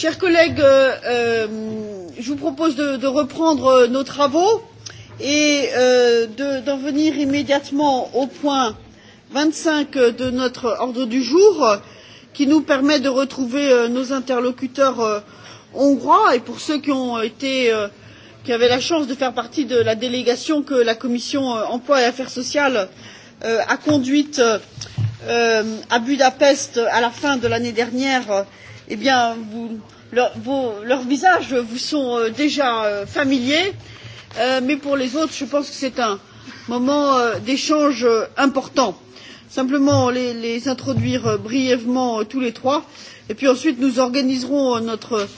Chers collègues, euh, euh, je vous propose de, de reprendre euh, nos travaux et euh, d'en de, venir immédiatement au point 25 de notre ordre du jour qui nous permet de retrouver euh, nos interlocuteurs euh, hongrois et pour ceux qui ont été euh, qui avaient la chance de faire partie de la délégation que la commission euh, emploi et affaires sociales euh, a conduite euh, à budapest à la fin de l'année dernière euh, eh bien, vous, leur, vos, leurs visages vous sont euh, déjà euh, familiers, euh, mais pour les autres, je pense que c'est un moment euh, d'échange euh, important. Simplement les, les introduire euh, brièvement euh, tous les trois, et puis ensuite nous organiserons euh, notre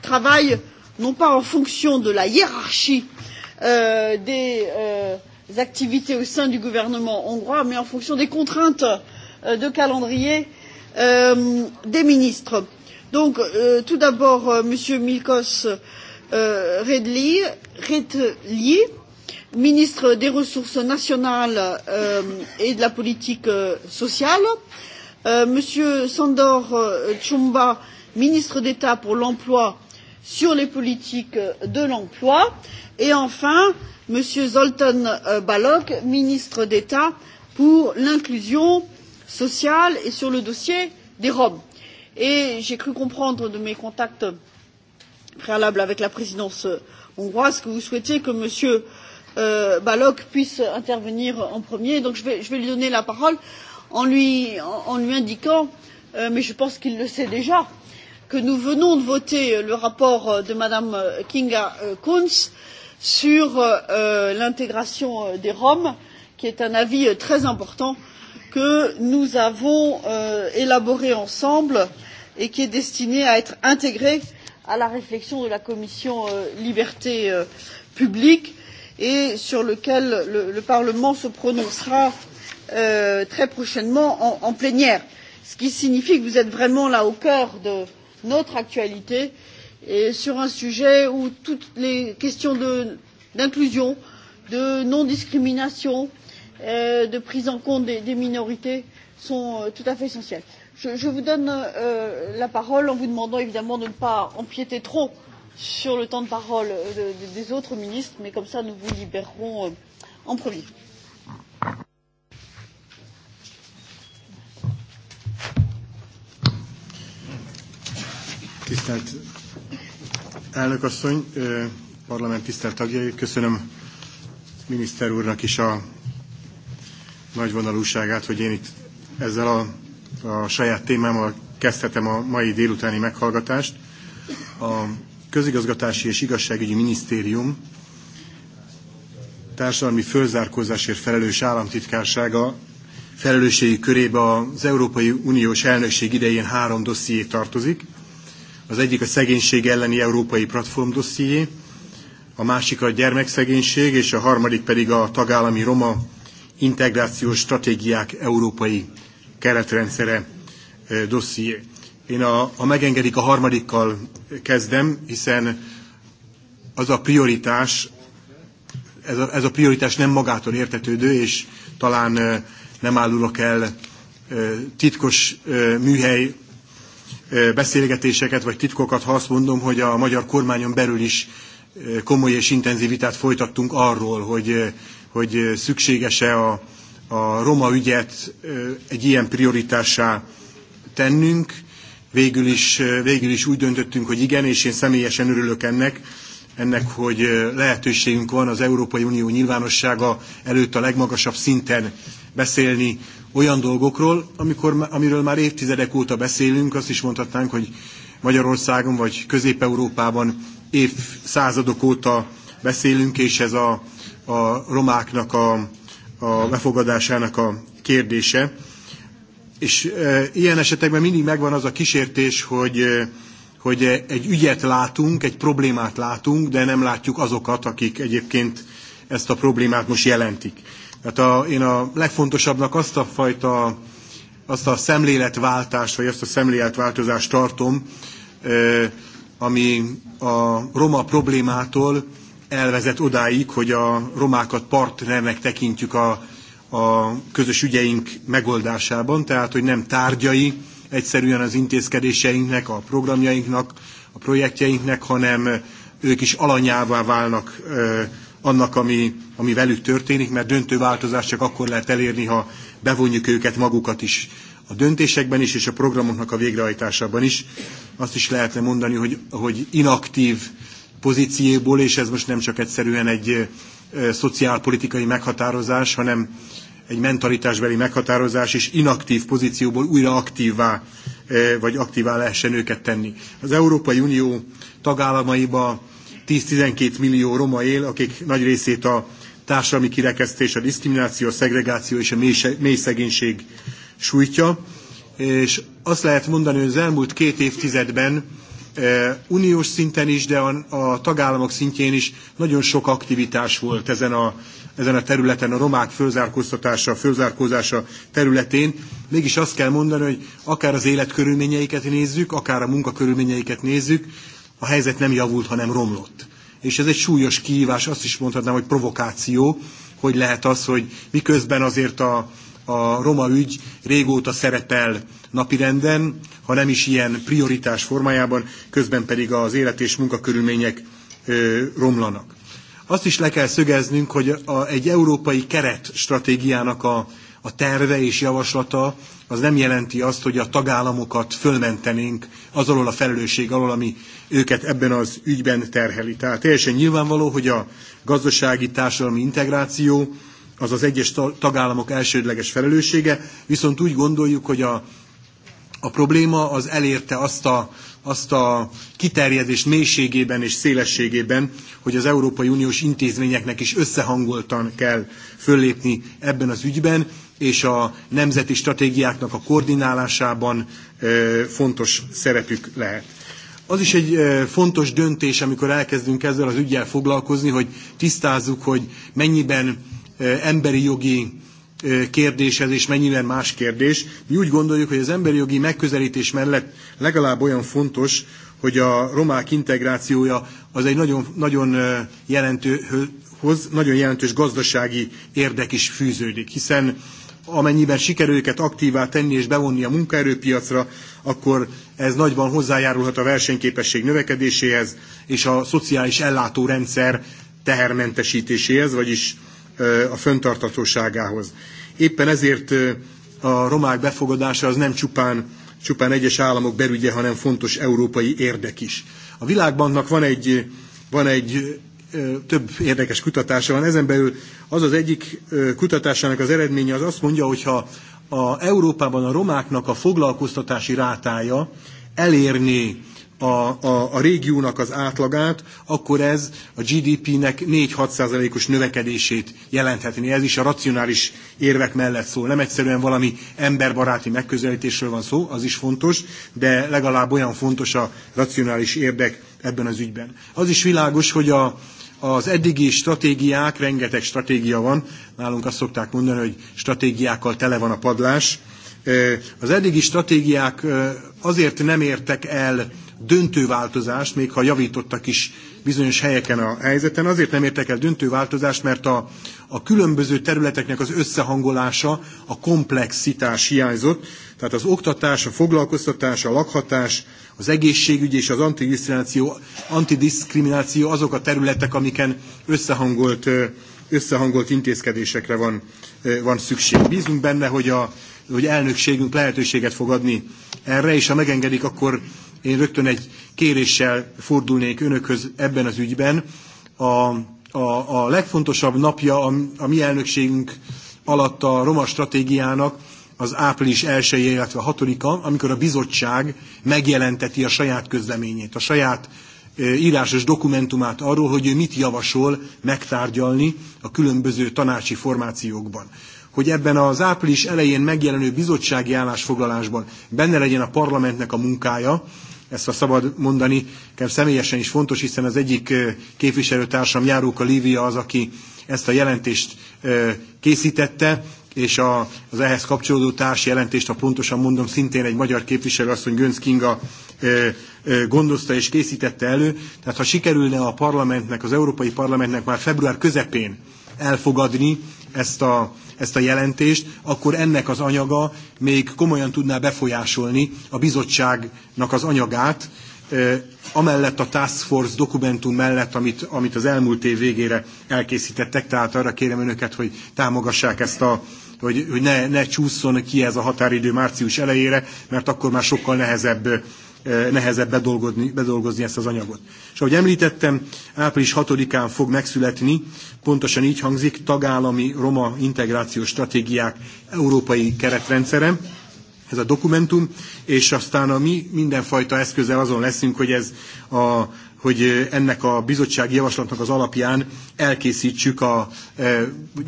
travail non pas en fonction de la hiérarchie euh, des euh, activités au sein du gouvernement hongrois, mais en fonction des contraintes euh, de calendrier euh, des ministres. Donc, euh, tout d'abord, euh, Monsieur Milkos euh, Redli, Redli, ministre des Ressources nationales euh, et de la politique euh, sociale, euh, Monsieur Sandor euh, Chumba, ministre d'État pour l'emploi sur les politiques de l'emploi, et enfin monsieur Zoltan euh, Balok, ministre d'État pour l'inclusion sociale et sur le dossier des Roms et j'ai cru comprendre de mes contacts préalables avec la présidence hongroise que vous souhaitiez que m. Euh, balog puisse intervenir en premier donc je vais, je vais lui donner la parole en lui, en, en lui indiquant euh, mais je pense qu'il le sait déjà que nous venons de voter le rapport de mme kinga euh, Kunz sur euh, l'intégration euh, des roms qui est un avis euh, très important que nous avons euh, élaboré ensemble et qui est destiné à être intégré à la réflexion de la commission euh, libertés euh, publiques et sur lequel le, le parlement se prononcera euh, très prochainement en, en plénière ce qui signifie que vous êtes vraiment là au cœur de notre actualité et sur un sujet où toutes les questions d'inclusion de, de non discrimination euh, Euh, de prise en compte des, des minorités sont euh, tout à fait essentielles. Je, je vous donne euh, la parole en vous demandant évidemment de ne pas empiéter trop sur le temps de parole euh, de, de, des autres ministres, mais comme ça nous vous libérerons euh, en premier. Tisztelt elnök asszony, parlament tisztelt tagjai, köszönöm miniszter úrnak is a nagyvonalúságát, hogy én itt ezzel a, a saját témámmal kezdhetem a mai délutáni meghallgatást. A Közigazgatási és Igazságügyi Minisztérium társadalmi fölzárkózásért felelős államtitkársága felelősségi körébe az Európai Uniós elnökség idején három dosszié tartozik. Az egyik a szegénység elleni európai platform dosszié, a másik a gyermekszegénység, és a harmadik pedig a tagállami roma integrációs stratégiák európai keretrendszere dosszié. Én, a, ha megengedik, a harmadikkal kezdem, hiszen az a prioritás, ez a, ez a prioritás nem magától értetődő, és talán nem állulok el titkos műhely beszélgetéseket vagy titkokat, ha azt mondom, hogy a magyar kormányon belül is komoly és intenzív vitát folytattunk arról, hogy hogy eh, szükséges-e a, a roma ügyet eh, egy ilyen prioritássá tennünk. Végül is, eh, végül is úgy döntöttünk, hogy igen, és én személyesen örülök ennek, ennek, hogy lehetőségünk van az Európai Unió nyilvánossága előtt a legmagasabb szinten beszélni olyan dolgokról, amikor, amiről már évtizedek óta beszélünk, azt is mondhatnánk, hogy Magyarországon vagy Közép-Európában évszázadok óta beszélünk, és ez a a romáknak a, a befogadásának a kérdése. És e, ilyen esetekben mindig megvan az a kísértés, hogy, hogy egy ügyet látunk, egy problémát látunk, de nem látjuk azokat, akik egyébként ezt a problémát most jelentik. Tehát a, én a legfontosabbnak azt a fajta, azt a szemléletváltást, vagy azt a szemléletváltozást tartom, ami a roma problémától elvezet odáig, hogy a romákat partnernek tekintjük a, a közös ügyeink megoldásában, tehát hogy nem tárgyai egyszerűen az intézkedéseinknek, a programjainknak, a projektjeinknek, hanem ők is alanyává válnak ö, annak, ami, ami velük történik, mert döntő változást csak akkor lehet elérni, ha bevonjuk őket magukat is a döntésekben is, és a programoknak a végrehajtásában is. Azt is lehetne mondani, hogy, hogy inaktív pozícióból, és ez most nem csak egyszerűen egy szociálpolitikai meghatározás, hanem egy mentalitásbeli meghatározás, és inaktív pozícióból újra aktívvá, vagy aktívvá lehessen őket tenni. Az Európai Unió tagállamaiba 10-12 millió roma él, akik nagy részét a társadalmi kirekesztés, a diszkrimináció, a szegregáció és a mély szegénység sújtja. És azt lehet mondani, hogy az elmúlt két évtizedben Eh, uniós szinten is, de a, a tagállamok szintjén is nagyon sok aktivitás volt ezen a, ezen a területen, a romák fölzárkóztatása, fölzárkózása területén. Mégis azt kell mondani, hogy akár az életkörülményeiket nézzük, akár a munkakörülményeiket nézzük, a helyzet nem javult, hanem romlott. És ez egy súlyos kihívás, azt is mondhatnám, hogy provokáció, hogy lehet az, hogy miközben azért a, a roma ügy régóta szerepel napirenden, ha nem is ilyen prioritás formájában, közben pedig az élet és munkakörülmények romlanak. Azt is le kell szögeznünk, hogy a, egy európai keret stratégiának a, a terve és javaslata az nem jelenti azt, hogy a tagállamokat fölmentenénk az alól a felelősség alól, ami őket ebben az ügyben terheli. Tehát teljesen nyilvánvaló, hogy a gazdasági társadalmi integráció az az egyes tagállamok elsődleges felelőssége, viszont úgy gondoljuk, hogy a, a probléma az elérte azt a, azt a kiterjedés mélységében és szélességében, hogy az Európai Uniós intézményeknek is összehangoltan kell föllépni ebben az ügyben, és a nemzeti stratégiáknak a koordinálásában ö, fontos szerepük lehet. Az is egy fontos döntés, amikor elkezdünk ezzel az ügyel foglalkozni, hogy tisztázzuk, hogy mennyiben emberi jogi kérdéshez, és mennyiben más kérdés. Mi úgy gondoljuk, hogy az emberi jogi megközelítés mellett legalább olyan fontos, hogy a romák integrációja az egy nagyon, nagyon jelentőhoz, nagyon jelentős gazdasági érdek is fűződik, hiszen amennyiben sikerül őket aktívá tenni és bevonni a munkaerőpiacra, akkor ez nagyban hozzájárulhat a versenyképesség növekedéséhez és a szociális ellátórendszer tehermentesítéséhez, vagyis a föntartatóságához. Éppen ezért a romák befogadása az nem csupán, csupán egyes államok berügye, hanem fontos európai érdek is. A világbanknak van egy, van egy több érdekes kutatása van. Ezen belül az az egyik kutatásának az eredménye az azt mondja, hogyha a Európában a romáknak a foglalkoztatási rátája elérni a, a, a régiónak az átlagát, akkor ez a GDP-nek 4-6 százalékos növekedését jelenthetni. Ez is a racionális érvek mellett szól. Nem egyszerűen valami emberbaráti megközelítésről van szó, az is fontos, de legalább olyan fontos a racionális érdek ebben az ügyben. Az is világos, hogy a, az eddigi stratégiák, rengeteg stratégia van, nálunk azt szokták mondani, hogy stratégiákkal tele van a padlás. Az eddigi stratégiák azért nem értek el döntő változást, még ha javítottak is bizonyos helyeken a helyzeten. Azért nem értek el döntő változást, mert a, a különböző területeknek az összehangolása, a komplexitás hiányzott. Tehát az oktatás, a foglalkoztatás, a lakhatás, az egészségügy és az antidiszkrimináció, antidiszkrimináció azok a területek, amiken összehangolt, összehangolt intézkedésekre van, van szükség. Bízunk benne, hogy a hogy elnökségünk lehetőséget fog adni erre, és ha megengedik, akkor Én rögtön egy kéréssel fordulnék önökhöz ebben az ügyben. A, a, a legfontosabb napja a, a mi elnökségünk alatt a roma stratégiának az április 1 -e, illetve 6-a, amikor a bizottság megjelenteti a saját közleményét, a saját írásos dokumentumát arról, hogy ő mit javasol megtárgyalni a különböző tanácsi formációkban. Hogy ebben az április elején megjelenő bizottsági állásfoglalásban benne legyen a parlamentnek a munkája, ezt a szabad mondani, kell személyesen is fontos, hiszen az egyik képviselőtársam, Járóka Lívia az, aki ezt a jelentést készítette, és a, az ehhez kapcsolódó társ jelentést, ha pontosan mondom, szintén egy magyar képviselő asszony Gönc Kinga gondozta és készítette elő. Tehát ha sikerülne a parlamentnek, az Európai Parlamentnek már február közepén elfogadni ezt a, ezt a jelentést, akkor ennek az anyaga még komolyan tudná befolyásolni a bizottságnak az anyagát, amellett a Task Force dokumentum mellett, amit, amit az elmúlt év végére elkészítettek, tehát arra kérem önöket, hogy támogassák ezt a, hogy, hogy ne, ne csúszson ki ez a határidő március elejére, mert akkor már sokkal nehezebb nehezebb bedolgozni, bedolgozni ezt az anyagot. És ahogy említettem, április 6-án fog megszületni, pontosan így hangzik, tagállami roma integrációs stratégiák európai keretrendszere, ez a dokumentum, és aztán a mi mindenfajta eszközzel azon leszünk, hogy ez a hogy ennek a bizottsági javaslatnak az alapján elkészítsük, a,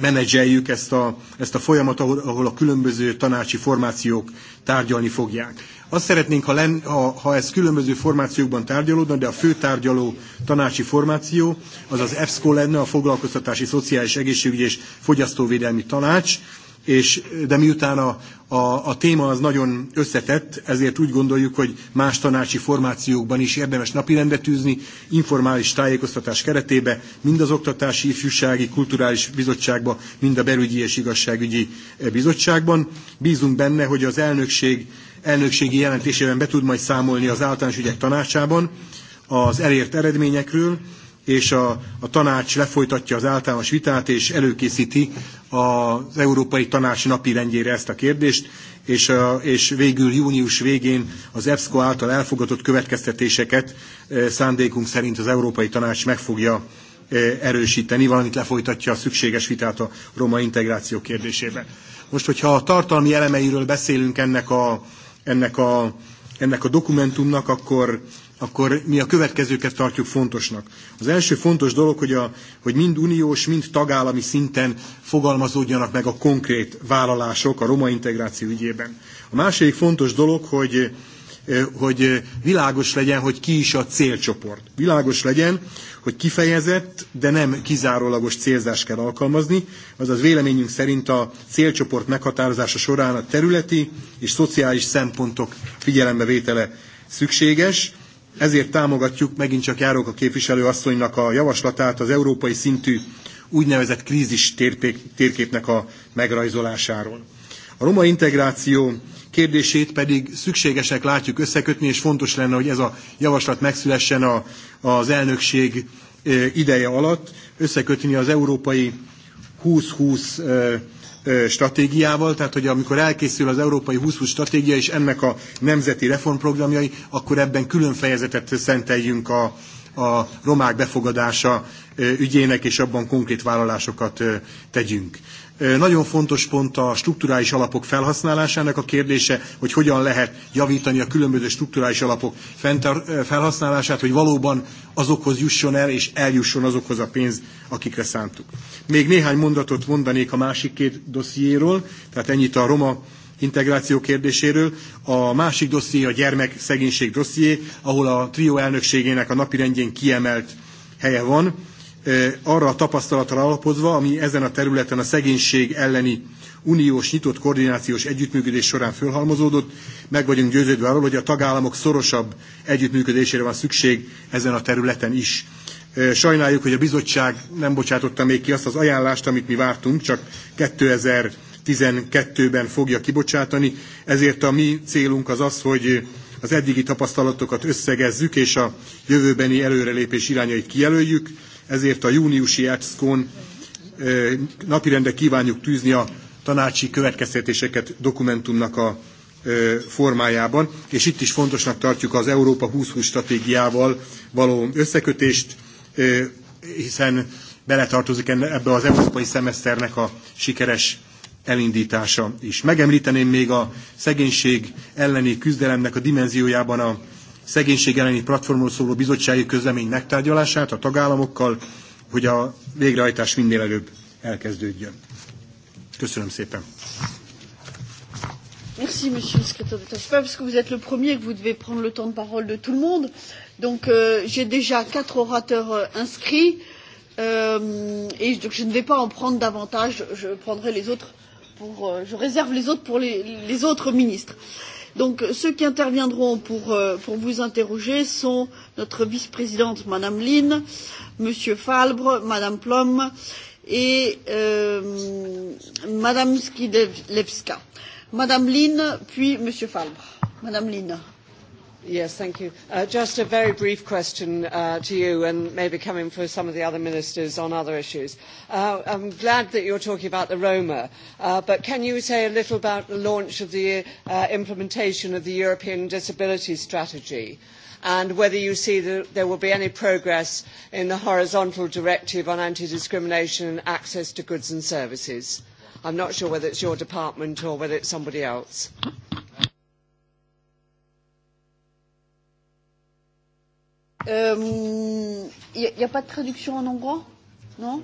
menedzseljük ezt a, ezt a folyamat, ahol a különböző tanácsi formációk tárgyalni fogják. Azt szeretnénk, ha, len, ha, ha ez különböző formációkban tárgyalódna, de a fő tárgyaló tanácsi formáció az az EFSCO lenne, a Foglalkoztatási Szociális Egészségügyi és Fogyasztóvédelmi Tanács, és, de miután a, a, a téma az nagyon összetett, ezért úgy gondoljuk, hogy más tanácsi formációkban is érdemes napirendre tűzni, informális tájékoztatás keretébe, mind az Oktatási, Ifjúsági, Kulturális Bizottságban, mind a Belügyi és Igazságügyi Bizottságban. Bízunk benne, hogy az elnökség elnökségi jelentésében be tud majd számolni az általános ügyek tanácsában az elért eredményekről, és a, a tanács lefolytatja az általános vitát, és előkészíti az Európai Tanács napi rendjére ezt a kérdést, és, a, és végül június végén az EBSCO által elfogadott következtetéseket szándékunk szerint az Európai Tanács meg fogja erősíteni, valamint lefolytatja a szükséges vitát a roma integráció kérdésében. Most, hogyha a tartalmi elemeiről beszélünk ennek a, ennek a, ennek a dokumentumnak, akkor, akkor mi a következőket tartjuk fontosnak. Az első fontos dolog, hogy, a, hogy mind uniós, mind tagállami szinten fogalmazódjanak meg a konkrét vállalások a roma integráció ügyében. A második fontos dolog, hogy, hogy világos legyen, hogy ki is a célcsoport. Világos legyen, hogy kifejezett, de nem kizárólagos célzást kell alkalmazni, azaz véleményünk szerint a célcsoport meghatározása során a területi és szociális szempontok figyelembevétele szükséges, ezért támogatjuk megint csak járók a képviselő asszonynak a javaslatát az európai szintű úgynevezett krízis térképnek a megrajzolásáról. A roma integráció kérdését pedig szükségesek látjuk összekötni, és fontos lenne, hogy ez a javaslat megszülessen a, az elnökség ideje alatt, összekötni az európai 2020 stratégiával, tehát hogy amikor elkészül az Európai 2020 stratégia és ennek a nemzeti reformprogramjai, akkor ebben külön fejezetet szenteljünk a, a romák befogadása ügyének, és abban konkrét vállalásokat tegyünk. Nagyon fontos pont a strukturális alapok felhasználásának a kérdése, hogy hogyan lehet javítani a különböző strukturális alapok felhasználását, hogy valóban azokhoz jusson el, és eljusson azokhoz a pénz, akikre szántuk. Még néhány mondatot mondanék a másik két dossziéről, tehát ennyit a roma integráció kérdéséről. A másik dosszié a gyermekszegénység dosszié, ahol a trió elnökségének a napirendjén kiemelt helye van arra a tapasztalatra alapozva, ami ezen a területen a szegénység elleni uniós nyitott koordinációs együttműködés során fölhalmozódott, meg vagyunk győződve arról, hogy a tagállamok szorosabb együttműködésére van szükség ezen a területen is. Sajnáljuk, hogy a bizottság nem bocsátotta még ki azt az ajánlást, amit mi vártunk, csak 2012-ben fogja kibocsátani, ezért a mi célunk az az, hogy az eddigi tapasztalatokat összegezzük, és a jövőbeni előrelépés irányait kijelöljük, ezért a júniusi ECSZKON napirendre kívánjuk tűzni a tanácsi következtetéseket dokumentumnak a formájában, és itt is fontosnak tartjuk az Európa 2020 stratégiával való összekötést, hiszen beletartozik ebbe az európai szemeszternek a sikeres elindítása is. Megemlíteném még a szegénység elleni küzdelemnek a dimenziójában a szegénység elleni platformról szóló bizottsági közlemény megtárgyalását a tagállamokkal, hogy a végrehajtás minél előbb elkezdődjön. Köszönöm szépen. Merci, monsieur le secrétaire d'État. Je ne sais pas parce que vous êtes le premier que vous devez prendre le temps de parole de tout le monde. Donc, euh, j'ai déjà quatre orateurs euh, inscrits. Euh, et donc, je ne vais pas en prendre davantage. Je prendrai les autres pour. Euh, je réserve les autres pour les, les autres ministres. Euh, Donc ceux qui interviendront pour, euh, pour vous interroger sont notre vice-présidente Madame Lynn, Monsieur Falbre, Madame Plom et euh, Madame Skidlewska. Madame Lynn, puis Monsieur Falbre. Madame Lynn. Yes, thank you. Uh, just a very brief question uh, to you and maybe coming for some of the other ministers on other issues. Uh, I'm glad that you're talking about the Roma, uh, but can you say a little about the launch of the uh, implementation of the European Disability Strategy? and whether you see that there will be any progress in the horizontal directive on anti-discrimination and access to goods and services. I'm not sure whether it's your department or whether it's somebody else. Il euh, n'y a, a pas de traduction en hongrois Non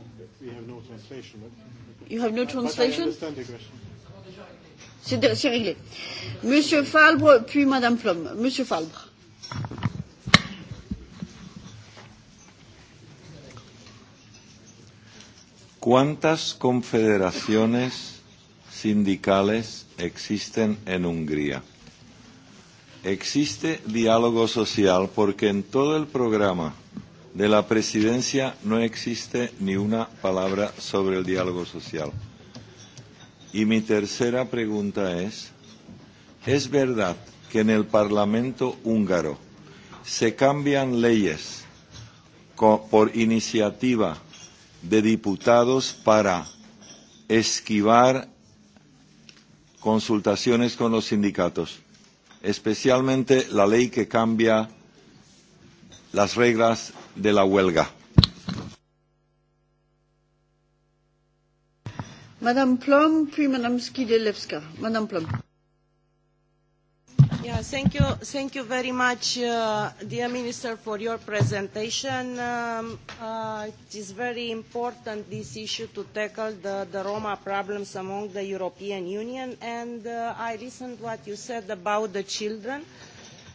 You have no translation C'est réglé. Monsieur Falbre, puis Madame Plum. Monsieur Falbre. ¿Cuántas confederaciones sindicales existen en Hungría? existe diálogo social porque en todo el programa de la presidencia no existe ni una palabra sobre el diálogo social. Y mi tercera pregunta es, ¿es verdad que en el Parlamento húngaro se cambian leyes por iniciativa de diputados para esquivar consultaciones con los sindicatos? especialmente la ley que cambia las reglas de la huelga. Madame Plum, puis Madame Skidilevska. Madame Plum. Yeah, thank you, thank you very much, uh, dear Minister, for your presentation. Um, uh, it is very important, this issue, to tackle the, the Roma problems among the European Union, and uh, I listened what you said about the children,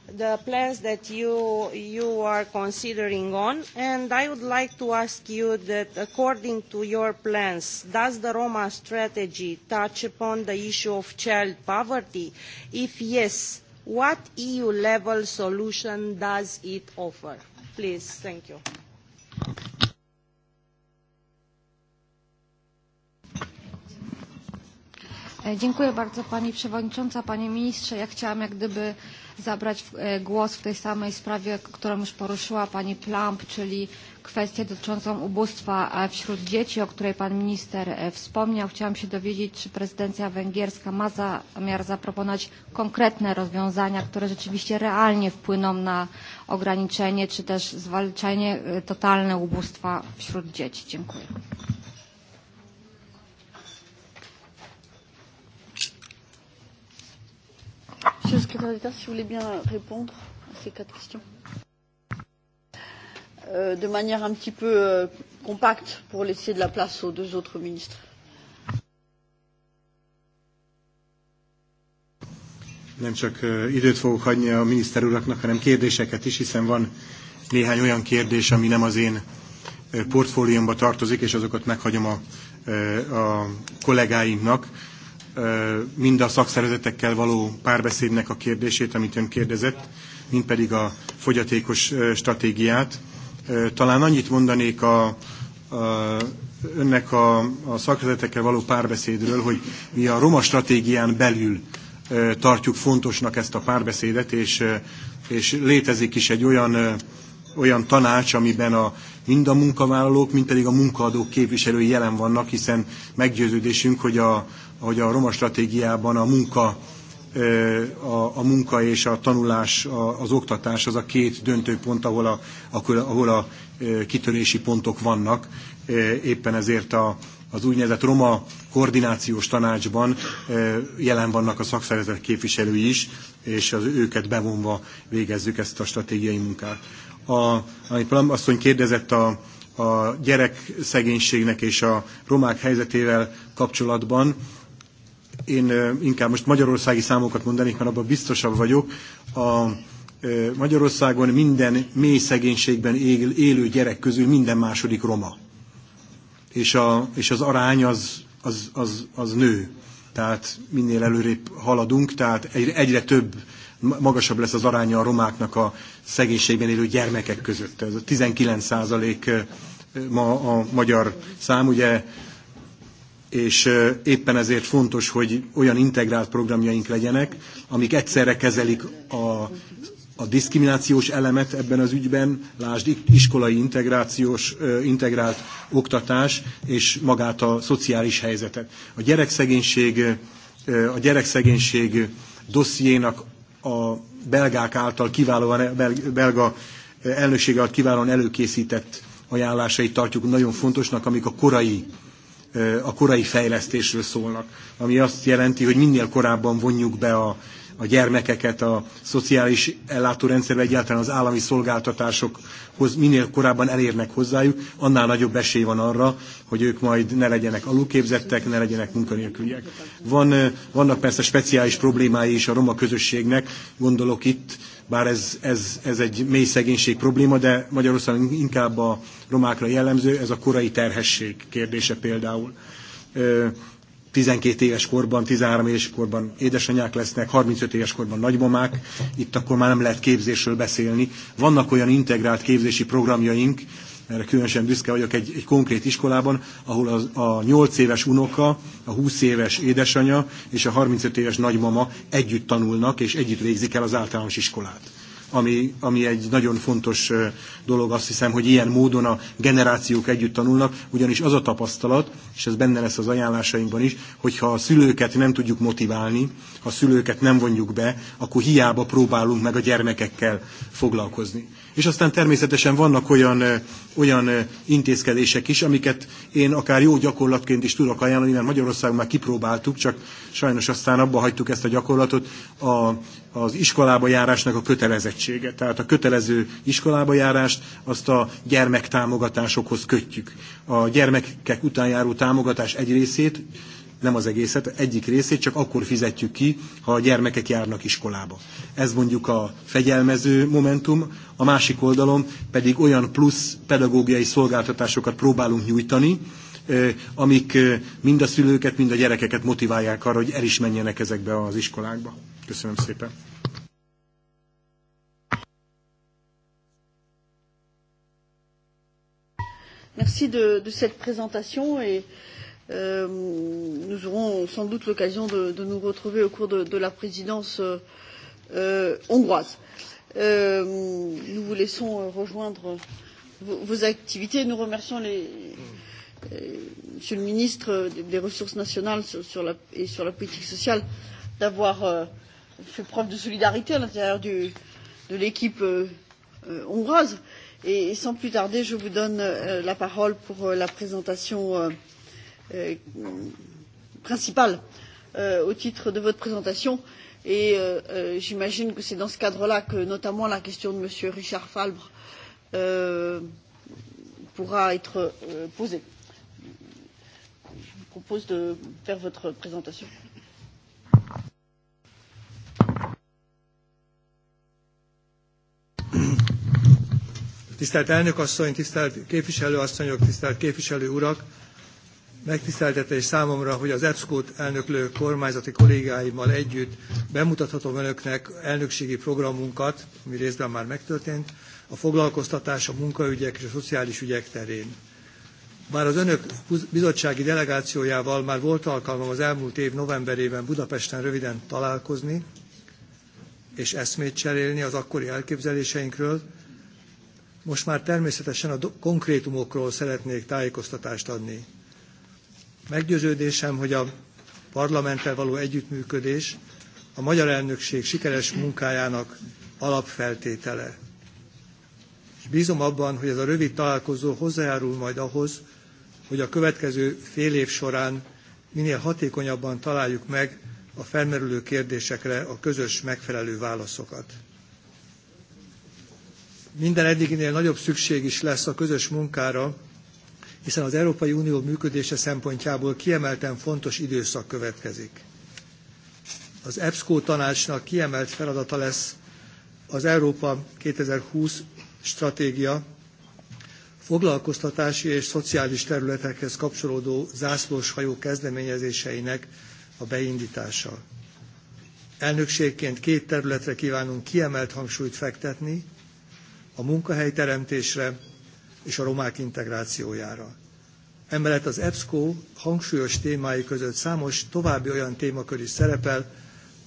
the plans that you, you are considering on, and I would like to ask you that, according to your plans, does the Roma strategy touch upon the issue of child poverty? If yes, What EU-level solution does it offer? Please, thank you. Dziękuję bardzo Pani Przewodnicząca, Panie Ministrze. Ja chciałam jak gdyby zabrać głos w tej samej sprawie, którą już poruszyła Pani Plamp, czyli kwestię dotyczącą ubóstwa wśród dzieci, o której pan minister wspomniał. Chciałam się dowiedzieć, czy prezydencja węgierska ma zamiar zaproponować konkretne rozwiązania, które rzeczywiście realnie wpłyną na ograniczenie czy też zwalczanie totalne ubóstwa wśród dzieci. Dziękuję. Monsieur le secrétaire si vous voulez bien répondre à ces quatre questions. Euh, de manière un petit peu euh, compacte pour laisser de la place aux deux autres ministres. Nem csak euh, időt fogok hagyni a miniszter uraknak, hanem kérdéseket is, hiszen van néhány olyan kérdés, ami nem az én portfóliómba tartozik, és azokat meghagyom a, a kollégáimnak. Mind a szakszervezetekkel való párbeszédnek a kérdését, amit ön kérdezett, mind pedig a fogyatékos stratégiát Talán annyit mondanék a, a önnek a, a szakvezetekkel való párbeszédről, hogy mi a roma stratégián belül tartjuk fontosnak ezt a párbeszédet, és, és létezik is egy olyan, olyan tanács, amiben a, mind a munkavállalók, mind pedig a munkaadók képviselői jelen vannak, hiszen meggyőződésünk, hogy a, hogy a roma stratégiában a munka a, a munka és a tanulás, a, az oktatás az a két döntő pont, ahol a, ahol a kitörési pontok vannak. Éppen ezért a, az úgynevezett Roma koordinációs tanácsban jelen vannak a szakszervezet képviselői is, és az őket bevonva végezzük ezt a stratégiai munkát. A, amit Plam asszony kérdezett a, a gyerek szegénységnek és a romák helyzetével kapcsolatban, Én inkább most magyarországi számokat mondanék, mert abban biztosabb vagyok. A Magyarországon minden mély szegénységben élő gyerek közül minden második roma. És, a, és az arány az, az, az, az nő. Tehát minél előrébb haladunk, tehát egyre, egyre több magasabb lesz az aránya a romáknak a szegénységben élő gyermekek között. Ez a 19 százalék ma a magyar szám, ugye és éppen ezért fontos, hogy olyan integrált programjaink legyenek, amik egyszerre kezelik a a diszkriminációs elemet ebben az ügyben, lásd iskolai integrációs, integrált oktatás, és magát a szociális helyzetet. A gyerekszegénység, a gyerekszegénység dossziénak a belgák által kiválóan, belga elnökség alatt kiválóan előkészített ajánlásait tartjuk nagyon fontosnak, amik a korai a korai fejlesztésről szólnak, ami azt jelenti, hogy minél korábban vonjuk be a, a gyermekeket a szociális ellátórendszerbe, egyáltalán az állami szolgáltatásokhoz minél korábban elérnek hozzájuk, annál nagyobb esély van arra, hogy ők majd ne legyenek alulképzettek, ne legyenek munkanélküliek. Van, vannak persze speciális problémái is a roma közösségnek, gondolok itt bár ez, ez, ez egy mély szegénység probléma, de Magyarországon inkább a romákra jellemző, ez a korai terhesség kérdése például. 12 éves korban, 13 éves korban édesanyák lesznek, 35 éves korban nagymamák, itt akkor már nem lehet képzésről beszélni. Vannak olyan integrált képzési programjaink, erre különösen büszke vagyok, egy, egy konkrét iskolában, ahol az, a 8 éves unoka, a 20 éves édesanyja és a 35 éves nagymama együtt tanulnak és együtt végzik el az általános iskolát ami, ami egy nagyon fontos dolog, azt hiszem, hogy ilyen módon a generációk együtt tanulnak, ugyanis az a tapasztalat, és ez benne lesz az ajánlásainkban is, hogyha a szülőket nem tudjuk motiválni, ha a szülőket nem vonjuk be, akkor hiába próbálunk meg a gyermekekkel foglalkozni. És aztán természetesen vannak olyan, olyan intézkedések is, amiket én akár jó gyakorlatként is tudok ajánlani, mert Magyarországon már kipróbáltuk, csak sajnos aztán abba hagytuk ezt a gyakorlatot, a, az iskolába járásnak a kötelezettsége. Tehát a kötelező iskolába járást azt a gyermektámogatásokhoz kötjük. A gyermekek után járó támogatás egy részét nem az egészet, egyik részét csak akkor fizetjük ki, ha a gyermekek járnak iskolába. Ez mondjuk a fegyelmező momentum, a másik oldalon pedig olyan plusz pedagógiai szolgáltatásokat próbálunk nyújtani, amik mind a szülőket, mind a gyerekeket motiválják arra, hogy el is menjenek ezekbe az iskolákba. Köszönöm szépen. Merci de, de cette présentation et Euh, nous aurons sans doute l'occasion de, de nous retrouver au cours de, de la présidence euh, euh hongroise. Euh, nous vous laissons euh, rejoindre vos, vos activités. Nous remercions les, euh, Monsieur le ministre des Ressources nationales sur, sur la, et sur la politique sociale d'avoir euh, fait preuve de solidarité à l'intérieur de l'équipe euh, euh, hongroise. Et, et sans plus tarder, je vous donne euh, la parole pour euh, la présentation. Euh, Euh, principal euh, au titre de votre présentation et euh, euh j'imagine que c'est dans ce cadre là que notamment la question de m. richard falbr euh, pourra être posée. je vous propose de faire votre présentation. Tisztelt elnök asszony, tisztelt képviselő asszonyok, tisztelt képviselő urak! Megtiszteltetés számomra, hogy az EBSZKÓT elnöklő kormányzati kollégáimmal együtt bemutathatom önöknek elnökségi programunkat, ami részben már megtörtént, a foglalkoztatás, a munkaügyek és a szociális ügyek terén. Bár az önök bizottsági delegációjával már volt alkalmam az elmúlt év novemberében Budapesten röviden találkozni, és eszmét cserélni az akkori elképzeléseinkről, most már természetesen a konkrétumokról szeretnék tájékoztatást adni. Meggyőződésem, hogy a parlamenttel való együttműködés a magyar elnökség sikeres munkájának alapfeltétele. És bízom abban, hogy ez a rövid találkozó hozzájárul majd ahhoz, hogy a következő fél év során minél hatékonyabban találjuk meg a felmerülő kérdésekre a közös megfelelő válaszokat. Minden eddiginél nagyobb szükség is lesz a közös munkára, hiszen az Európai Unió működése szempontjából kiemelten fontos időszak következik. Az EBSCO tanácsnak kiemelt feladata lesz az Európa 2020 stratégia foglalkoztatási és szociális területekhez kapcsolódó zászlóshajó kezdeményezéseinek a beindítása. Elnökségként két területre kívánunk kiemelt hangsúlyt fektetni, a munkahelyteremtésre és a romák integrációjára. Emellett az EBSCO hangsúlyos témái között számos további olyan témakör is szerepel,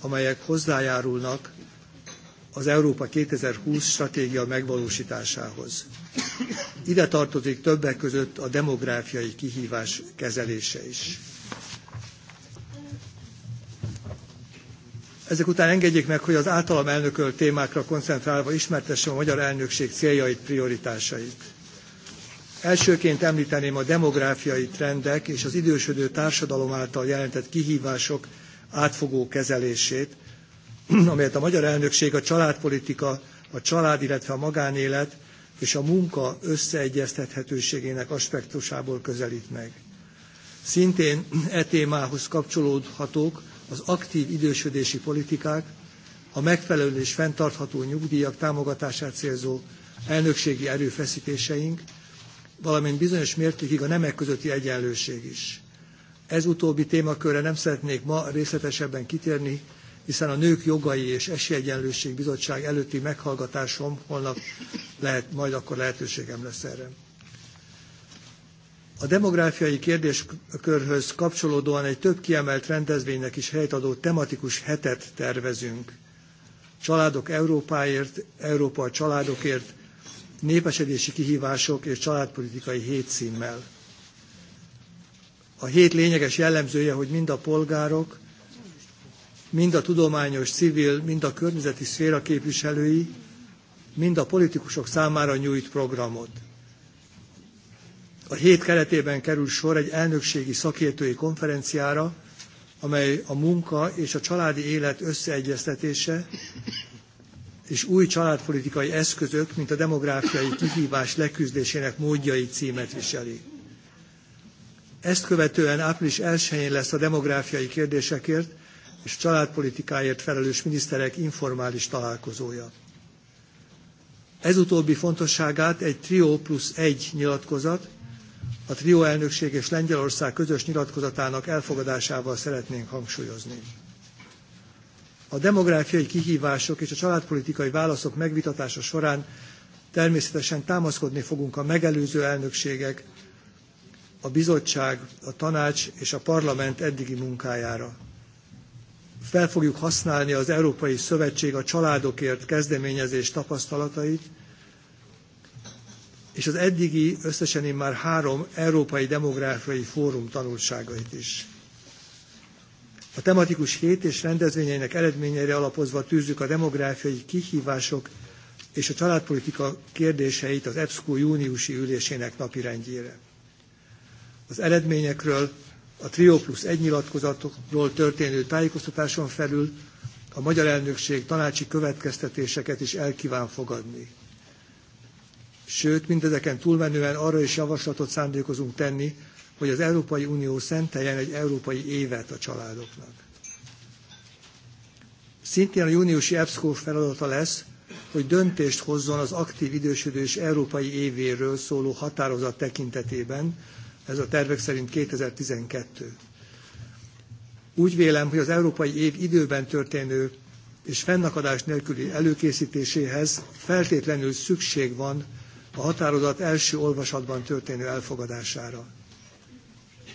amelyek hozzájárulnak az Európa 2020 stratégia megvalósításához. Ide tartozik többek között a demográfiai kihívás kezelése is. Ezek után engedjék meg, hogy az általam elnökölt témákra koncentrálva ismertessem a magyar elnökség céljait, prioritásait. Elsőként említeném a demográfiai trendek és az idősödő társadalom által jelentett kihívások átfogó kezelését, amelyet a magyar elnökség a családpolitika, a család, illetve a magánélet és a munka összeegyeztethetőségének aspektusából közelít meg. Szintén e témához kapcsolódhatók az aktív idősödési politikák, a megfelelő és fenntartható nyugdíjak támogatását célzó elnökségi erőfeszítéseink, valamint bizonyos mértékig a nemek közötti egyenlőség is. Ez utóbbi témakörre nem szeretnék ma részletesebben kitérni, hiszen a Nők Jogai és Esélyegyenlőség Bizottság előtti meghallgatásom holnap lehet, majd akkor lehetőségem lesz erre. A demográfiai kérdéskörhöz kapcsolódóan egy több kiemelt rendezvénynek is helyt adó tematikus hetet tervezünk. Családok Európáért, Európa a családokért népesedési kihívások és családpolitikai hét címmel. A hét lényeges jellemzője, hogy mind a polgárok, mind a tudományos, civil, mind a környezeti szféra képviselői, mind a politikusok számára nyújt programot. A hét keretében kerül sor egy elnökségi szakértői konferenciára, amely a munka és a családi élet összeegyeztetése és új családpolitikai eszközök, mint a demográfiai kihívás leküzdésének módjai címet viseli. Ezt követően április 1-én lesz a demográfiai kérdésekért és családpolitikáért felelős miniszterek informális találkozója. Ez utóbbi fontosságát egy trió plusz egy nyilatkozat, a trió elnökség és Lengyelország közös nyilatkozatának elfogadásával szeretnénk hangsúlyozni. A demográfiai kihívások és a családpolitikai válaszok megvitatása során természetesen támaszkodni fogunk a megelőző elnökségek, a bizottság, a tanács és a parlament eddigi munkájára. Fel fogjuk használni az Európai Szövetség a családokért kezdeményezés tapasztalatait, és az eddigi összesen már három európai demográfiai fórum tanulságait is. A tematikus hét és rendezvényeinek eredményeire alapozva tűzzük a demográfiai kihívások és a családpolitika kérdéseit az EBSCO júniusi ülésének napirendjére. Az eredményekről a Trio plus egy nyilatkozatokról történő tájékoztatáson felül a magyar elnökség tanácsi következtetéseket is elkíván fogadni. Sőt, mindezeken túlmenően arra is javaslatot szándékozunk tenni, hogy az Európai Unió szenteljen egy európai évet a családoknak. Szintén a júniusi EBSCO feladata lesz, hogy döntést hozzon az aktív idősödés európai évéről szóló határozat tekintetében, ez a tervek szerint 2012. Úgy vélem, hogy az európai év időben történő és fennakadás nélküli előkészítéséhez feltétlenül szükség van a határozat első olvasatban történő elfogadására.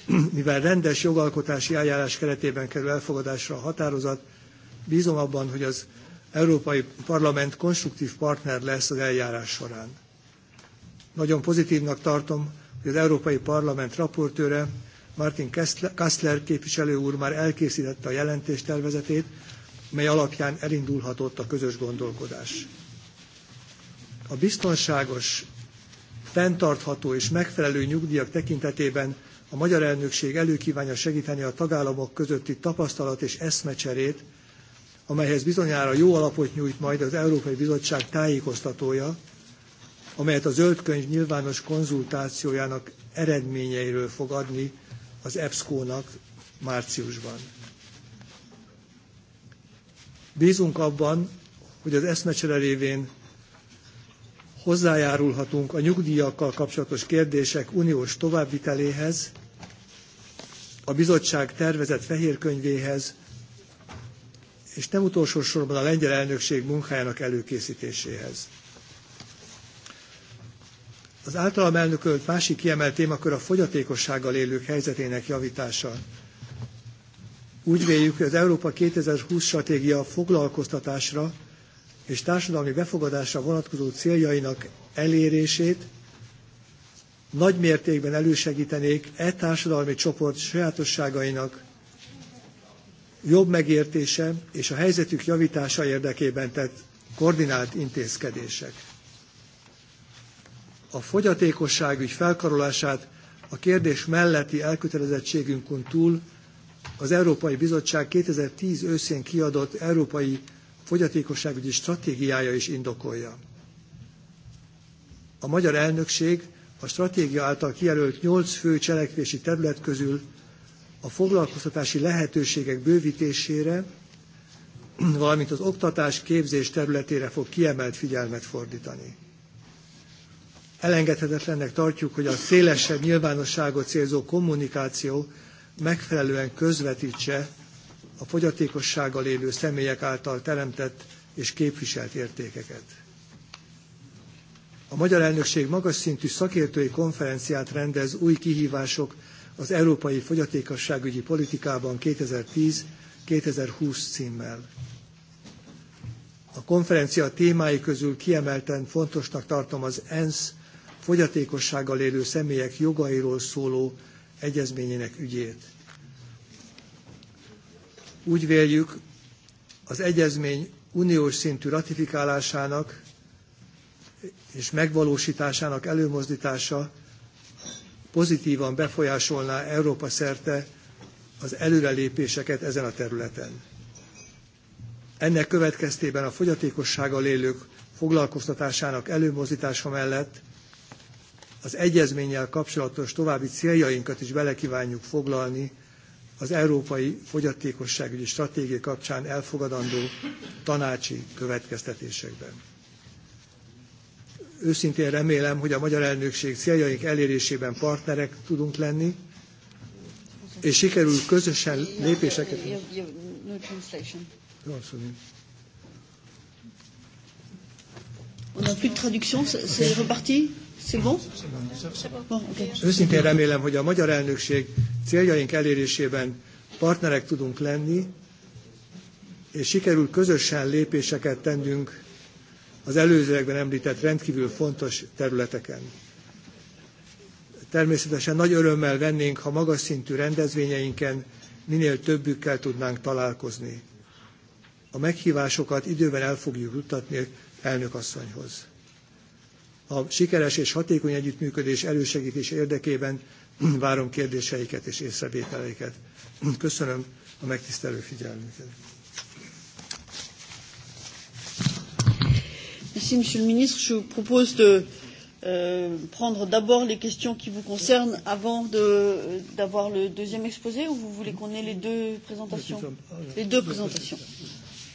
mivel rendes jogalkotási eljárás keretében kerül elfogadásra a határozat, bízom abban, hogy az Európai Parlament konstruktív partner lesz az eljárás során. Nagyon pozitívnak tartom, hogy az Európai Parlament raportőre, Martin Kastler képviselő úr már elkészítette a jelentéstervezetét, mely alapján elindulhatott a közös gondolkodás. A biztonságos, fenntartható és megfelelő nyugdíjak tekintetében a magyar elnökség előkívánja segíteni a tagállamok közötti tapasztalat és eszmecserét, amelyhez bizonyára jó alapot nyújt majd az Európai Bizottság tájékoztatója, amelyet a zöld könyv nyilvános konzultációjának eredményeiről fog adni az EBSCO-nak márciusban. Bízunk abban, hogy az eszmecsere révén hozzájárulhatunk a nyugdíjakkal kapcsolatos kérdések uniós továbbviteléhez, a bizottság tervezett fehér könyvéhez, és nem utolsó sorban a lengyel elnökség munkájának előkészítéséhez. Az általam elnökölt másik kiemelt témakör a fogyatékossággal élők helyzetének javítása. Úgy véljük, hogy az Európa 2020 stratégia foglalkoztatásra és társadalmi befogadásra vonatkozó céljainak elérését nagy mértékben elősegítenék e társadalmi csoport sajátosságainak jobb megértése és a helyzetük javítása érdekében tett koordinált intézkedések. A ügy felkarolását a kérdés melletti elkötelezettségünkön túl az Európai Bizottság 2010 őszén kiadott Európai Fogyatékosságügyi Stratégiája is indokolja. A magyar elnökség a stratégia által kijelölt nyolc fő cselekvési terület közül a foglalkoztatási lehetőségek bővítésére, valamint az oktatás képzés területére fog kiemelt figyelmet fordítani. Elengedhetetlennek tartjuk, hogy a szélesebb nyilvánosságot célzó kommunikáció megfelelően közvetítse a fogyatékossággal élő személyek által teremtett és képviselt értékeket. A magyar elnökség magas szintű szakértői konferenciát rendez új kihívások az európai fogyatékosságügyi politikában 2010-2020 címmel. A konferencia témái közül kiemelten fontosnak tartom az ENSZ fogyatékossággal élő személyek jogairól szóló egyezményének ügyét. Úgy véljük, az egyezmény uniós szintű ratifikálásának és megvalósításának előmozdítása pozitívan befolyásolná Európa szerte az előrelépéseket ezen a területen. Ennek következtében a fogyatékossággal élők foglalkoztatásának előmozdítása mellett az egyezménnyel kapcsolatos további céljainkat is belekívánjuk foglalni az Európai Fogyatékosságügyi Stratégia kapcsán elfogadandó tanácsi következtetésekben. Őszintén remélem, hogy a magyar elnökség céljaink elérésében partnerek tudunk lenni, és sikerül közösen lépéseket... Őszintén remélem, hogy a magyar elnökség céljaink elérésében partnerek tudunk lenni, és sikerül közösen lépéseket tennünk az előzőekben említett rendkívül fontos területeken. Természetesen nagy örömmel vennénk, ha magas szintű rendezvényeinken minél többükkel tudnánk találkozni. A meghívásokat időben el fogjuk juttatni elnökasszonyhoz. A sikeres és hatékony együttműködés elősegítés érdekében várom kérdéseiket és észrevételeiket. Köszönöm a megtisztelő figyelmüket. Merci, Monsieur le Ministre. Je vous propose de euh, prendre d'abord les questions qui vous concernent avant euh, d'avoir de, le deuxième exposé ou vous voulez qu'on ait les deux présentations Les deux présentations.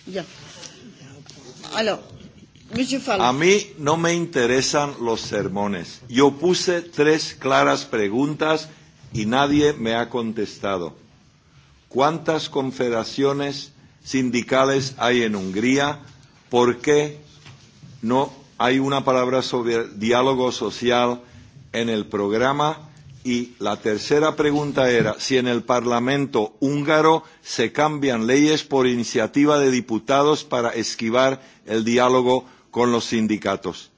Bien. Alors, Monsieur Fallon. A mí no me interesan los sermones. Yo puse tres claras preguntas y nadie me ha contestado. ¿Cuántas confederaciones sindicales hay en Hungría? ¿Por qué No hay una palabra sobre el diálogo social en el programa. Y la tercera pregunta era si en el Parlamento húngaro se cambian leyes por iniciativa de diputados para esquivar el diálogo con los sindicatos.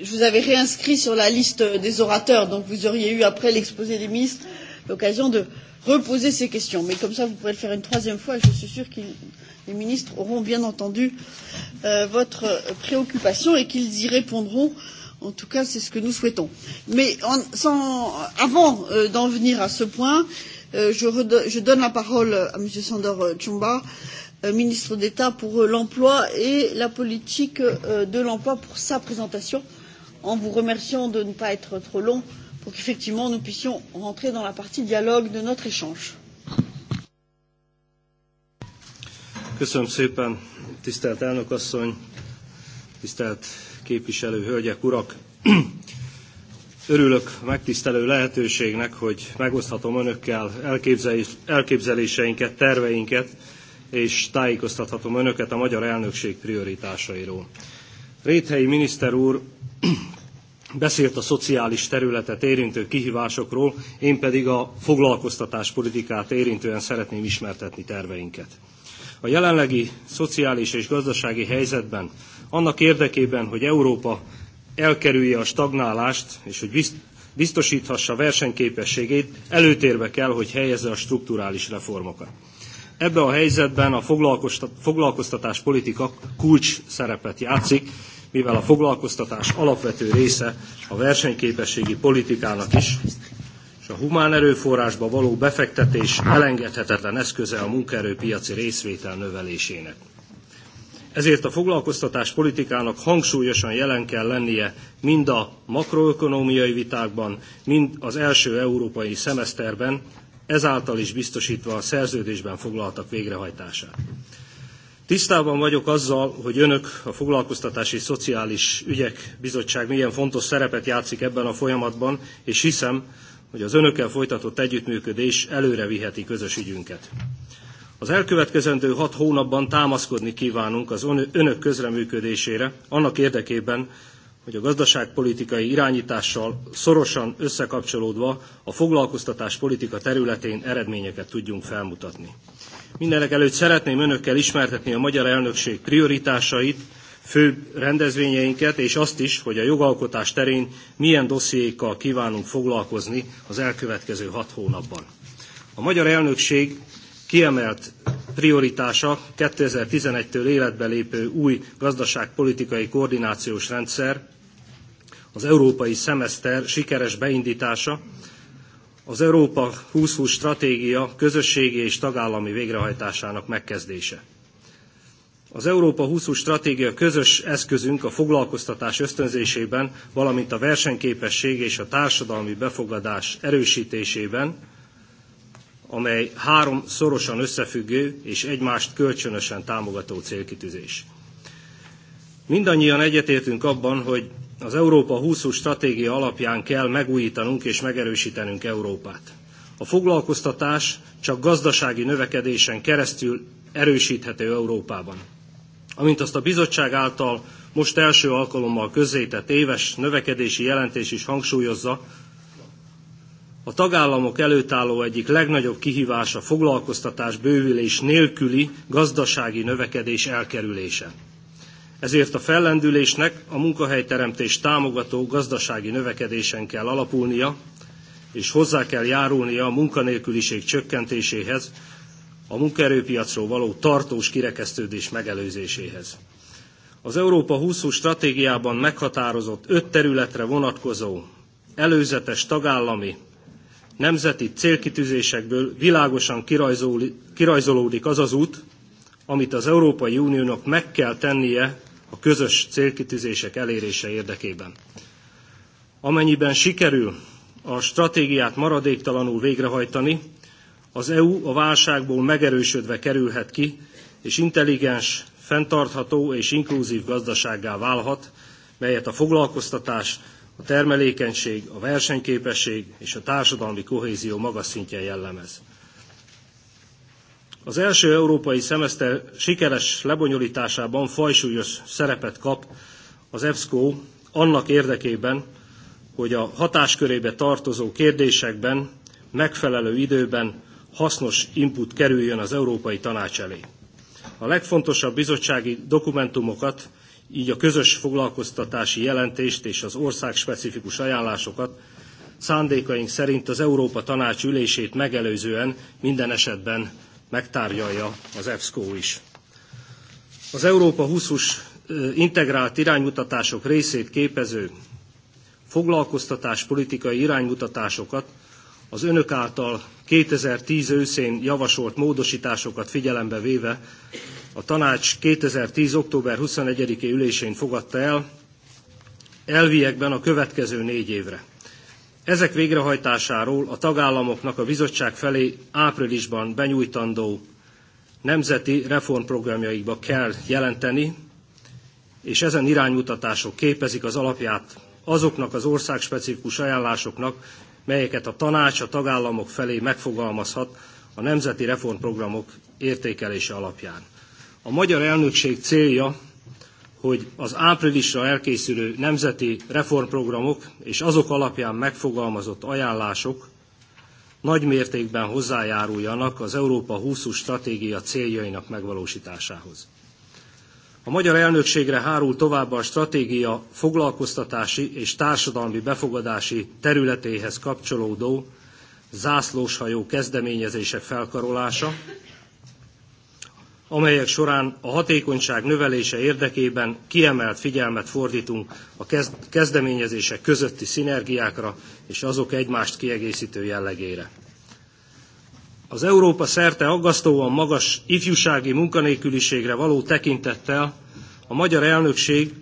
Je vous avais réinscrit sur la liste des orateurs, donc vous auriez eu après l'exposé des ministres l'occasion de reposer ces questions. Mais comme ça, vous pourrez le faire une troisième fois je suis sûre que les ministres auront bien entendu euh, votre euh, préoccupation et qu'ils y répondront. En tout cas, c'est ce que nous souhaitons. Mais en, sans, avant euh, d'en venir à ce point, euh, je, redonne, je donne la parole à M. Sandor euh, Chumba, euh, ministre d'État pour euh, l'emploi et la politique euh, de l'emploi, pour sa présentation, en vous remerciant de ne pas être trop long. Euh, pour qu'effectivement nous puissions rentrer dans la partie dialogue de notre échange. Köszönöm szépen, tisztelt elnök asszony, tisztelt képviselő hölgyek, urak! Örülök a megtisztelő lehetőségnek, hogy megoszthatom önökkel elképzeléseinket, terveinket, és tájékoztathatom önöket a magyar elnökség prioritásairól. Réthelyi miniszter úr beszélt a szociális területet érintő kihívásokról, én pedig a foglalkoztatás politikát érintően szeretném ismertetni terveinket. A jelenlegi szociális és gazdasági helyzetben annak érdekében, hogy Európa elkerülje a stagnálást, és hogy biztosíthassa versenyképességét, előtérbe kell, hogy helyezze a strukturális reformokat. Ebben a helyzetben a foglalkoztatáspolitika kulcs szerepet játszik, mivel a foglalkoztatás alapvető része a versenyképességi politikának is, és a humán erőforrásba való befektetés elengedhetetlen eszköze a munkaerőpiaci részvétel növelésének. Ezért a foglalkoztatás politikának hangsúlyosan jelen kell lennie mind a makroökonómiai vitákban, mind az első európai szemeszterben, ezáltal is biztosítva a szerződésben foglaltak végrehajtását. Tisztában vagyok azzal, hogy önök a Foglalkoztatási Szociális Ügyek Bizottság milyen fontos szerepet játszik ebben a folyamatban, és hiszem, hogy az önökkel folytatott együttműködés előre viheti közös ügyünket. Az elkövetkezendő hat hónapban támaszkodni kívánunk az önök közreműködésére, annak érdekében, hogy a gazdaságpolitikai irányítással szorosan összekapcsolódva a foglalkoztatás politika területén eredményeket tudjunk felmutatni. Mindenek előtt szeretném önökkel ismertetni a magyar elnökség prioritásait, fő rendezvényeinket, és azt is, hogy a jogalkotás terén milyen dossziékkal kívánunk foglalkozni az elkövetkező hat hónapban. A magyar elnökség kiemelt prioritása 2011-től életbe lépő új gazdaságpolitikai koordinációs rendszer, az európai szemeszter sikeres beindítása, az Európa 2020 stratégia közösségi és tagállami végrehajtásának megkezdése. Az Európa 2020 stratégia közös eszközünk a foglalkoztatás ösztönzésében, valamint a versenyképesség és a társadalmi befogadás erősítésében, amely három szorosan összefüggő és egymást kölcsönösen támogató célkitűzés. Mindannyian egyetértünk abban, hogy Az Európa 20 stratégia alapján kell megújítanunk és megerősítenünk Európát. A foglalkoztatás csak gazdasági növekedésen keresztül erősíthető Európában. Amint azt a bizottság által most első alkalommal közzétett éves növekedési jelentés is hangsúlyozza, a tagállamok előtt álló egyik legnagyobb kihívás a foglalkoztatás bővülés nélküli gazdasági növekedés elkerülése. Ezért a fellendülésnek a munkahelyteremtés támogató gazdasági növekedésen kell alapulnia, és hozzá kell járulnia a munkanélküliség csökkentéséhez, a munkaerőpiacról való tartós kirekesztődés megelőzéséhez. Az Európa 20 stratégiában meghatározott öt területre vonatkozó előzetes tagállami nemzeti célkitűzésekből világosan kirajzolódik az az út, amit az Európai Uniónak meg kell tennie a közös célkitűzések elérése érdekében. Amennyiben sikerül a stratégiát maradéktalanul végrehajtani, az EU a válságból megerősödve kerülhet ki, és intelligens, fenntartható és inkluzív gazdasággá válhat, melyet a foglalkoztatás, a termelékenység, a versenyképesség és a társadalmi kohézió magas szintje jellemez. Az első európai szemeszter sikeres lebonyolításában fajsúlyos szerepet kap az EBSCO annak érdekében, hogy a hatáskörébe tartozó kérdésekben megfelelő időben hasznos input kerüljön az Európai Tanács elé. A legfontosabb bizottsági dokumentumokat, így a közös foglalkoztatási jelentést és az országspecifikus ajánlásokat szándékaink szerint az Európa Tanács ülését megelőzően minden esetben megtárgyalja az EFSCO is. Az Európa 20-us integrált iránymutatások részét képező foglalkoztatáspolitikai iránymutatásokat az önök által 2010 őszén javasolt módosításokat figyelembe véve a tanács 2010. október 21-i ülésén fogadta el, elviekben a következő négy évre. Ezek végrehajtásáról a tagállamoknak a bizottság felé áprilisban benyújtandó nemzeti reformprogramjaikba kell jelenteni, és ezen iránymutatások képezik az alapját azoknak az országspecifikus ajánlásoknak, melyeket a tanács a tagállamok felé megfogalmazhat a nemzeti reformprogramok értékelése alapján. A magyar elnökség célja hogy az áprilisra elkészülő nemzeti reformprogramok és azok alapján megfogalmazott ajánlások nagy mértékben hozzájáruljanak az Európa 20 stratégia céljainak megvalósításához. A magyar elnökségre hárul tovább a stratégia foglalkoztatási és társadalmi befogadási területéhez kapcsolódó zászlóshajó kezdeményezések felkarolása, amelyek során a hatékonyság növelése érdekében kiemelt figyelmet fordítunk a kezdeményezések közötti szinergiákra és azok egymást kiegészítő jellegére. Az Európa szerte aggasztóan magas ifjúsági munkanélküliségre való tekintettel a magyar elnökség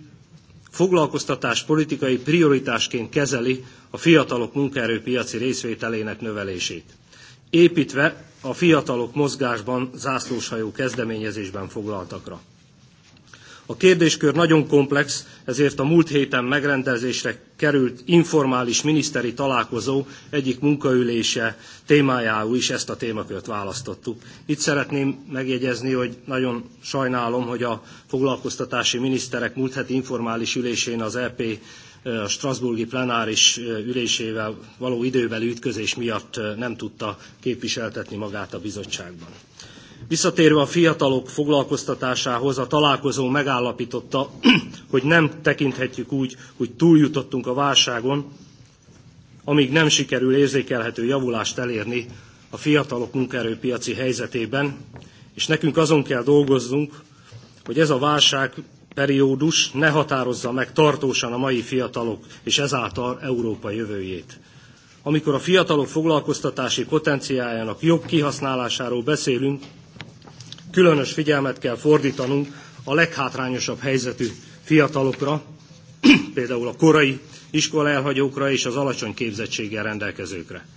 foglalkoztatás politikai prioritásként kezeli a fiatalok munkaerőpiaci részvételének növelését, építve a fiatalok mozgásban zászlóshajó kezdeményezésben foglaltakra. A kérdéskör nagyon komplex, ezért a múlt héten megrendezésre került informális miniszteri találkozó egyik munkaülése témájául is ezt a témakört választottuk. Itt szeretném megjegyezni, hogy nagyon sajnálom, hogy a foglalkoztatási miniszterek múlt heti informális ülésén az EP a Strasburgi plenáris ülésével való időbeli ütközés miatt nem tudta képviseltetni magát a bizottságban. Visszatérve a fiatalok foglalkoztatásához, a találkozó megállapította, hogy nem tekinthetjük úgy, hogy túljutottunk a válságon, amíg nem sikerül érzékelhető javulást elérni a fiatalok munkaerőpiaci helyzetében, és nekünk azon kell dolgoznunk, hogy ez a válság periódus ne határozza meg tartósan a mai fiatalok és ezáltal Európa jövőjét. Amikor a fiatalok foglalkoztatási potenciájának jobb kihasználásáról beszélünk, különös figyelmet kell fordítanunk a leghátrányosabb helyzetű fiatalokra, például a korai iskolaelhagyókra és az alacsony képzettséggel rendelkezőkre.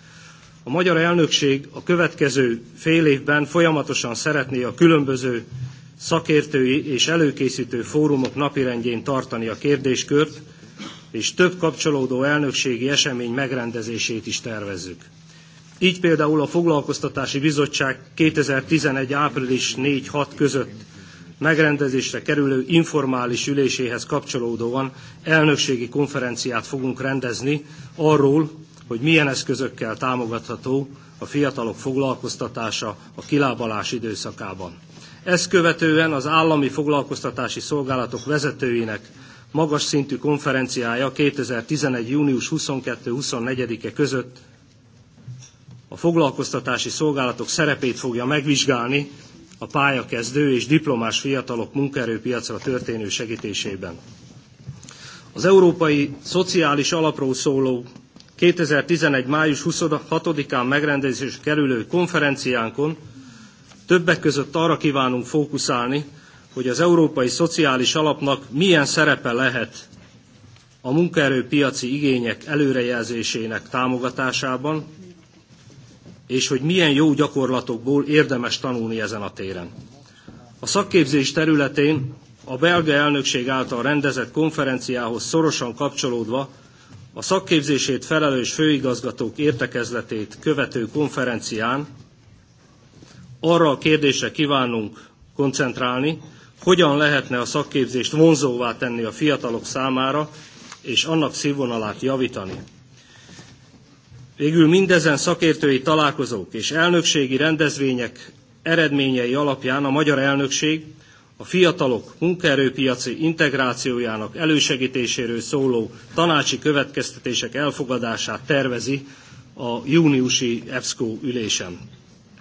A magyar elnökség a következő fél évben folyamatosan szeretné a különböző szakértői és előkészítő fórumok napirendjén tartani a kérdéskört, és több kapcsolódó elnökségi esemény megrendezését is tervezzük. Így például a Foglalkoztatási Bizottság 2011. április 4-6 között megrendezésre kerülő informális üléséhez kapcsolódóan elnökségi konferenciát fogunk rendezni arról, hogy milyen eszközökkel támogatható a fiatalok foglalkoztatása a kilábalás időszakában. Ezt követően az állami foglalkoztatási szolgálatok vezetőinek magas szintű konferenciája 2011. június 22-24-e között a foglalkoztatási szolgálatok szerepét fogja megvizsgálni a pályakezdő és diplomás fiatalok munkaerőpiacra történő segítésében. Az Európai Szociális Alapról szóló 2011. május 26-án megrendezésre kerülő konferenciánkon Többek között arra kívánunk fókuszálni, hogy az Európai Szociális Alapnak milyen szerepe lehet a munkaerőpiaci igények előrejelzésének támogatásában, és hogy milyen jó gyakorlatokból érdemes tanulni ezen a téren. A szakképzés területén a belga elnökség által rendezett konferenciához szorosan kapcsolódva a szakképzését felelős főigazgatók értekezletét követő konferencián arra a kérdésre kívánunk koncentrálni, hogyan lehetne a szakképzést vonzóvá tenni a fiatalok számára, és annak színvonalát javítani. Végül mindezen szakértői találkozók és elnökségi rendezvények eredményei alapján a magyar elnökség a fiatalok munkaerőpiaci integrációjának elősegítéséről szóló tanácsi következtetések elfogadását tervezi a júniusi EBSCO ülésen.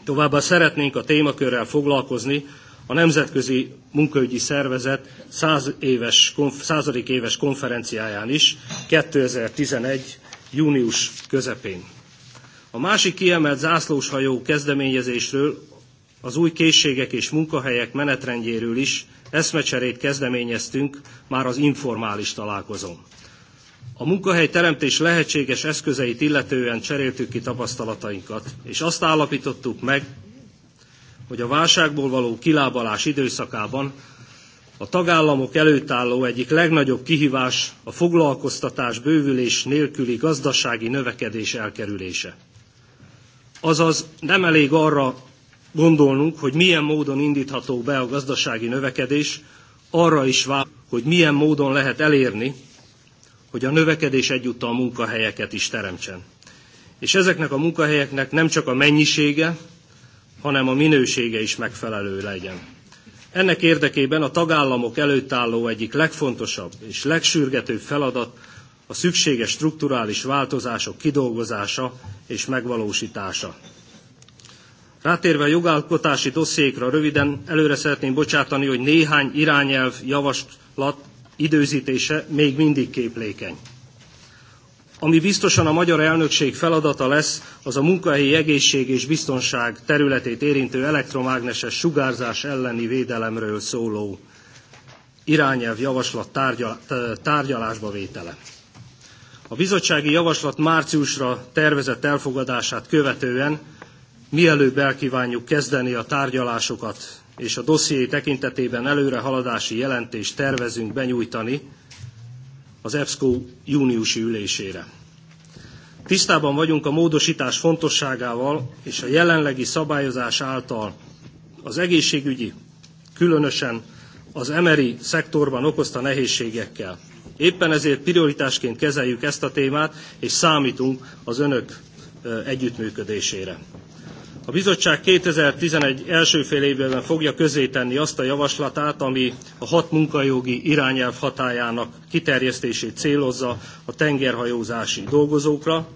Továbbá szeretnénk a témakörrel foglalkozni a Nemzetközi Munkaügyi Szervezet 100 éves, századik éves konferenciáján is 2011. június közepén. A másik kiemelt zászlóshajó kezdeményezésről, az új készségek és munkahelyek menetrendjéről is eszmecserét kezdeményeztünk már az informális találkozón. A munkahely teremtés lehetséges eszközeit illetően cseréltük ki tapasztalatainkat, és azt állapítottuk meg, hogy a válságból való kilábalás időszakában a tagállamok előtt álló egyik legnagyobb kihívás a foglalkoztatás bővülés nélküli gazdasági növekedés elkerülése. Azaz nem elég arra gondolnunk, hogy milyen módon indítható be a gazdasági növekedés, arra is vár, hogy milyen módon lehet elérni, hogy a növekedés egyúttal munkahelyeket is teremtsen. És ezeknek a munkahelyeknek nem csak a mennyisége, hanem a minősége is megfelelő legyen. Ennek érdekében a tagállamok előtt álló egyik legfontosabb és legsürgetőbb feladat a szükséges strukturális változások kidolgozása és megvalósítása. Rátérve a jogalkotási dossziékra röviden előre szeretném bocsátani, hogy néhány irányelv javaslat időzítése még mindig képlékeny. Ami biztosan a magyar elnökség feladata lesz, az a munkahelyi egészség és biztonság területét érintő elektromágneses sugárzás elleni védelemről szóló irányelv javaslat tárgyalásba vétele. A bizottsági javaslat márciusra tervezett elfogadását követően mielőbb elkívánjuk kezdeni a tárgyalásokat és a dosszié tekintetében előrehaladási jelentést tervezünk benyújtani az EBSCO júniusi ülésére. Tisztában vagyunk a módosítás fontosságával és a jelenlegi szabályozás által az egészségügyi, különösen az emeri szektorban okozta nehézségekkel. Éppen ezért prioritásként kezeljük ezt a témát, és számítunk az önök együttműködésére. A bizottság 2011 első fél évben fogja közzétenni azt a javaslatát, ami a hat munkajogi irányelv hatájának kiterjesztését célozza a tengerhajózási dolgozókra.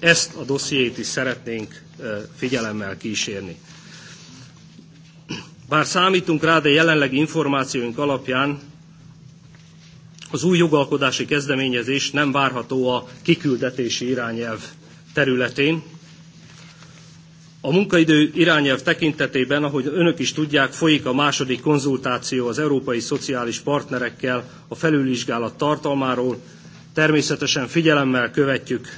Ezt a dossziét is szeretnénk figyelemmel kísérni. Bár számítunk rá, de jelenlegi információink alapján az új jogalkodási kezdeményezés nem várható a kiküldetési irányelv területén, a munkaidő irányelv tekintetében, ahogy önök is tudják, folyik a második konzultáció az európai szociális partnerekkel a felülvizsgálat tartalmáról. Természetesen figyelemmel követjük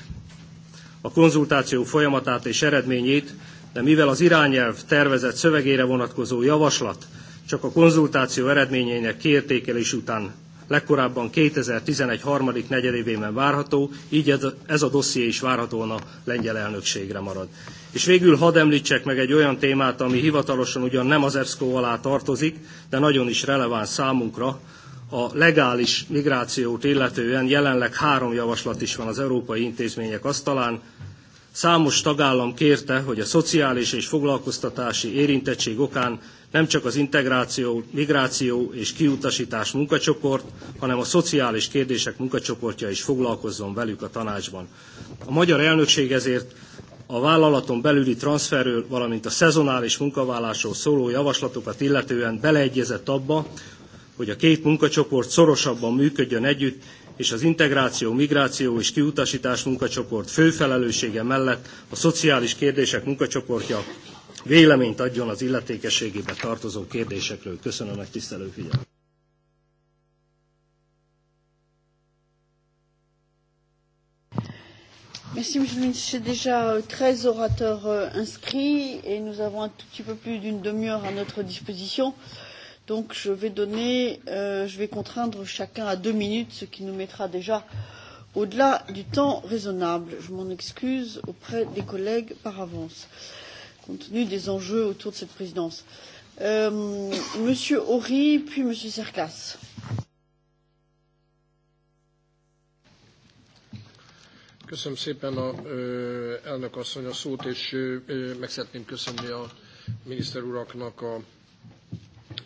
a konzultáció folyamatát és eredményét, de mivel az irányelv tervezett szövegére vonatkozó javaslat csak a konzultáció eredményeinek kiértékelés után legkorábban 2011 harmadik negyedévében várható, így ez, a dosszié is várhatóan a lengyel elnökségre marad. És végül hadd említsek meg egy olyan témát, ami hivatalosan ugyan nem az EBSCO alá tartozik, de nagyon is releváns számunkra, a legális migrációt illetően jelenleg három javaslat is van az európai intézmények asztalán, Számos tagállam kérte, hogy a szociális és foglalkoztatási érintettség okán nem csak az integráció, migráció és kiutasítás munkacsoport, hanem a szociális kérdések munkacsoportja is foglalkozzon velük a tanácsban. A magyar elnökség ezért a vállalaton belüli transferről, valamint a szezonális munkavállásról szóló javaslatokat illetően beleegyezett abba, hogy a két munkacsoport szorosabban működjön együtt, és az integráció, migráció és kiutasítás munkacsoport főfelelőssége mellett a szociális kérdések munkacsoportja véleményt adjon az illetékességébe tartozó kérdésekről. Köszönöm a tisztelő figyelmet. Merci Monsieur le Ministre. C'est déjà 13 euh, orateurs euh, inscrits et nous avons un tout petit peu plus d'une demi-heure à notre disposition. Euh, Donc je vais donner, euh, je vais contraindre chacun à deux minutes, ce qui nous mettra déjà au-delà du temps raisonnable. Je m'en excuse auprès des collègues par avance, compte tenu des enjeux autour de cette présidence. Euh, Monsieur Horry, puis Monsieur Cercas. Köszönöm szépen a elnök asszony a szót, és meg szeretném köszönni a miniszter uraknak a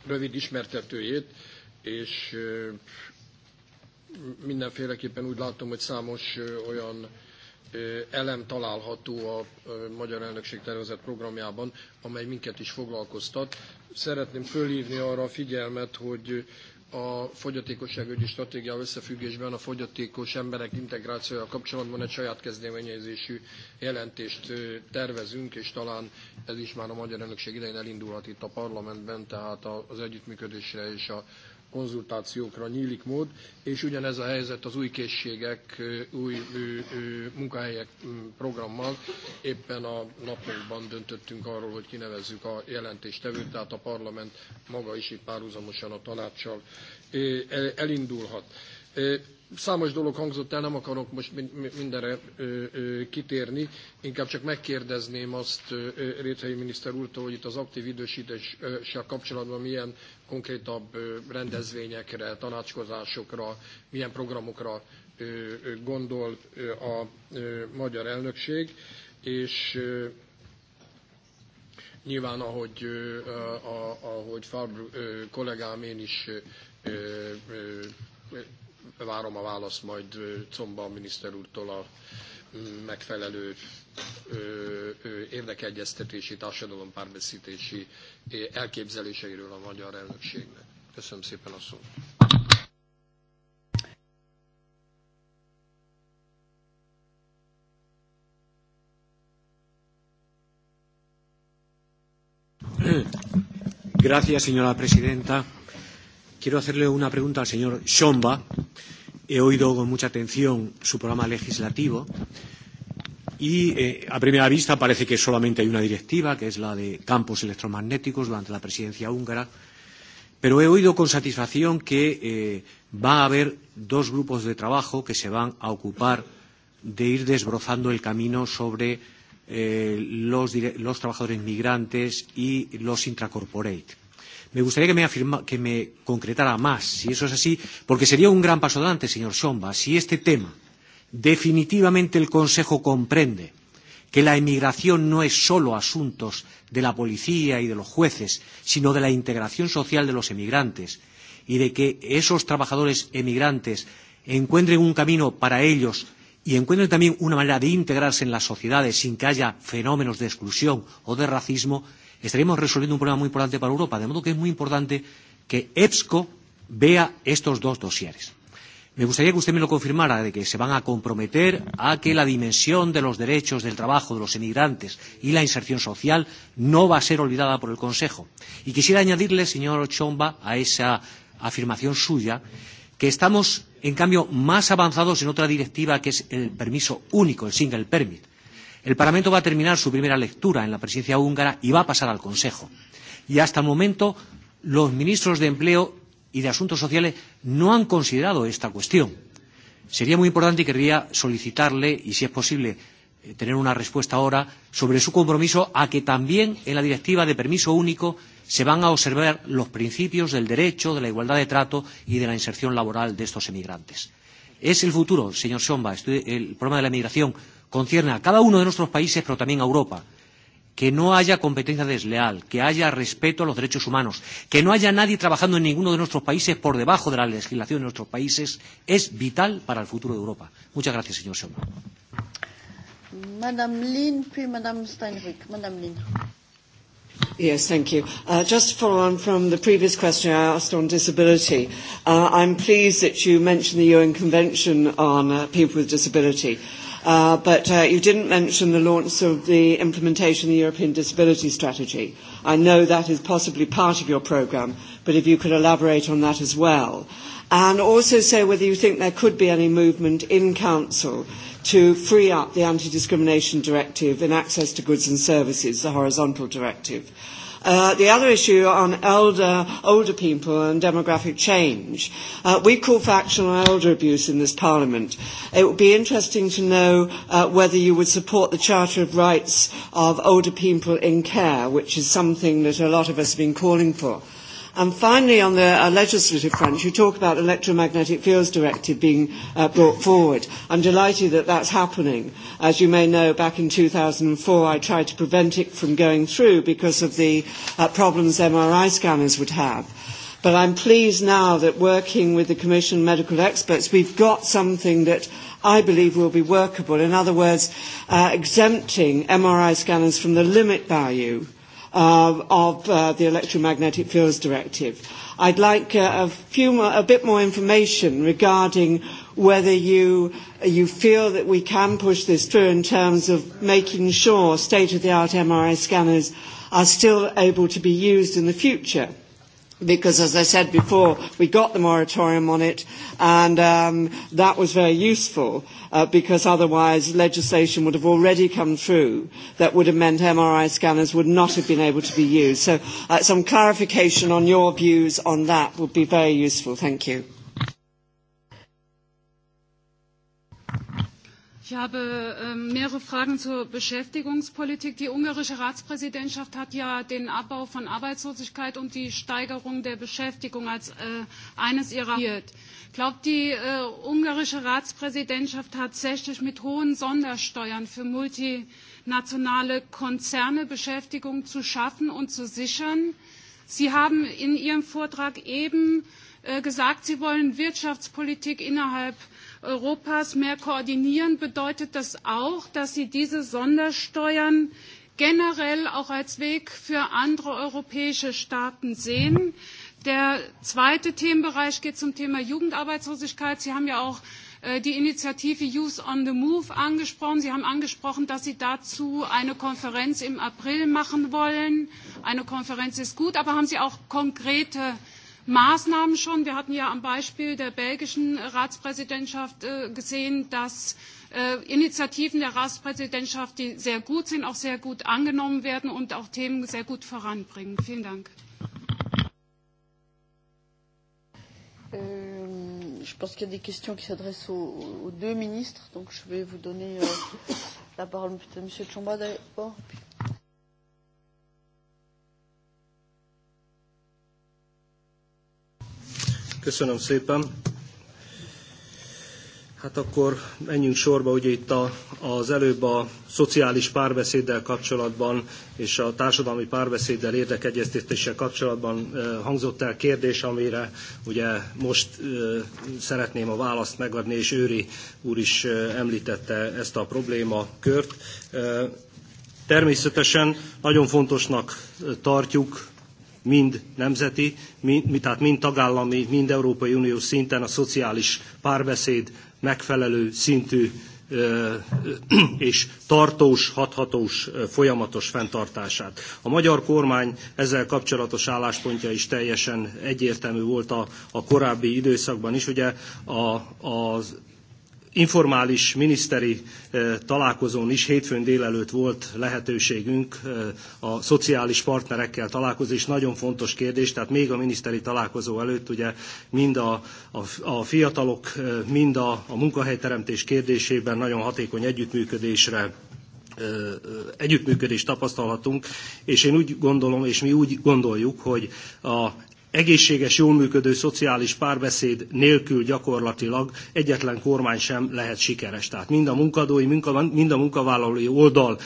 rövid ismertetőjét, és mindenféleképpen úgy látom, hogy számos olyan elem található a Magyar Elnökség tervezett programjában, amely minket is foglalkoztat. Szeretném fölhívni arra a figyelmet, hogy a fogyatékosságügyi stratégia összefüggésben a fogyatékos emberek integrációja kapcsolatban egy saját kezdeményezésű jelentést tervezünk, és talán ez is már a magyar elnökség idején elindulhat itt a parlamentben, tehát az együttműködésre és a konzultációkra nyílik mód, és ugyanez a helyzet az új készségek, új munkahelyek programmal. Éppen a napokban döntöttünk arról, hogy kinevezzük a jelentéstevőt, tehát a parlament maga is itt párhuzamosan a tanácssal elindulhat. Számos dolog hangzott el, nem akarok most mindenre kitérni, inkább csak megkérdezném azt Réthelyi miniszter úrtól, hogy itt az aktív idősítéssel kapcsolatban milyen konkrétabb rendezvényekre, tanácskozásokra, milyen programokra gondol a magyar elnökség, és nyilván ahogy, ahogy Farb kollégám én is várom a választ majd Comba miniszter úrtól a megfelelő érdekegyeztetési, társadalom párbeszítési elképzeléseiről a magyar elnökségnek. Köszönöm szépen a szót. Gracias, señora presidenta. Quiero hacerle una pregunta al señor Shomba He oído con mucha atención su programa legislativo y eh, a primera vista parece que solamente hay una directiva, que es la de campos electromagnéticos durante la presidencia húngara, pero he oído con satisfacción que eh, va a haber dos grupos de trabajo que se van a ocupar de ir desbrozando el camino sobre eh, los, los trabajadores migrantes y los intracorporate me gustaría que me, afirma, que me concretara más, si eso es así, porque sería un gran paso adelante, señor Somba, si este tema definitivamente el Consejo comprende que la emigración no es solo asuntos de la policía y de los jueces, sino de la integración social de los emigrantes y de que esos trabajadores emigrantes encuentren un camino para ellos y encuentren también una manera de integrarse en las sociedades sin que haya fenómenos de exclusión o de racismo, estaríamos resolviendo un problema muy importante para Europa. De modo que es muy importante que EPSCO vea estos dos dosieres. Me gustaría que usted me lo confirmara, de que se van a comprometer a que la dimensión de los derechos del trabajo de los emigrantes y la inserción social no va a ser olvidada por el Consejo. Y quisiera añadirle, señor Chomba, a esa afirmación suya, que estamos, en cambio, más avanzados en otra directiva que es el permiso único, el single permit el Parlamento va a terminar su primera lectura en la presidencia húngara y va a pasar al Consejo. Y hasta el momento los ministros de Empleo y de Asuntos Sociales no han considerado esta cuestión. Sería muy importante y querría solicitarle, y si es posible, eh, tener una respuesta ahora sobre su compromiso a que también en la directiva de permiso único se van a observar los principios del derecho, de la igualdad de trato y de la inserción laboral de estos emigrantes. Es el futuro, señor Somba, el problema de la emigración concierne a cada uno de nuestros países, pero también a Europa. Que no haya competencia desleal, que haya respeto a los derechos humanos, que no haya nadie trabajando en ninguno de nuestros países por debajo de la legislación de nuestros países, es vital para el futuro de Europa. Muchas gracias, señor Soma. Madame Lin, puis Madame Steinrich. Madame Lin. Yes, thank you. Uh, just to follow on from the previous question I asked on disability, uh, I'm pleased that you mentioned the UN Convention on uh, People with Disability. Uh, but uh, you didn't mention the launch of the implementation of the European Disability Strategy. I know that is possibly part of your programme, but if you could elaborate on that as well. And also say whether you think there could be any movement in Council to free up the Anti-Discrimination Directive in access to goods and services, the horizontal directive. Uh, the other issue on elder, older people and demographic change. Uh, we call for action on elder abuse in this Parliament. It would be interesting to know uh, whether you would support the Charter of Rights of Older People in Care, which is something that a lot of us have been calling for. And finally, on the uh, legislative front, you talk about the electromagnetic fields directive being uh, brought forward. I'm delighted that that's happening. As you may know, back in 2004, I tried to prevent it from going through because of the uh, problems MRI scanners would have. But I'm pleased now that working with the Commission medical experts, we've got something that I believe will be workable. In other words, uh, exempting MRI scanners from the limit value uh, of uh, the Electromagnetic Fields Directive. I'd like uh, a, few more, a bit more information regarding whether you, you feel that we can push this through in terms of making sure state-of-the-art MRI scanners are still able to be used in the future because, as I said before, we got the moratorium on it, and um, that was very useful uh, because otherwise legislation would have already come through that would have meant MRI scanners would not have been able to be used. So, uh, some clarification on your views on that would be very useful. Thank you. Ich habe ähm, mehrere Fragen zur Beschäftigungspolitik. Die ungarische Ratspräsidentschaft hat ja den Abbau von Arbeitslosigkeit und die Steigerung der Beschäftigung als äh, eines ihrer Ziele. Glaubt die äh, ungarische Ratspräsidentschaft tatsächlich mit hohen Sondersteuern für multinationale Konzerne Beschäftigung zu schaffen und zu sichern? Sie haben in Ihrem Vortrag eben äh, gesagt, Sie wollen Wirtschaftspolitik innerhalb der Europas mehr koordinieren, bedeutet das auch, dass sie diese Sondersteuern generell auch als Weg für andere europäische Staaten sehen. Der zweite Themenbereich geht zum Thema Jugendarbeitslosigkeit. Sie haben ja auch äh, die Initiative Youth on the Move angesprochen. Sie haben angesprochen, dass Sie dazu eine Konferenz im April machen wollen. Eine Konferenz ist gut, aber haben Sie auch konkrete Maßnahmen schon. Wir hatten ja am Beispiel der belgischen Ratspräsidentschaft äh, gesehen, dass äh, Initiativen der Ratspräsidentschaft, die sehr gut sind, auch sehr gut angenommen werden und auch Themen sehr gut voranbringen. Vielen Dank. Euh, je pense qu'il y a des questions qui s'adressent aux, aux deux ministres, donc je vais vous donner euh, la parole peut-être M. Tchomba d'abord. Köszönöm szépen. Hát akkor menjünk sorba, ugye itt a, az előbb a szociális párbeszéddel kapcsolatban és a társadalmi párbeszéddel érdekegyeztetéssel kapcsolatban hangzott el kérdés, amire ugye most szeretném a választ megadni, és Őri úr is említette ezt a problémakört. Természetesen nagyon fontosnak tartjuk mind nemzeti, mind, tehát mind tagállami, mind Európai Uniós szinten a szociális párbeszéd megfelelő szintű és tartós, hathatós, folyamatos fenntartását. A magyar kormány ezzel kapcsolatos álláspontja is teljesen egyértelmű volt a, a korábbi időszakban is. Ugye a, az informális miniszteri eh, találkozón is hétfőn délelőtt volt lehetőségünk eh, a szociális partnerekkel találkozni, és nagyon fontos kérdés, tehát még a miniszteri találkozó előtt ugye mind a, a, a fiatalok, eh, mind a, a munkahelyteremtés kérdésében nagyon hatékony együttműködésre együttműködést tapasztalhatunk, és én úgy gondolom, és mi úgy gondoljuk, hogy a egészséges, jól működő szociális párbeszéd nélkül gyakorlatilag egyetlen kormány sem lehet sikeres. Tehát mind a munkadói, mind a munkavállalói oldal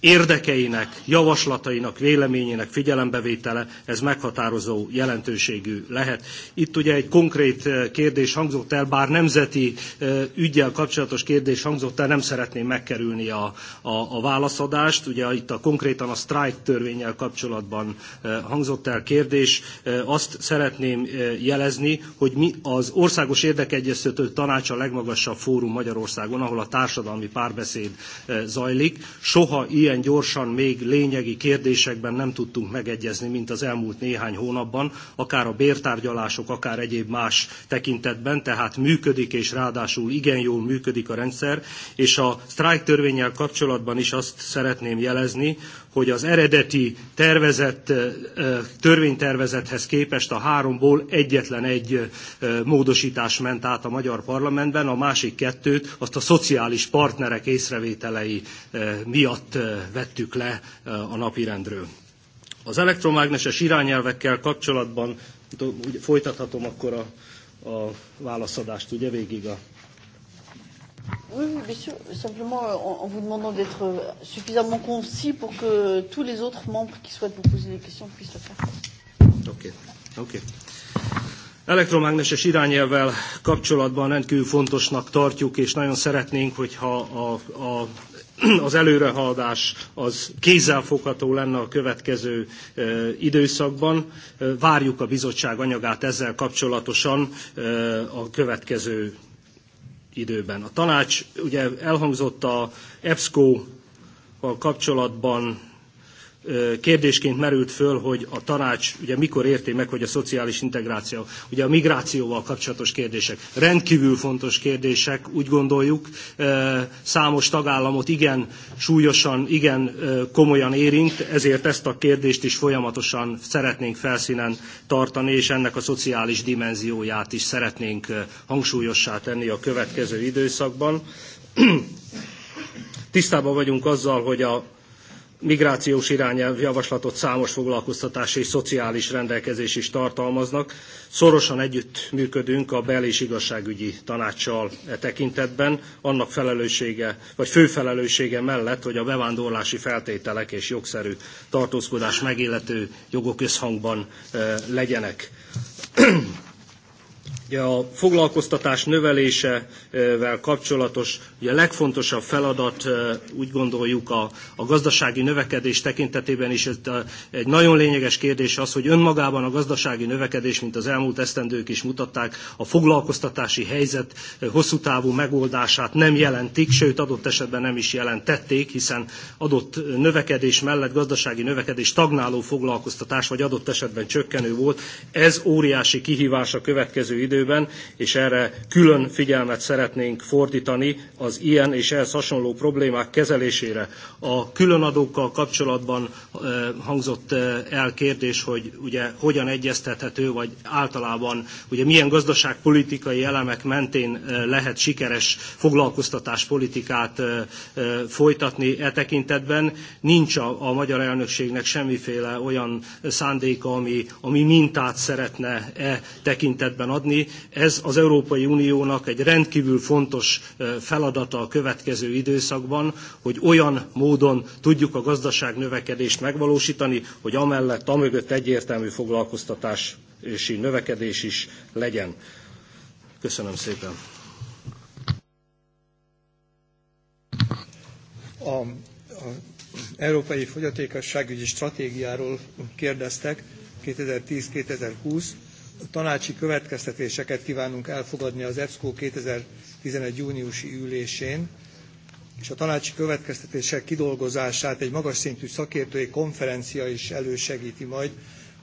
érdekeinek, javaslatainak, véleményének figyelembevétele, ez meghatározó jelentőségű lehet. Itt ugye egy konkrét eh, kérdés hangzott el, bár nemzeti eh, ügyel kapcsolatos kérdés hangzott el, nem szeretném megkerülni a, a, a válaszadást. Ugye itt a konkrétan a strike törvényel kapcsolatban eh, hangzott el kérdés. Azt szeretném jelezni, hogy mi az Országos Érdekegyeztető Tanács a legmagasabb fórum Magyarországon, ahol a társadalmi párbeszéd zajlik. Soha ilyen ilyen gyorsan még lényegi kérdésekben nem tudtunk megegyezni, mint az elmúlt néhány hónapban, akár a bértárgyalások, akár egyéb más tekintetben, tehát működik és ráadásul igen jól működik a rendszer, és a sztrájk törvényel kapcsolatban is azt szeretném jelezni, hogy az eredeti tervezett törvénytervezethez képest a háromból egyetlen egy módosítás ment át a magyar parlamentben, a másik kettőt azt a szociális partnerek észrevételei miatt vettük le a napirendről. Az elektromágneses irányelvekkel kapcsolatban folytathatom akkor a, a válaszadást, ugye végig a Oui, oui, bien sûr. Simplement, euh, en, en vous demandant d'être euh, suffisamment concis pour que tous les autres membres qui souhaitent vous poser des questions puissent le faire. Ok. Ok. Elektromágneses irányelvvel kapcsolatban rendkívül fontosnak tartjuk, és nagyon szeretnénk, hogyha a, a az előrehaladás az kézzelfogható lenne a következő e, időszakban. Várjuk a bizottság anyagát ezzel kapcsolatosan e, a következő időben. A tanács ugye elhangzott a EBSCO-val kapcsolatban kérdésként merült föl, hogy a tanács ugye mikor érti meg, hogy a szociális integráció, ugye a migrációval kapcsolatos kérdések, rendkívül fontos kérdések, úgy gondoljuk, számos tagállamot igen súlyosan, igen komolyan érint, ezért ezt a kérdést is folyamatosan szeretnénk felszínen tartani, és ennek a szociális dimenzióját is szeretnénk hangsúlyossá tenni a következő időszakban. Tisztában vagyunk azzal, hogy a migrációs irányelv javaslatot számos foglalkoztatási és szociális rendelkezés is tartalmaznak. Szorosan együtt működünk a bel- és igazságügyi tanácssal e tekintetben, annak felelőssége, vagy fő felelőssége mellett, hogy a bevándorlási feltételek és jogszerű tartózkodás megillető jogok összhangban legyenek a foglalkoztatás növelésevel kapcsolatos ugye a legfontosabb feladat úgy gondoljuk a, a gazdasági növekedés tekintetében is ez a, egy nagyon lényeges kérdés az, hogy önmagában a gazdasági növekedés, mint az elmúlt esztendők is mutatták, a foglalkoztatási helyzet hosszú távú megoldását nem jelentik, sőt adott esetben nem is jelentették, hiszen adott növekedés mellett gazdasági növekedés tagnáló foglalkoztatás, vagy adott esetben csökkenő volt. Ez óriási kihívás a következő idő 2022 és erre külön figyelmet szeretnénk fordítani az ilyen és ehhez hasonló problémák kezelésére. A különadókkal kapcsolatban hangzott el kérdés, hogy ugye hogyan egyeztethető, vagy általában ugye milyen gazdaságpolitikai elemek mentén lehet sikeres foglalkoztatáspolitikát folytatni e tekintetben. Nincs a, a magyar elnökségnek semmiféle olyan szándéka, ami, ami mintát szeretne e tekintetben adni. Ez az Európai Uniónak egy rendkívül fontos feladata a következő időszakban, hogy olyan módon tudjuk a gazdaság növekedést megvalósítani, hogy amellett, amögött egyértelmű foglalkoztatási növekedés is legyen. Köszönöm szépen. A, a Európai Fogyatékosságügyi Stratégiáról kérdeztek 2010-2020 tanácsi következtetéseket kívánunk elfogadni az EBSCO 2011. júniusi ülésén, és a tanácsi következtetések kidolgozását egy magas szintű szakértői konferencia is elősegíti majd,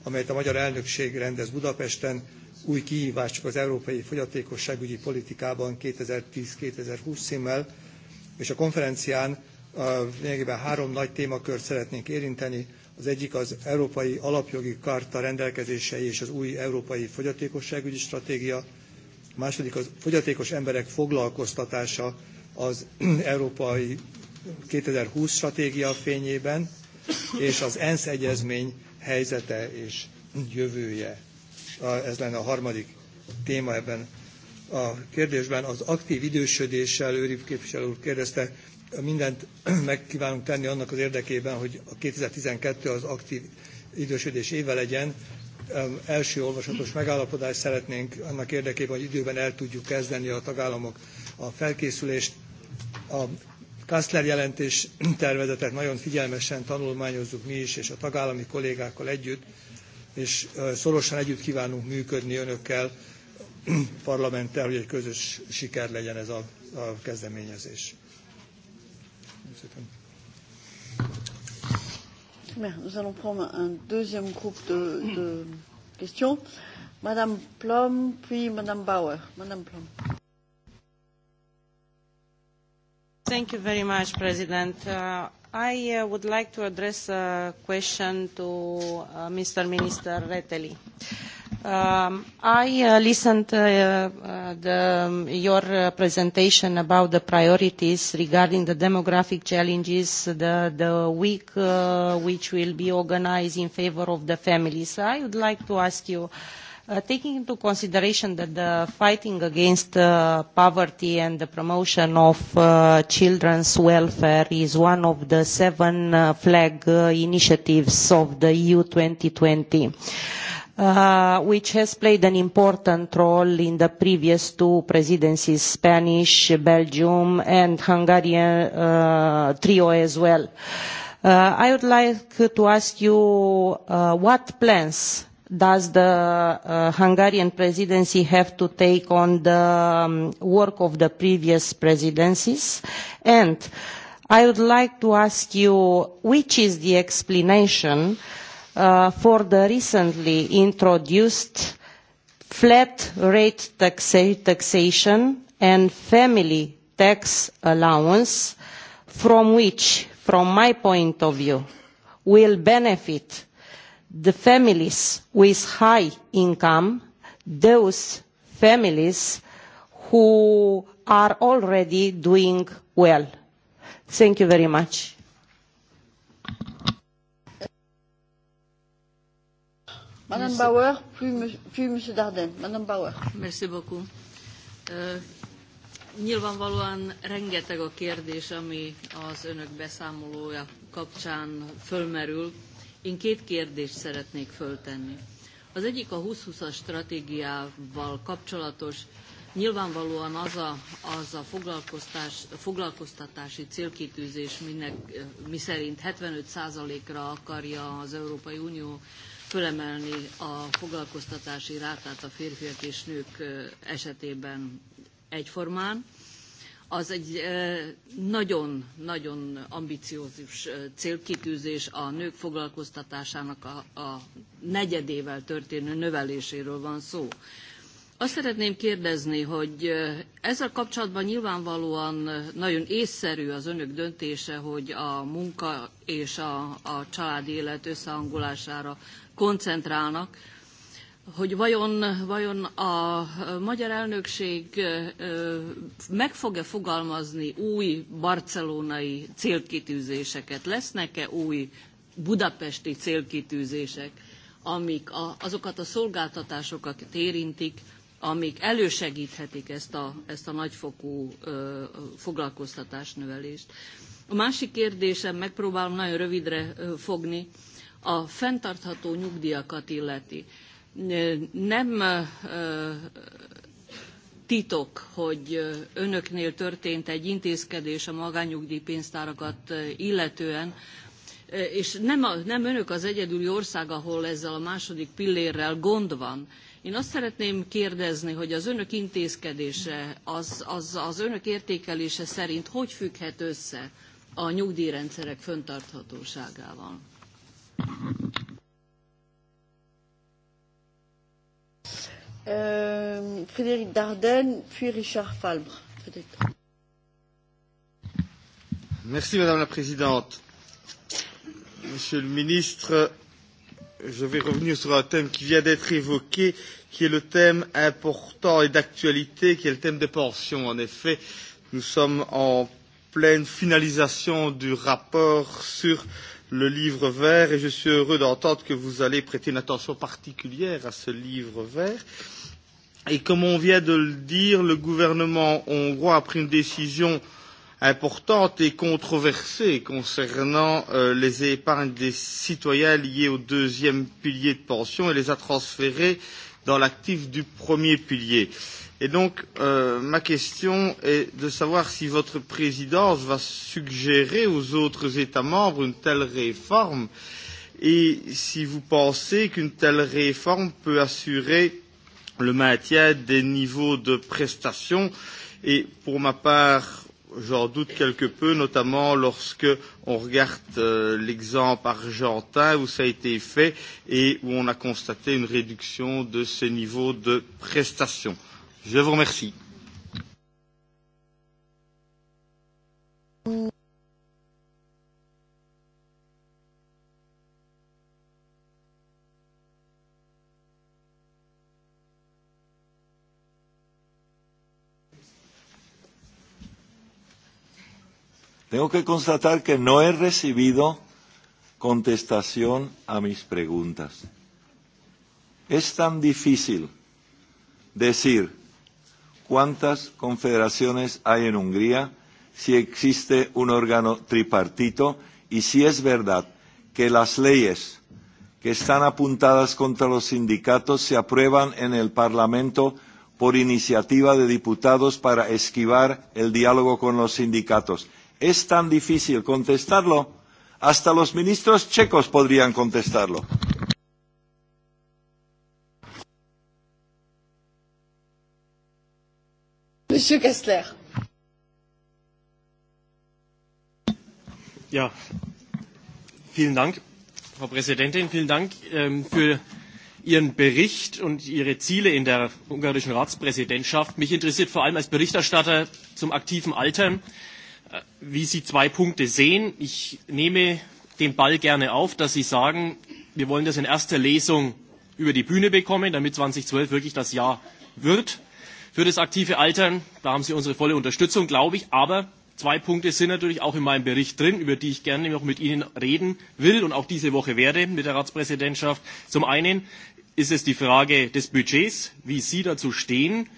amelyet a magyar elnökség rendez Budapesten új kihívások az európai fogyatékosságügyi politikában 2010-2020 címmel, és a konferencián lényegében három nagy témakört szeretnénk érinteni, Az egyik az Európai Alapjogi Karta rendelkezései és az új Európai Fogyatékosságügyi Stratégia, a második az fogyatékos emberek foglalkoztatása az Európai 2020 stratégia fényében, és az ENSZ egyezmény helyzete és jövője. Ez lenne a harmadik téma ebben a kérdésben. Az aktív idősödéssel, őribb képviselő úr kérdezte, mindent megkívánunk tenni annak az érdekében, hogy a 2012 az aktív idősödés éve legyen. Első olvasatos megállapodást szeretnénk annak érdekében, hogy időben el tudjuk kezdeni a tagállamok a felkészülést. A Kassler jelentés tervezetet nagyon figyelmesen tanulmányozzuk mi is, és a tagállami kollégákkal együtt, és szorosan együtt kívánunk működni önökkel, parlamenttel, hogy egy közös siker legyen ez a, a kezdeményezés. Stéphane. Bien, nous allons prendre un deuxième groupe de, de questions. Madame Plom, puis Madame Bauer. Madame Plom. Thank you very much, President. Uh, I uh, would like to address a question to uh, Mr. Minister Retteli. Um, I uh, listened uh, uh, to um, your uh, presentation about the priorities regarding the demographic challenges, the, the week which will be organised in favour of the families. I would like to ask you uh, Uh, taking into consideration that the fighting against uh, poverty and the promotion of uh, children's welfare is one of the seven uh, flag uh, initiatives of the EU 2020. Uh, which has played an important role in the previous two presidencies, Spanish, Belgium, and Hungarian uh, trio as well. Uh, I would like to ask you uh, what plans does the uh, Hungarian presidency have to take on the um, work of the previous presidencies? And I would like to ask you which is the explanation uh, for the recently introduced flat rate taxa taxation and family tax allowance from which, from my point of view, will benefit the families with high income, those families who are already doing well. Thank you very much. Madame Bauer, puis, puis Monsieur Dardenne. Madame Bauer. Merci beaucoup. Uh, nyilvánvalóan rengeteg a kérdés, ami az önök beszámolója kapcsán fölmerül Én két kérdést szeretnék föltenni. Az egyik a 2020-as stratégiával kapcsolatos, Nyilvánvalóan az a, az a foglalkoztás, foglalkoztatási célkitűzés, minek, mi szerint 75%-ra akarja az Európai Unió fölemelni a foglalkoztatási rátát a férfiak és nők esetében egyformán az egy nagyon-nagyon ambiciózus célkitűzés a nők foglalkoztatásának a, a negyedével történő növeléséről van szó. Azt szeretném kérdezni, hogy ezzel kapcsolatban nyilvánvalóan nagyon észszerű az önök döntése, hogy a munka és a, a családi élet összehangolására koncentrálnak, hogy vajon, vajon a magyar elnökség meg fog-e fogalmazni új barcelonai célkitűzéseket? Lesznek-e új budapesti célkitűzések, amik a, azokat a szolgáltatásokat érintik, amik elősegíthetik ezt a, ezt a nagyfokú foglalkoztatásnövelést. A másik kérdésem, megpróbálom nagyon rövidre fogni, a fenntartható nyugdíjakat illeti nem titok, hogy önöknél történt egy intézkedés a magányugdíjpénztárakat illetően, és nem, a, nem önök az egyedüli ország, ahol ezzel a második pillérrel gond van. Én azt szeretném kérdezni, hogy az önök intézkedése, az, az, az önök értékelése szerint hogy függhet össze a nyugdíjrendszerek föntarthatóságával? euh, Frédéric Dardenne, puis Richard Falbre, peut-être. Merci Madame la Présidente. Monsieur le Ministre, je vais revenir sur un thème qui vient d'être évoqué, qui est le thème important et d'actualité, qui est le thème des pensions. En effet, nous sommes en pleine finalisation du rapport sur euh, le livre vert et je suis heureux d'entendre que vous allez prêter une attention particulière à ce livre vert. Et comme on vient de le dire, le gouvernement hongrois a pris une décision importante et controversée concernant euh, les épargnes des citoyens liées au deuxième pilier de pension et les a transférées dans l'actif du premier pilier. Euh, Et donc, euh, ma question est de savoir si votre présidence va suggérer aux autres États membres une telle réforme et si vous pensez qu'une telle réforme peut assurer le maintien des niveaux de prestations. Et pour ma part, j'en doute quelque peu, notamment lorsque on regarde euh, l'exemple argentin où ça a été fait et où on a constaté une réduction de ces niveaux de prestations. Je vous remercie. Tengo que constatar que no he recibido contestación a mis preguntas. Es tan difícil decir cuántas confederaciones hay en Hungría, si existe un órgano tripartito y si es verdad que las leyes que están apuntadas contra los sindicatos se aprueban en el Parlamento por iniciativa de diputados para esquivar el diálogo con los sindicatos. Es tan difícil contestarlo, hasta los ministros checos podrían contestarlo. Monsieur Kessler. Ja, vielen Dank, Frau Präsidentin. Vielen Dank ähm, für Ihren Bericht und Ihre Ziele in der ungarischen Ratspräsidentschaft. Mich interessiert vor allem als Berichterstatter zum aktiven Altern, äh, wie Sie zwei Punkte sehen. Ich nehme den Ball gerne auf, dass Sie sagen, wir wollen das in erster Lesung über die Bühne bekommen, damit 2012 wirklich das Jahr wird. Für das aktive Altern, da haben Sie unsere volle Unterstützung, glaube ich. Aber zwei Punkte sind natürlich auch in meinem Bericht drin, über die ich gerne noch mit Ihnen reden will und auch diese Woche werde mit der Ratspräsidentschaft. Zum einen ist es die Frage des Budgets, wie Sie dazu stehen,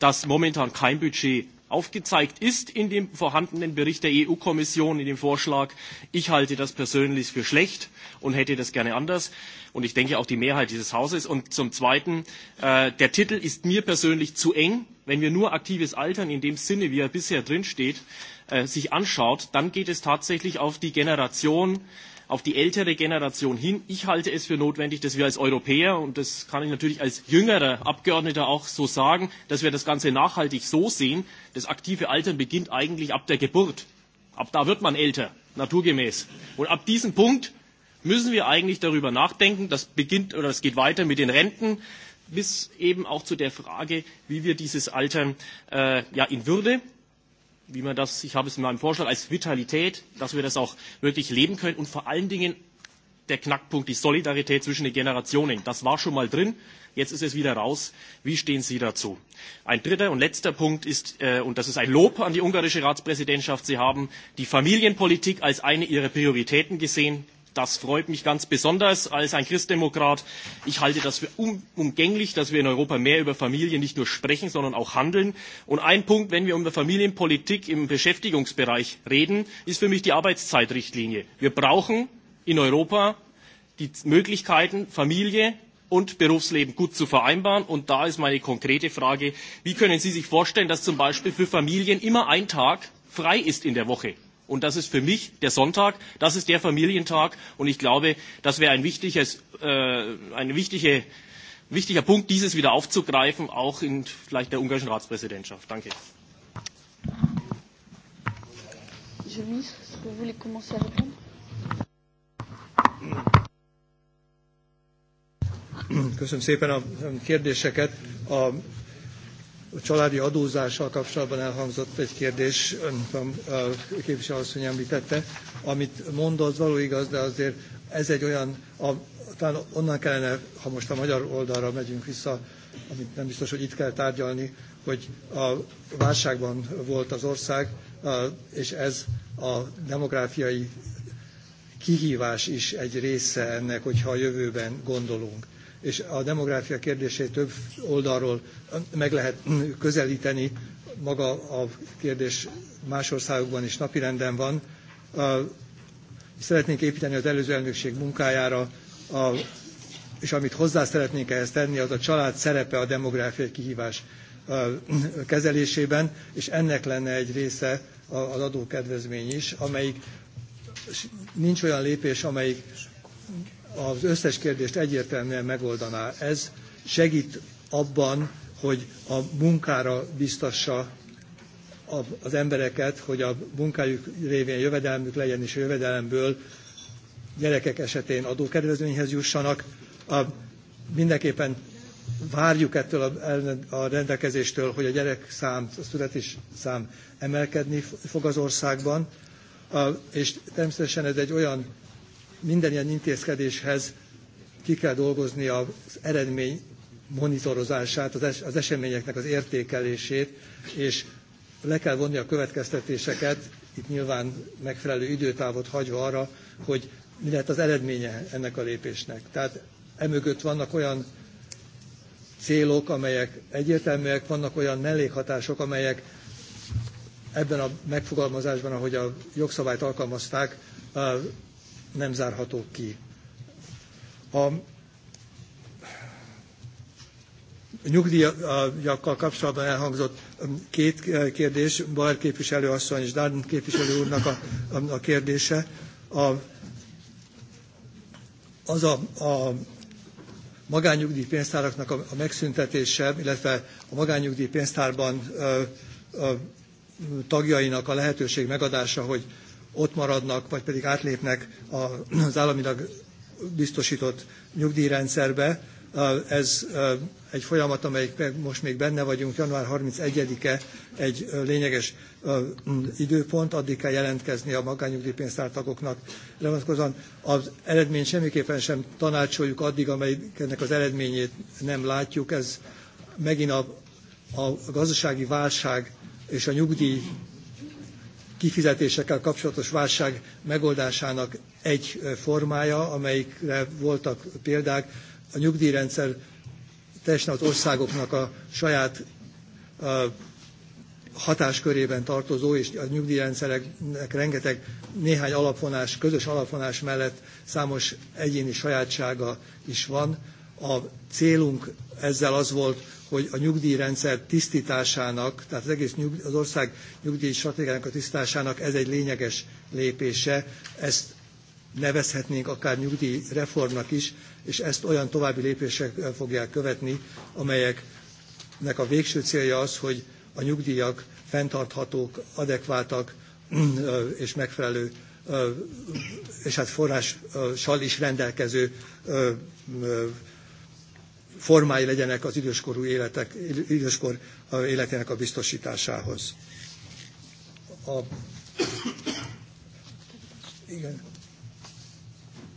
dass momentan kein Budget aufgezeigt ist in dem vorhandenen Bericht der EU-Kommission, in dem Vorschlag. Ich halte das persönlich für schlecht und hätte das gerne anders. Und ich denke auch die Mehrheit dieses Hauses. Und zum Zweiten, äh, der Titel ist mir persönlich zu eng. Wenn wir nur aktives Altern in dem Sinne, wie er bisher drinsteht, äh, sich anschaut, dann geht es tatsächlich auf die Generation, äh, auf die ältere Generation hin. Ich halte es für notwendig, dass wir als Europäer, und das kann ich natürlich als jüngerer Abgeordneter auch so sagen, dass wir das Ganze nachhaltig so sehen, das aktive Altern beginnt eigentlich ab der Geburt. Ab da wird man älter, naturgemäß. Und ab diesem Punkt müssen wir eigentlich darüber nachdenken, das beginnt oder das geht weiter mit den Renten, bis eben auch zu der Frage, wie wir dieses Altern äh, ja, in Würde wie man das, ich habe es in meinem Vorschlag, als Vitalität, dass wir das auch wirklich leben können und vor allen Dingen der Knackpunkt, die Solidarität zwischen den Generationen. Das war schon mal drin, jetzt ist es wieder raus. Wie stehen Sie dazu? Ein dritter und letzter Punkt ist, äh, und das ist ein Lob an die ungarische Ratspräsidentschaft, Sie haben die Familienpolitik als eine Ihrer Prioritäten gesehen. Das freut mich ganz besonders als ein Christdemokrat. Ich halte das für unumgänglich, um, dass wir in Europa mehr über Familie nicht nur sprechen, sondern auch handeln. Und ein Punkt, wenn wir über um Familienpolitik im Beschäftigungsbereich reden, ist für mich die Arbeitszeitrichtlinie. Wir brauchen in Europa die Möglichkeiten, Familie und Berufsleben gut zu vereinbaren. Und da ist meine konkrete Frage, wie können Sie sich vorstellen, dass zum Beispiel für Familien immer ein Tag frei ist in der Woche? Und das ist für mich der Sonntag, das ist der Familientag. Und ich glaube, das wäre ein, wichtiges, äh, ein wichtige, wichtiger Punkt, dieses wieder aufzugreifen, auch in vielleicht der ungarischen Ratspräsidentschaft. Danke. Köszönöm szépen a kérdéseket. A családi adózással kapcsolatban elhangzott egy kérdés, nem képviselőasszony említette, amit mond, az való igaz, de azért ez egy olyan, a, talán onnan kellene, ha most a magyar oldalra megyünk vissza, amit nem biztos, hogy itt kell tárgyalni, hogy a válságban volt az ország, és ez a demográfiai kihívás is egy része ennek, hogyha a jövőben gondolunk és a demográfia kérdését több oldalról meg lehet közelíteni. Maga a kérdés más országokban is napirenden van. Szeretnénk építeni az előző elnökség munkájára, a, és amit hozzá szeretnénk ehhez tenni, az a család szerepe a demográfiai kihívás kezelésében, és ennek lenne egy része az adókedvezmény is, amelyik nincs olyan lépés, amelyik az összes kérdést egyértelműen megoldaná. Ez segít abban, hogy a munkára biztassa az embereket, hogy a munkájuk révén jövedelmük legyen, és a jövedelemből gyerekek esetén adókedvezményhez jussanak. A, mindenképpen várjuk ettől a, rendelkezéstől, hogy a gyerekszám, a születésszám emelkedni fog az országban, és természetesen ez egy olyan minden ilyen intézkedéshez ki kell dolgozni az eredmény monitorozását, az, es, az eseményeknek az értékelését, és le kell vonni a következtetéseket, itt nyilván megfelelő időtávot hagyva arra, hogy mi lehet az eredménye ennek a lépésnek. Tehát emögött vannak olyan célok, amelyek egyértelműek, vannak olyan mellékhatások, amelyek ebben a megfogalmazásban, ahogy a jogszabályt alkalmazták, nem zárhatók ki. A nyugdíjakkal kapcsolatban elhangzott két kérdés, Bajer képviselő asszony és Darden képviselő úrnak a, a, kérdése. A, az a, a magányugdíj pénztáraknak a, a megszüntetése, illetve a magányugdíj pénztárban a, a tagjainak a lehetőség megadása, hogy ott maradnak, vagy pedig átlépnek az államilag biztosított nyugdíjrendszerbe. Ez egy folyamat, amelyik most még benne vagyunk, január 31-e egy lényeges időpont, addig kell jelentkezni a magányugdíjpénztártagoknak. Levonatkozóan az eredmény semmiképpen sem tanácsoljuk addig, amelyik ennek az eredményét nem látjuk. Ez megint a, a gazdasági válság és a nyugdíj kifizetésekkel kapcsolatos válság megoldásának egy formája, amelyikre voltak példák. A nyugdíjrendszer teljesen az országoknak a saját hatáskörében tartozó, és a nyugdíjrendszereknek rengeteg néhány alapvonás, közös alapvonás mellett számos egyéni sajátsága is van a célunk ezzel az volt, hogy a nyugdíjrendszer tisztításának, tehát az egész nyugdíj, az ország nyugdíj stratégiának a tisztításának ez egy lényeges lépése. Ezt nevezhetnénk akár nyugdíjreformnak is, és ezt olyan további lépések fogják követni, amelyeknek a végső célja az, hogy a nyugdíjak fenntarthatók, adekváltak és megfelelő és hát forrással is rendelkező formái legyenek az időskorú életek, időskor életének a biztosításához. A, igen.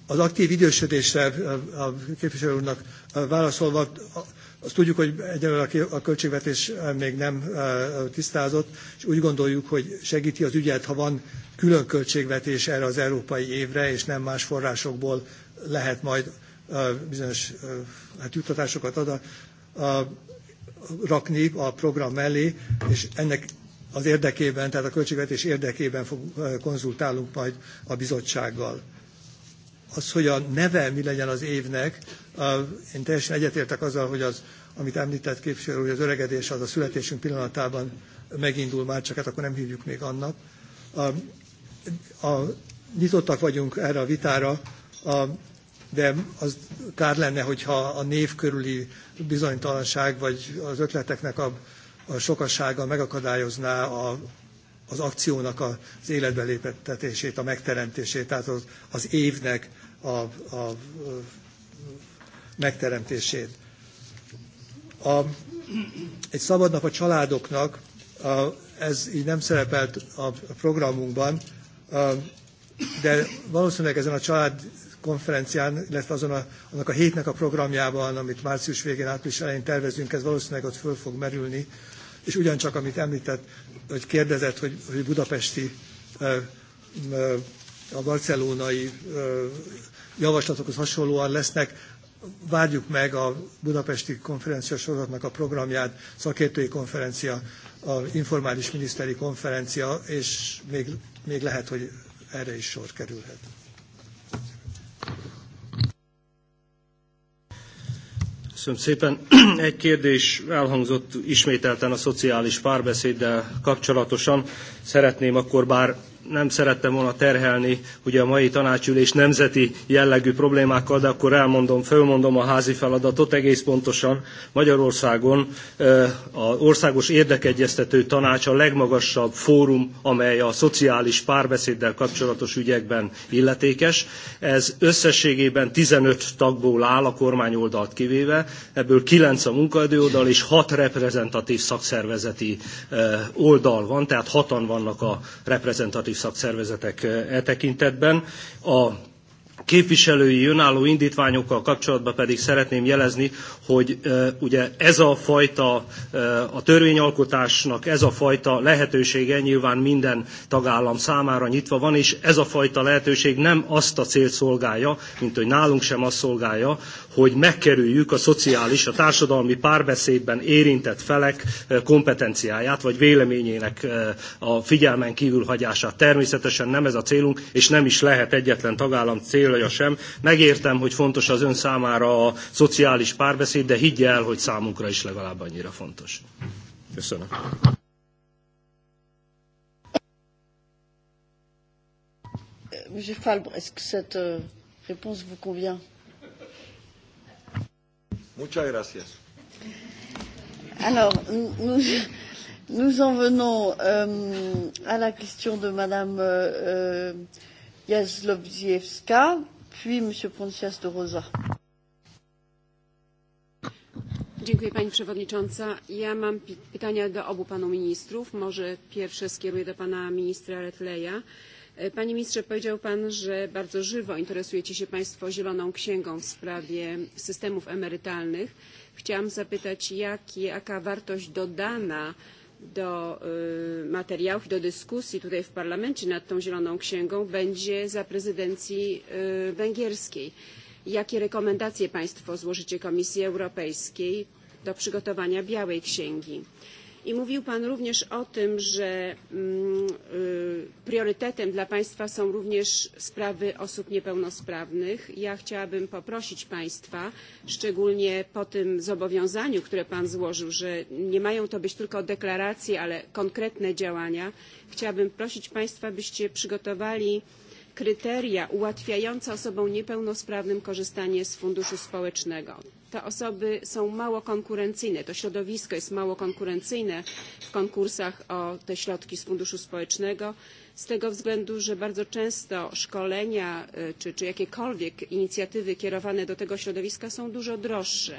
Az aktív idősödésre a képviselő úrnak válaszolva, azt tudjuk, hogy egyelőre a költségvetés még nem tisztázott, és úgy gondoljuk, hogy segíti az ügyet, ha van külön költségvetés erre az európai évre, és nem más forrásokból lehet majd bizonyos hát juttatásokat ad a, a, rakni a program mellé, és ennek az érdekében, tehát a költségvetés érdekében fog, konzultálunk majd a bizottsággal. Az, hogy a neve mi legyen az évnek, a, én teljesen egyetértek azzal, hogy az, amit említett képviselő, hogy az öregedés az a születésünk pillanatában megindul már, csak hát akkor nem hívjuk még annak. A, a, nyitottak vagyunk erre a vitára. A, de az kár lenne, hogyha a név körüli bizonytalanság vagy az ötleteknek a, a sokassága megakadályozná a, az akciónak az életbe lépettetését, a megteremtését, tehát az, az évnek a, a, a megteremtését. A, egy szabad nap a családoknak, a, ez így nem szerepelt a programunkban, a, de valószínűleg ezen a család konferencián, illetve azon a, annak a hétnek a programjában, amit március végén, április elején tervezünk, ez valószínűleg ott föl fog merülni. És ugyancsak, amit említett, hogy kérdezett, hogy, hogy budapesti, a barcelonai javaslatokhoz hasonlóan lesznek, várjuk meg a budapesti konferencia sorozatnak a programját, szakértői konferencia, a informális miniszteri konferencia, és még, még lehet, hogy erre is sor kerülhet. Köszönöm szépen. Egy kérdés elhangzott ismételten a szociális párbeszéddel kapcsolatosan. Szeretném akkor bár nem szerettem volna terhelni ugye a mai tanácsülés nemzeti jellegű problémákkal, de akkor elmondom, fölmondom a házi feladatot egész pontosan. Magyarországon az Országos Érdekegyeztető Tanács a legmagasabb fórum, amely a szociális párbeszéddel kapcsolatos ügyekben illetékes. Ez összességében 15 tagból áll, a kormányoldalt kivéve, ebből 9 a oldal és 6 reprezentatív szakszervezeti oldal van, tehát hatan vannak a reprezentatív szakszervezetek e tekintetben. A képviselői önálló indítványokkal kapcsolatban pedig szeretném jelezni, hogy ugye ez a fajta, a törvényalkotásnak ez a fajta lehetősége nyilván minden tagállam számára nyitva van, és ez a fajta lehetőség nem azt a célt szolgálja, mint hogy nálunk sem azt szolgálja, hogy megkerüljük a szociális, a társadalmi párbeszédben érintett felek eh, kompetenciáját, vagy véleményének eh, a figyelmen kívülhagyását. Természetesen nem ez a célunk, és nem is lehet egyetlen tagállam célja sem. Megértem, hogy fontos az ön számára a szociális párbeszéd, de higgye el, hogy számunkra is legalább annyira fontos. Köszönöm. Euh, Monsieur Falbre, est-ce que cette euh, réponse vous convient Muchas gracias. Alors, nous, nous en venons euh, à la question de Madame euh, euh Jaslovziewska, puis Monsieur Poncias de Rosa. Dziękuję Pani Przewodnicząca. Ja mam pytania do obu Panów Ministrów. Może pierwsze skieruję do Pana Ministra Retleja. Panie ministrze, powiedział pan, że bardzo żywo interesujecie się państwo zieloną księgą w sprawie systemów emerytalnych. Chciałam zapytać, jak, jaka wartość dodana do y, materiałów i do dyskusji tutaj w parlamencie nad tą zieloną księgą będzie za prezydencji y, węgierskiej. Jakie rekomendacje państwo złożycie Komisji Europejskiej do przygotowania białej księgi? I mówił Pan również o tym, że mm, priorytetem dla Państwa są również sprawy osób niepełnosprawnych. Ja chciałabym poprosić Państwa, szczególnie po tym zobowiązaniu, które Pan złożył, że nie mają to być tylko deklaracje, ale konkretne działania, chciałabym prosić Państwa, byście przygotowali kryteria ułatwiające osobom niepełnosprawnym korzystanie z funduszu społecznego te osoby są mało konkurencyjne, to środowisko jest mało konkurencyjne w konkursach o te środki z Funduszu Społecznego, z tego względu, że bardzo często szkolenia czy, czy jakiekolwiek inicjatywy kierowane do tego środowiska są dużo droższe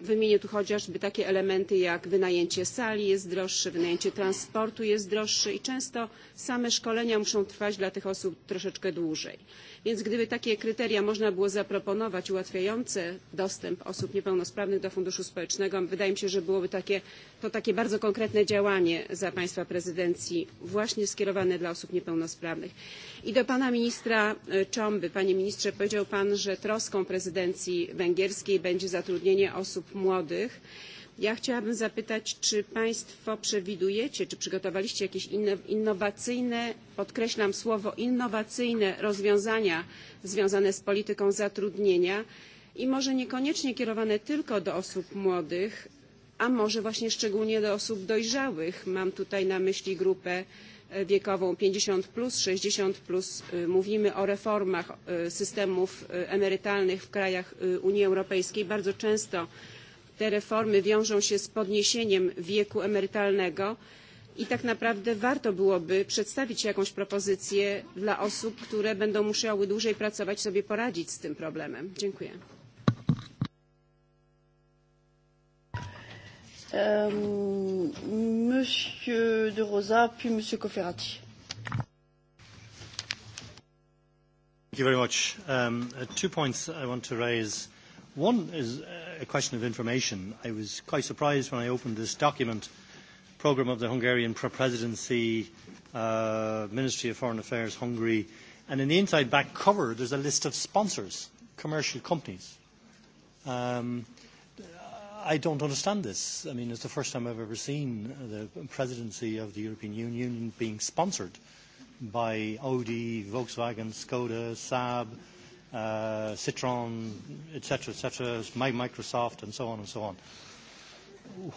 Wymienię tu chociażby takie elementy jak wynajęcie sali jest droższe, wynajęcie transportu jest droższe i często same szkolenia muszą trwać dla tych osób troszeczkę dłużej. Więc gdyby takie kryteria można było zaproponować ułatwiające dostęp osób niepełnosprawnych do Funduszu Społecznego, wydaje mi się, że byłoby takie, to takie bardzo konkretne działanie za Państwa prezydencji właśnie skierowane dla osób niepełnosprawnych. I do Pana Ministra Czomby. Panie Ministrze, powiedział Pan, że troską prezydencji węgierskiej będzie zatrudnienie osób młodych. Ja chciałabym zapytać, czy Państwo przewidujecie, czy przygotowaliście jakieś innowacyjne, podkreślam słowo innowacyjne rozwiązania związane z polityką zatrudnienia i może niekoniecznie kierowane tylko do osób młodych, a może właśnie szczególnie do osób dojrzałych. Mam tutaj na myśli grupę wiekową 50 plus, 60 plus. Mówimy o reformach systemów emerytalnych w krajach Unii Europejskiej. Bardzo często te reformy wiążą się z podniesieniem wieku emerytalnego i tak naprawdę warto byłoby przedstawić jakąś propozycję dla osób, które będą musiały dłużej pracować, sobie poradzić z tym problemem. Dziękuję. Euh, Monsieur De Rosa, puis Monsieur Cofferati. Thank you very much. Um, uh, two points I want to raise. One is uh, a question of information. I was quite surprised when I opened this document, Programme of the Hungarian Presidency, uh, Ministry of Foreign Affairs, Hungary, and in the inside back cover there's a list of sponsors, commercial companies. Um, I don't understand this. I mean, it's the first time I've ever seen the presidency of the European Union being sponsored by Audi, Volkswagen, Skoda, Saab, uh, etc., etc., Microsoft, and so on and so on.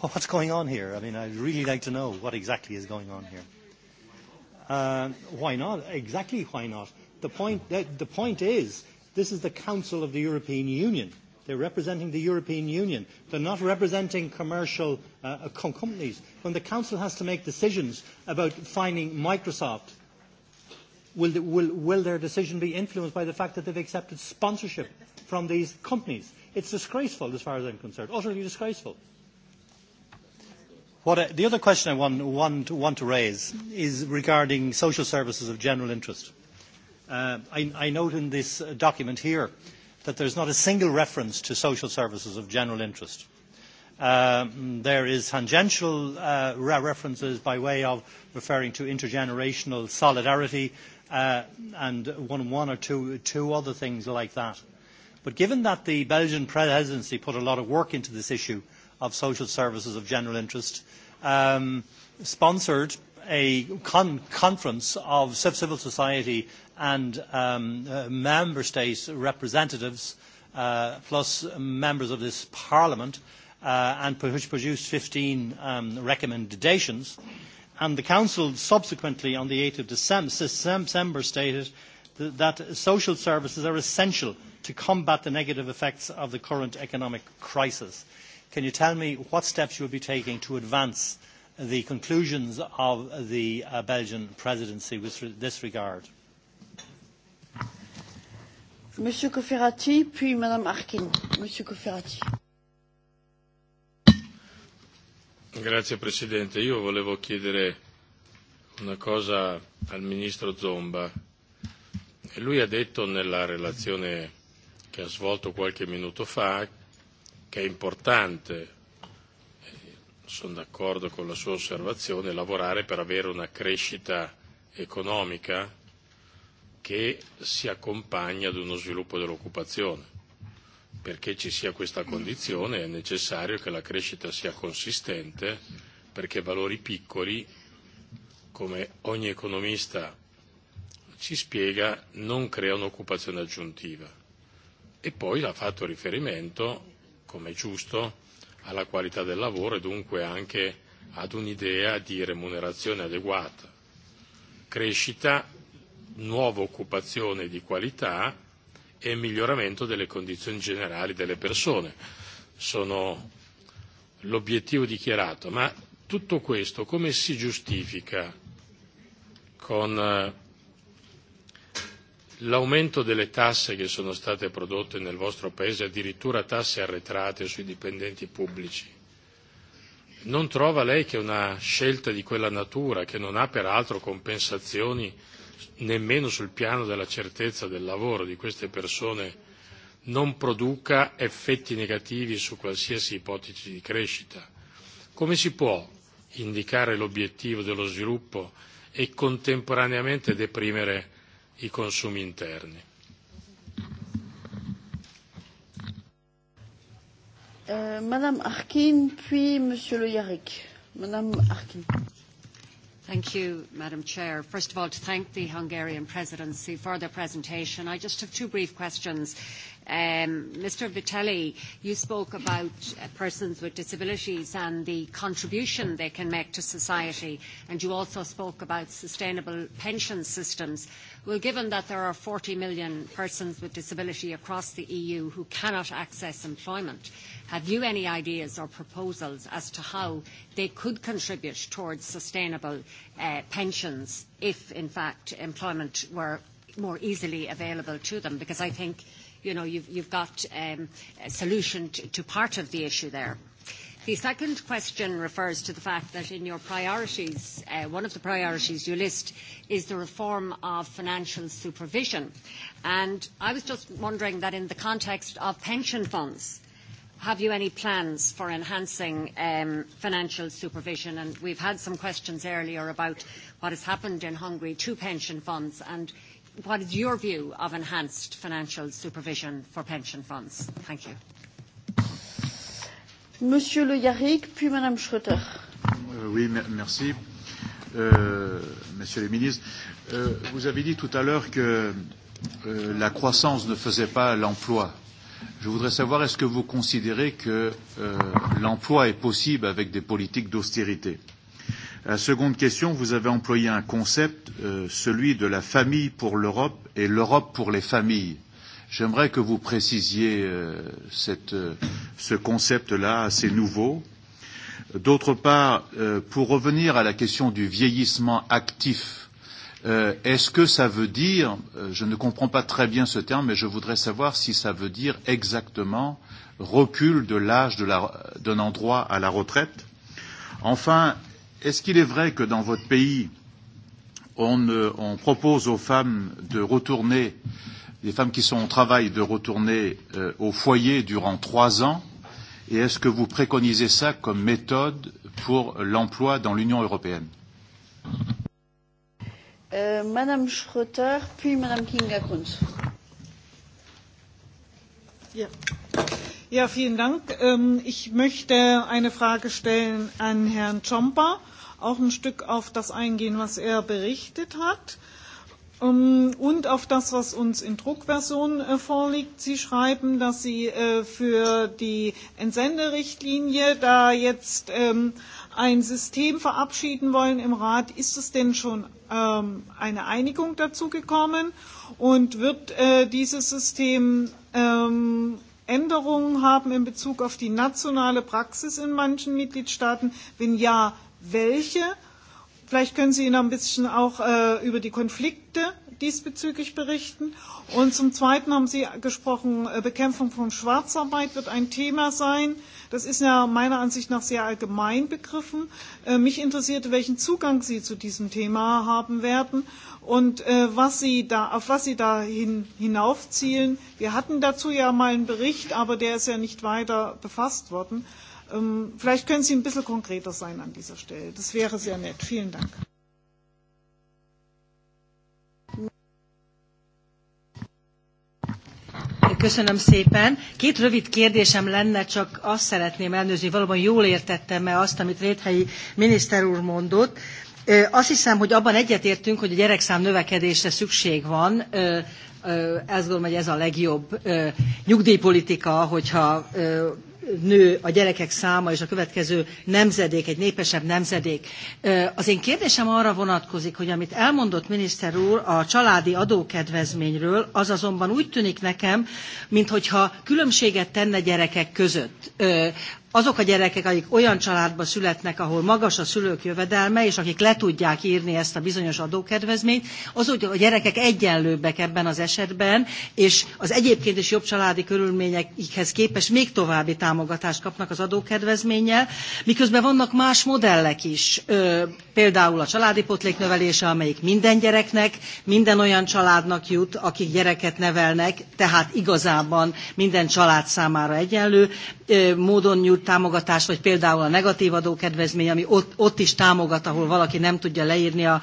What's going on here? I mean, I'd really like to know what exactly is going on here. Uh, why not? Exactly why not? The point, the, the point is, this is the Council of the European Union They're representing the European Union. They're not representing commercial uh, com companies. When the Council has to make decisions about finding Microsoft, will, the, will, will their decision be influenced by the fact that they've accepted sponsorship from these companies? It's disgraceful as far as I'm concerned, utterly disgraceful. What I, the other question I want, want, want to raise is regarding social services of general interest. Uh, I, I note in this document here uh, that there is not a single reference to social services of general interest. Um, there is tangential uh, references by way of referring to intergenerational solidarity uh, and one, one or two, two other things like that. But given that the Belgian presidency put a lot of work into this issue of social services of general interest, um, sponsored a con conference of civil society and um, uh, member state representatives uh, plus members of this parliament uh, and which produced 15 um, recommendations and the council subsequently on the 8th of December stated that social services are essential to combat the negative effects of the current economic crisis. Can you tell me what steps you will be taking to advance uh, the conclusions of the uh, Belgian presidency with this regard. Monsieur Cofferati, puis Madame Harkin. Monsieur Cofferati. Grazie Presidente. Io volevo chiedere una cosa al Ministro Zomba. Lui ha detto nella relazione che ha svolto qualche minuto fa che è importante sono d'accordo con la sua osservazione, lavorare per avere una crescita economica che si accompagna ad uno sviluppo dell'occupazione. Perché ci sia questa condizione è necessario che la crescita sia consistente perché valori piccoli, come ogni economista ci spiega, non creano occupazione aggiuntiva. E poi ha fatto riferimento, come è giusto, alla qualità del lavoro e dunque anche ad un'idea di remunerazione adeguata. Crescita, nuova occupazione di qualità e miglioramento delle condizioni generali delle persone sono l'obiettivo dichiarato, ma tutto questo come si giustifica con eh, l'aumento delle tasse che sono state prodotte nel vostro Paese, addirittura tasse arretrate sui dipendenti pubblici, non trova lei che una scelta di quella natura, che non ha peraltro compensazioni nemmeno sul piano della certezza del lavoro di queste persone, non produca effetti negativi su qualsiasi ipotesi di crescita? Come si può indicare l'obiettivo dello sviluppo e contemporaneamente deprimere i consumi interni. Uh, Madame Arkin, puis Monsieur Le Yarrick. Madame Arkin. Thank you, Madam Chair. First of all, to thank the Hungarian presidency for their presentation. I just have two brief questions. Um, Mr. Vitelli, you spoke about uh, persons with disabilities and the contribution they can make to society, and you also spoke about sustainable pension systems. Well, given that there are 40 million persons with disability across the EU who cannot access employment, have you any ideas or proposals as to how they could contribute towards sustainable uh, pensions if, in fact, employment were more easily available to them? Because I think, you know, you've, you've got um, a solution to, to part of the issue there. The second question refers to the fact that in your priorities, uh, one of the priorities you list is the reform of financial supervision. And I was just wondering that in the context of pension funds, have you any plans for enhancing um, financial supervision? And we've had some questions earlier about what has happened in Hungary to pension funds, and what is your view of enhanced financial supervision for pension funds? Thank you. Monsieur Le puis Madame Schroeter. Euh, oui, merci. Euh, messieurs les ministres, euh, vous avez dit tout à l'heure que euh, la croissance ne faisait pas l'emploi. Je voudrais savoir, est-ce que vous considérez que euh, l'emploi est possible avec des politiques d'austérité La seconde question, vous avez employé un concept, euh, celui de la famille pour l'Europe et l'Europe pour les familles. Euh, J'aimerais que vous précisiez euh, cette, euh, ce concept-là assez nouveau. D'autre part, euh, pour revenir à la question du vieillissement actif, euh, est-ce que ça veut dire, euh, je ne comprends pas très bien ce terme, mais je voudrais savoir si ça veut dire exactement recul de l'âge d'un endroit à la retraite Enfin, est-ce qu'il est vrai que dans votre pays, on, euh, on propose aux femmes de retourner euh, des femmes qui sont au travail de retourner euh, au foyer durant trois ans Et est-ce que vous préconisez ça comme méthode pour l'emploi dans l'Union européenne euh, Madame Schroeter, puis Madame Kinga-Kunz. Ja. ja, vielen Dank. Ähm, ich möchte eine Frage stellen an Herrn Ciompa, auch ein Stück auf das eingehen, was er berichtet hat. Ähm, und auf das, was uns in Druckversion äh, vorliegt. Sie schreiben, dass Sie äh, für die Entsenderichtlinie da jetzt ähm, ein System verabschieden wollen im Rat. Ist es denn schon ähm, eine Einigung dazu gekommen? Und wird äh, dieses System Änderungen haben in Bezug auf die nationale Praxis in manchen Mitgliedstaaten? Wenn ja, welche? Vielleicht können Sie noch ein bisschen auch äh, über die Konflikte diesbezüglich berichten. Und zum Zweiten haben Sie gesprochen, äh, Bekämpfung von Schwarzarbeit wird ein Thema sein. Das ist ja meiner Ansicht nach sehr allgemein begriffen. Äh, mich interessiert, welchen Zugang Sie zu diesem Thema haben werden und äh, was Sie da, auf was Sie da hin, hinaufzielen. Wir hatten dazu ja mal einen Bericht, aber der ist ja nicht weiter befasst worden. Äh, Ähm, vielleicht können Sie ein bisschen konkreter sein an dieser Stelle. Das wäre sehr nett. Vielen Dank. Köszönöm szépen. Két rövid kérdésem lenne, csak azt szeretném elnőzni, valóban jól értettem-e azt, amit Réthelyi miniszter úr mondott. Azt hiszem, hogy abban egyetértünk, hogy a gyerekszám növekedésre szükség van, azt gondolom, hogy ez a legjobb nyugdíjpolitika, hogyha nő a gyerekek száma és a következő nemzedék, egy népesebb nemzedék. Az én kérdésem arra vonatkozik, hogy amit elmondott miniszter úr a családi adókedvezményről, az azonban úgy tűnik nekem, mintha különbséget tenne gyerekek között azok a gyerekek, akik olyan családba születnek, ahol magas a szülők jövedelme, és akik le tudják írni ezt a bizonyos adókedvezményt, azok a gyerekek egyenlőbbek ebben az esetben, és az egyébként is jobb családi körülményekhez képest még további támogatást kapnak az adókedvezménnyel, miközben vannak más modellek is, például a családi potlék növelése, amelyik minden gyereknek, minden olyan családnak jut, akik gyereket nevelnek, tehát igazában minden család számára egyenlő, módon nyújt támogatás, vagy például a negatív adókedvezmény, ami ott, ott is támogat, ahol valaki nem tudja leírni a,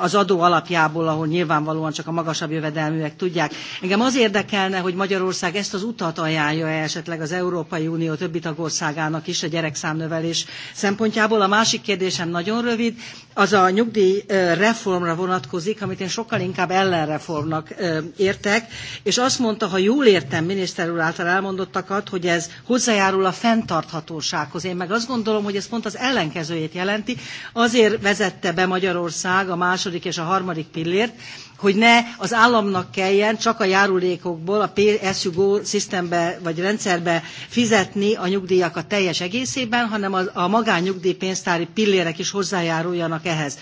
az adó alapjából, ahol nyilvánvalóan csak a magasabb jövedelműek tudják. Engem az érdekelne, hogy Magyarország ezt az utat ajánlja-e esetleg az Európai Unió többi tagországának is a gyerekszámnövelés szempontjából. A másik kérdésem nagyon rövid, az a nyugdíj reformra vonatkozik, amit én sokkal inkább ellenreformnak értek, és azt mondta, ha jól értem miniszter úr által elmondottakat, hogy ez hozzájárul a fenntarthatósághoz. Én meg azt gondolom, hogy ez pont az ellenkezőjét jelenti, azért vezette be Magyarország a második és a harmadik pillért, hogy ne az államnak kelljen csak a járulékokból a PSU-GO szisztembe vagy rendszerbe fizetni a nyugdíjakat teljes egészében, hanem a, a pénztári pillérek is hozzájáruljanak ehhez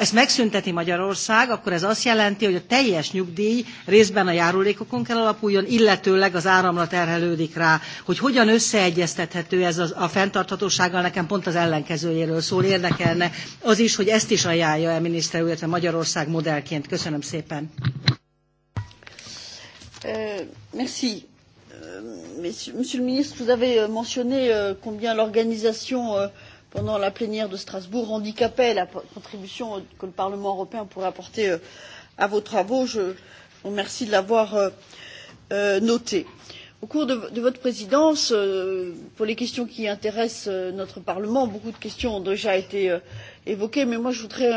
ezt megszünteti Magyarország, akkor ez azt jelenti, hogy a teljes nyugdíj részben a járulékokon kell alapuljon, illetőleg az áramra terhelődik rá. Hogy hogyan összeegyeztethető ez a, a fenntarthatósággal, nekem pont az ellenkezőjéről szól, érdekelne az is, hogy ezt is ajánlja el miniszter úr, illetve Magyarország modellként. Köszönöm szépen. Euh, merci. Euh, monsieur, le ministre, vous avez euh, mentionné combien l'organisation euh, pendant la plénière de strasbourg handicapait la contribution que le parlement européen pourrait apporter euh, à vos travaux. je vous remercie de l'avoir euh, euh, noté. au cours de votre présidence pour les questions qui intéressent notre parlement beaucoup de questions ont déjà été évoquées mais moi, je voudrais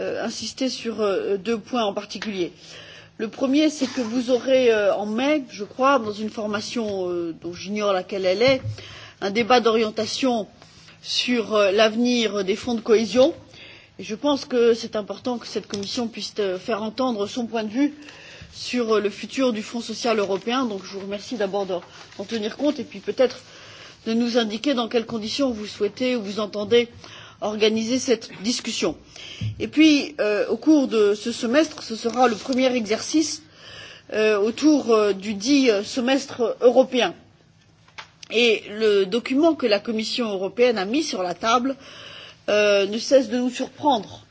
insister sur deux points en particulier. le premier c'est que vous aurez en mai je crois dans une formation dont j'ignore laquelle elle est un débat d'orientation sur sur euh, l'avenir des fonds de cohésion et je pense que c'est important que cette commission puisse euh, faire entendre son point de vue sur euh, le futur du fonds social européen donc je vous remercie d'abord d'en tenir compte et puis peut être de nous indiquer dans quelles conditions vous souhaitez ou vous entendez organiser cette discussion. et puis euh, au cours de ce semestre ce sera le premier exercice euh, autour euh, du dit semestre européen et le document que la commission européenne a mis sur la table euh, ne cesse de nous surprendre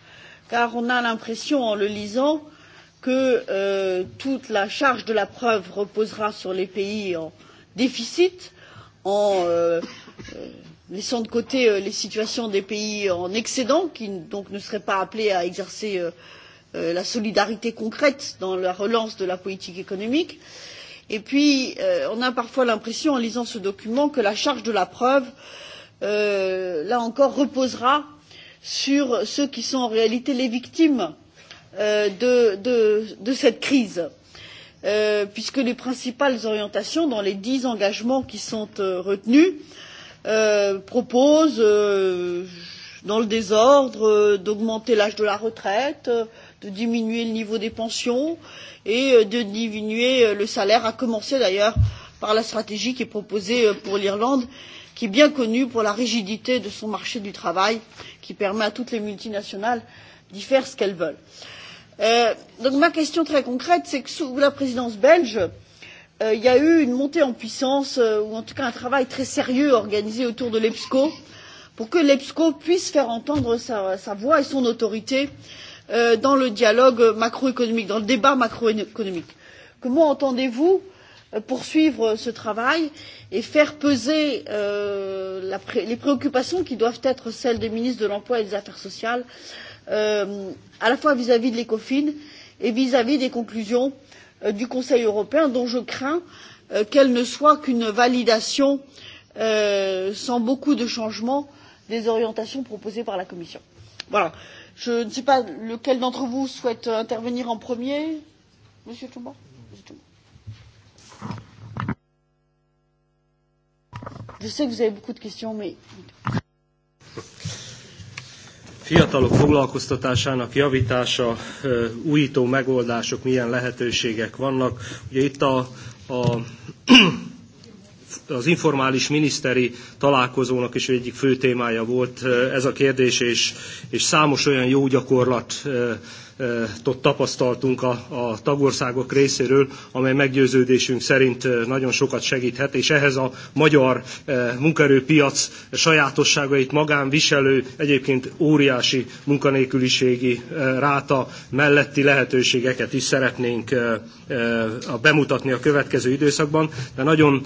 car on a l'impression en le lisant que euh, toute la charge de la preuve reposera sur les pays en déficit en euh, euh laissant de côté euh, les situations des pays en excédent qui donc ne seraient pas appelés à exercer euh, la solidarité concrète dans la relance de la politique économique et et puis euh, on a parfois l'impression en lisant ce document que la charge de la preuve euh, là encore reposera sur ceux qui sont en réalité les victimes euh, de, cette crise puisque les principales orientations dans les dix engagements qui sont retenus proposent dans le désordre d'augmenter l'âge de la retraite de diminuer le niveau des pensions et euh, de diminuer euh, le salaire, à commencer d'ailleurs par la stratégie qui est proposée euh, pour l'Irlande, qui est bien connue pour la rigidité de son marché du travail, qui permet à toutes les multinationales d'y faire ce qu'elles veulent. Euh, donc ma question très concrète, c'est que sous la présidence belge, euh, il y a eu une montée en puissance, euh, ou en tout cas un travail très sérieux organisé autour de l'EPSCO, pour que l'EPSCO puisse faire entendre sa, sa voix et son autorité euh, Euh, dans le dialogue macroéconomique dans le débat macroéconomique. comment entendez vous euh, poursuivre ce travail et faire peser euh, la pré les préoccupations qui doivent être celles des ministres de l'emploi et des affaires sociales euh, à la fois vis à vis de l'ecofin et vis à vis des conclusions euh, du conseil européen dont je crains euh, qu'elles ne soient qu'une validation euh, sans beaucoup de changements des orientations proposées par la commission. voilà je ne sais pas lequel d'entre vous souhaite intervenir en premier monsieur Touma je sais que vous avez beaucoup de questions mais Fiatalok foglalkoztatásának javítása, újító megoldások, milyen lehetőségek vannak. Ugye itt a, a az informális miniszteri találkozónak is egyik fő témája volt ez a kérdés, és, és számos olyan jó gyakorlat Eh, tapasztaltunk a, a tagországok részéről, amely meggyőződésünk szerint eh, nagyon sokat segíthet, és ehhez a magyar eh, munkaerőpiac sajátosságait magánviselő, egyébként óriási munkanélküliségi ráta melletti lehetőségeket is szeretnénk bemutatni a következő időszakban, de nagyon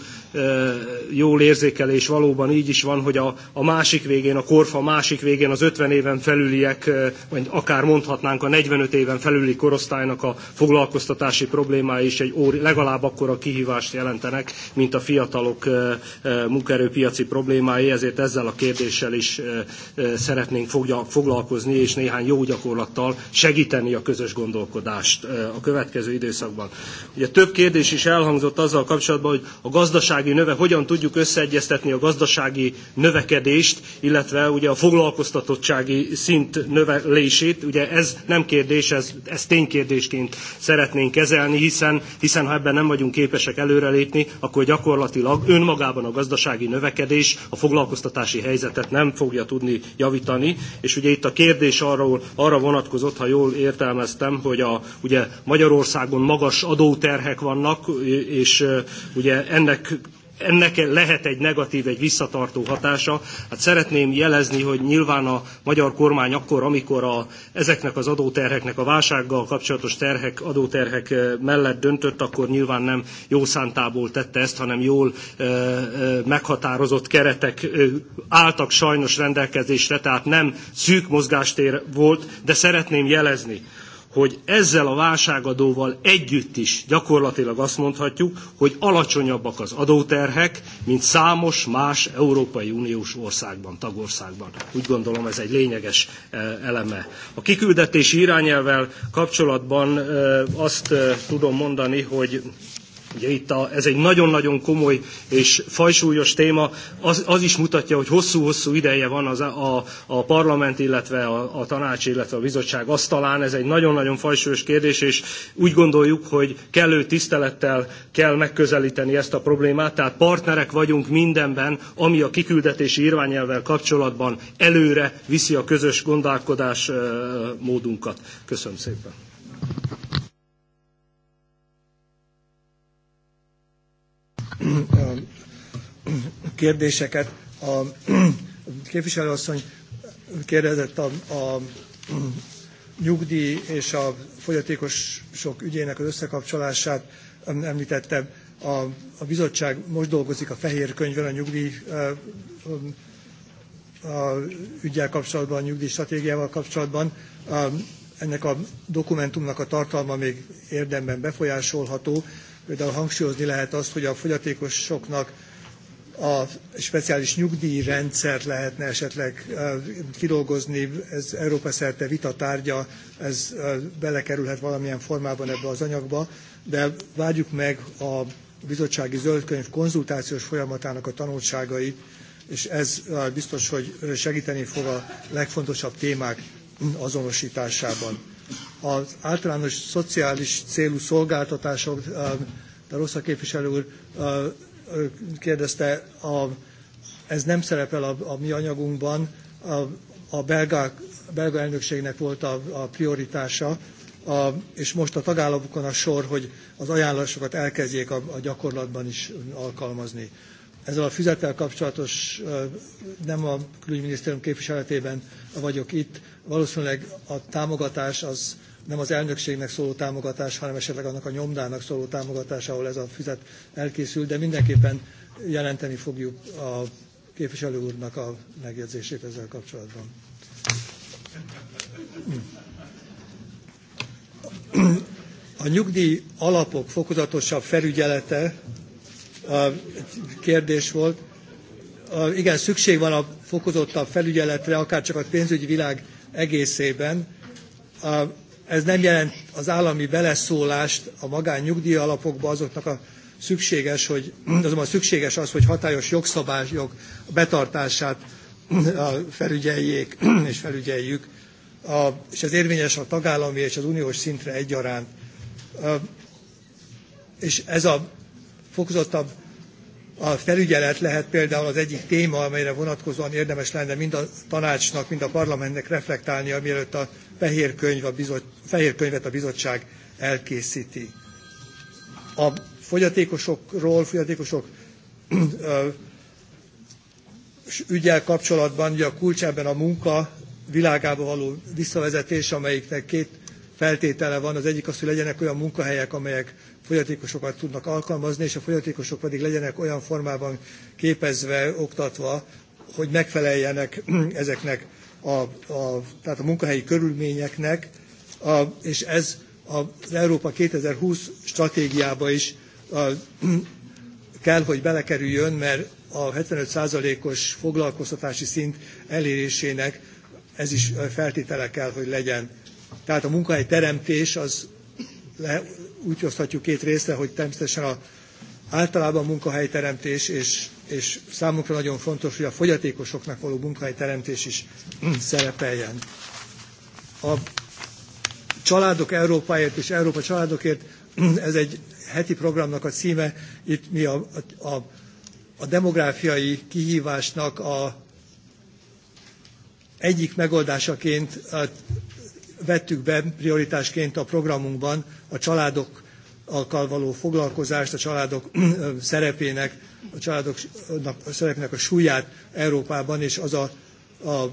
jól érzékelés valóban így is van, hogy a, a másik végén, a korfa másik végén az 50 éven felüliek, vagy akár mondhatnánk a 40 55 éven felüli korosztálynak a foglalkoztatási problémái is egy óri, legalább akkora kihívást jelentenek, mint a fiatalok munkaerőpiaci problémái, ezért ezzel a kérdéssel is szeretnénk foglalkozni, és néhány jó gyakorlattal segíteni a közös gondolkodást a következő időszakban. Ugye több kérdés is elhangzott azzal kapcsolatban, hogy a gazdasági növe, hogyan tudjuk összeegyeztetni a gazdasági növekedést, illetve ugye a foglalkoztatottsági szint növelését, ugye ez nem kérdés, kérdés, ez, ez ténykérdésként szeretnénk kezelni, hiszen, hiszen ha ebben nem vagyunk képesek előrelépni, akkor gyakorlatilag önmagában a gazdasági növekedés a foglalkoztatási helyzetet nem fogja tudni javítani, és ugye itt a kérdés arról, arra vonatkozott, ha jól értelmeztem, hogy a, ugye Magyarországon magas adóterhek vannak, és ugye ennek ennek lehet egy negatív, egy visszatartó hatása. Hát szeretném jelezni, hogy nyilván a magyar kormány akkor, amikor a, ezeknek az adóterheknek, a válsággal kapcsolatos terhek, adóterhek mellett döntött, akkor nyilván nem jó szántából tette ezt, hanem jól meghatározott keretek e, álltak sajnos rendelkezésre, tehát nem szűk mozgástér volt, de szeretném jelezni, hogy ezzel a válságadóval együtt is gyakorlatilag azt mondhatjuk, hogy alacsonyabbak az adóterhek, mint számos más Európai Uniós országban, tagországban. Úgy gondolom ez egy lényeges eleme. A kiküldetési irányelvel kapcsolatban azt tudom mondani, hogy Ugye itt a, ez egy nagyon-nagyon komoly és fajsúlyos téma. Az, az is mutatja, hogy hosszú-hosszú ideje van az, a, a parlament, illetve a, a tanács, illetve a bizottság asztalán. Ez egy nagyon-nagyon fajsúlyos kérdés, és úgy gondoljuk, hogy kellő tisztelettel kell megközelíteni ezt a problémát. Tehát partnerek vagyunk mindenben, ami a kiküldetési irányelvvel kapcsolatban előre viszi a közös gondolkodás módunkat. Köszönöm szépen. kérdéseket. A képviselőasszony kérdezett a, a nyugdíj és a fogyatékosok ügyének az összekapcsolását említettem. A, a bizottság most dolgozik a fehér könyvön a nyugdíj a, a ügyel kapcsolatban, a nyugdíj stratégiával kapcsolatban. A, ennek a dokumentumnak a tartalma még érdemben befolyásolható, Például hangsúlyozni lehet azt, hogy a fogyatékosoknak a speciális nyugdíjrendszer lehetne esetleg kidolgozni, ez Európa szerte vita tárgya, ez belekerülhet valamilyen formában ebbe az anyagba, de várjuk meg a bizottsági zöldkönyv konzultációs folyamatának a tanulságait, és ez biztos, hogy segíteni fog a legfontosabb témák azonosításában az általános szociális célú szolgáltatások, de rossz a képviselő úr kérdezte, a, ez nem szerepel a, a mi anyagunkban, a, a belga, belga elnökségnek volt a, a prioritása, a, és most a tagállamokon a sor, hogy az ajánlásokat elkezdjék a, a gyakorlatban is alkalmazni ezzel a füzettel kapcsolatos, nem a külügyminisztérium képviseletében vagyok itt, valószínűleg a támogatás az nem az elnökségnek szóló támogatás, hanem esetleg annak a nyomdának szóló támogatás, ahol ez a füzet elkészül, de mindenképpen jelenteni fogjuk a képviselő úrnak a megjegyzését ezzel kapcsolatban. A nyugdíj alapok fokozatosabb felügyelete kérdés volt. Igen, szükség van a fokozottabb felügyeletre, akár csak a pénzügyi világ egészében. Ez nem jelent az állami beleszólást a magán nyugdíj alapokba azoknak a szükséges, hogy, azonban szükséges az, hogy hatályos jogszabályok betartását felügyeljék és felügyeljük, és ez érvényes a tagállami és az uniós szintre egyaránt. És ez a fokozottabb a felügyelet lehet például az egyik téma, amelyre vonatkozóan érdemes lenne mind a tanácsnak, mind a parlamentnek reflektálnia, mielőtt a fehér, könyv a bizot, fehér könyvet a bizottság elkészíti. A fogyatékosokról, fogyatékosok ügyel kapcsolatban ugye a kulcs ebben a munka világába való visszavezetés, amelyiknek két feltétele van. Az egyik az, hogy legyenek olyan munkahelyek, amelyek fogyatékosokat tudnak alkalmazni, és a fogyatékosok pedig legyenek olyan formában képezve, oktatva, hogy megfeleljenek ezeknek a, a, tehát a munkahelyi körülményeknek, a, és ez az Európa 2020 stratégiába is a, kell, hogy belekerüljön, mert a 75%-os foglalkoztatási szint elérésének ez is feltétele kell, hogy legyen. Tehát a munkahely teremtés az le, úgy oszthatjuk két részre, hogy természetesen a általában a munkahelyteremtés, és, és számunkra nagyon fontos, hogy a fogyatékosoknak való munkahelyteremtés is szerepeljen. A Családok Európáért és Európa Családokért, ez egy heti programnak a címe, itt mi a, a, a demográfiai kihívásnak a egyik megoldásaként vettük be prioritásként a programunkban a családok alkal való foglalkozást, a családok szerepének, a családoknak a szerepének a súlyát Európában, és az a, a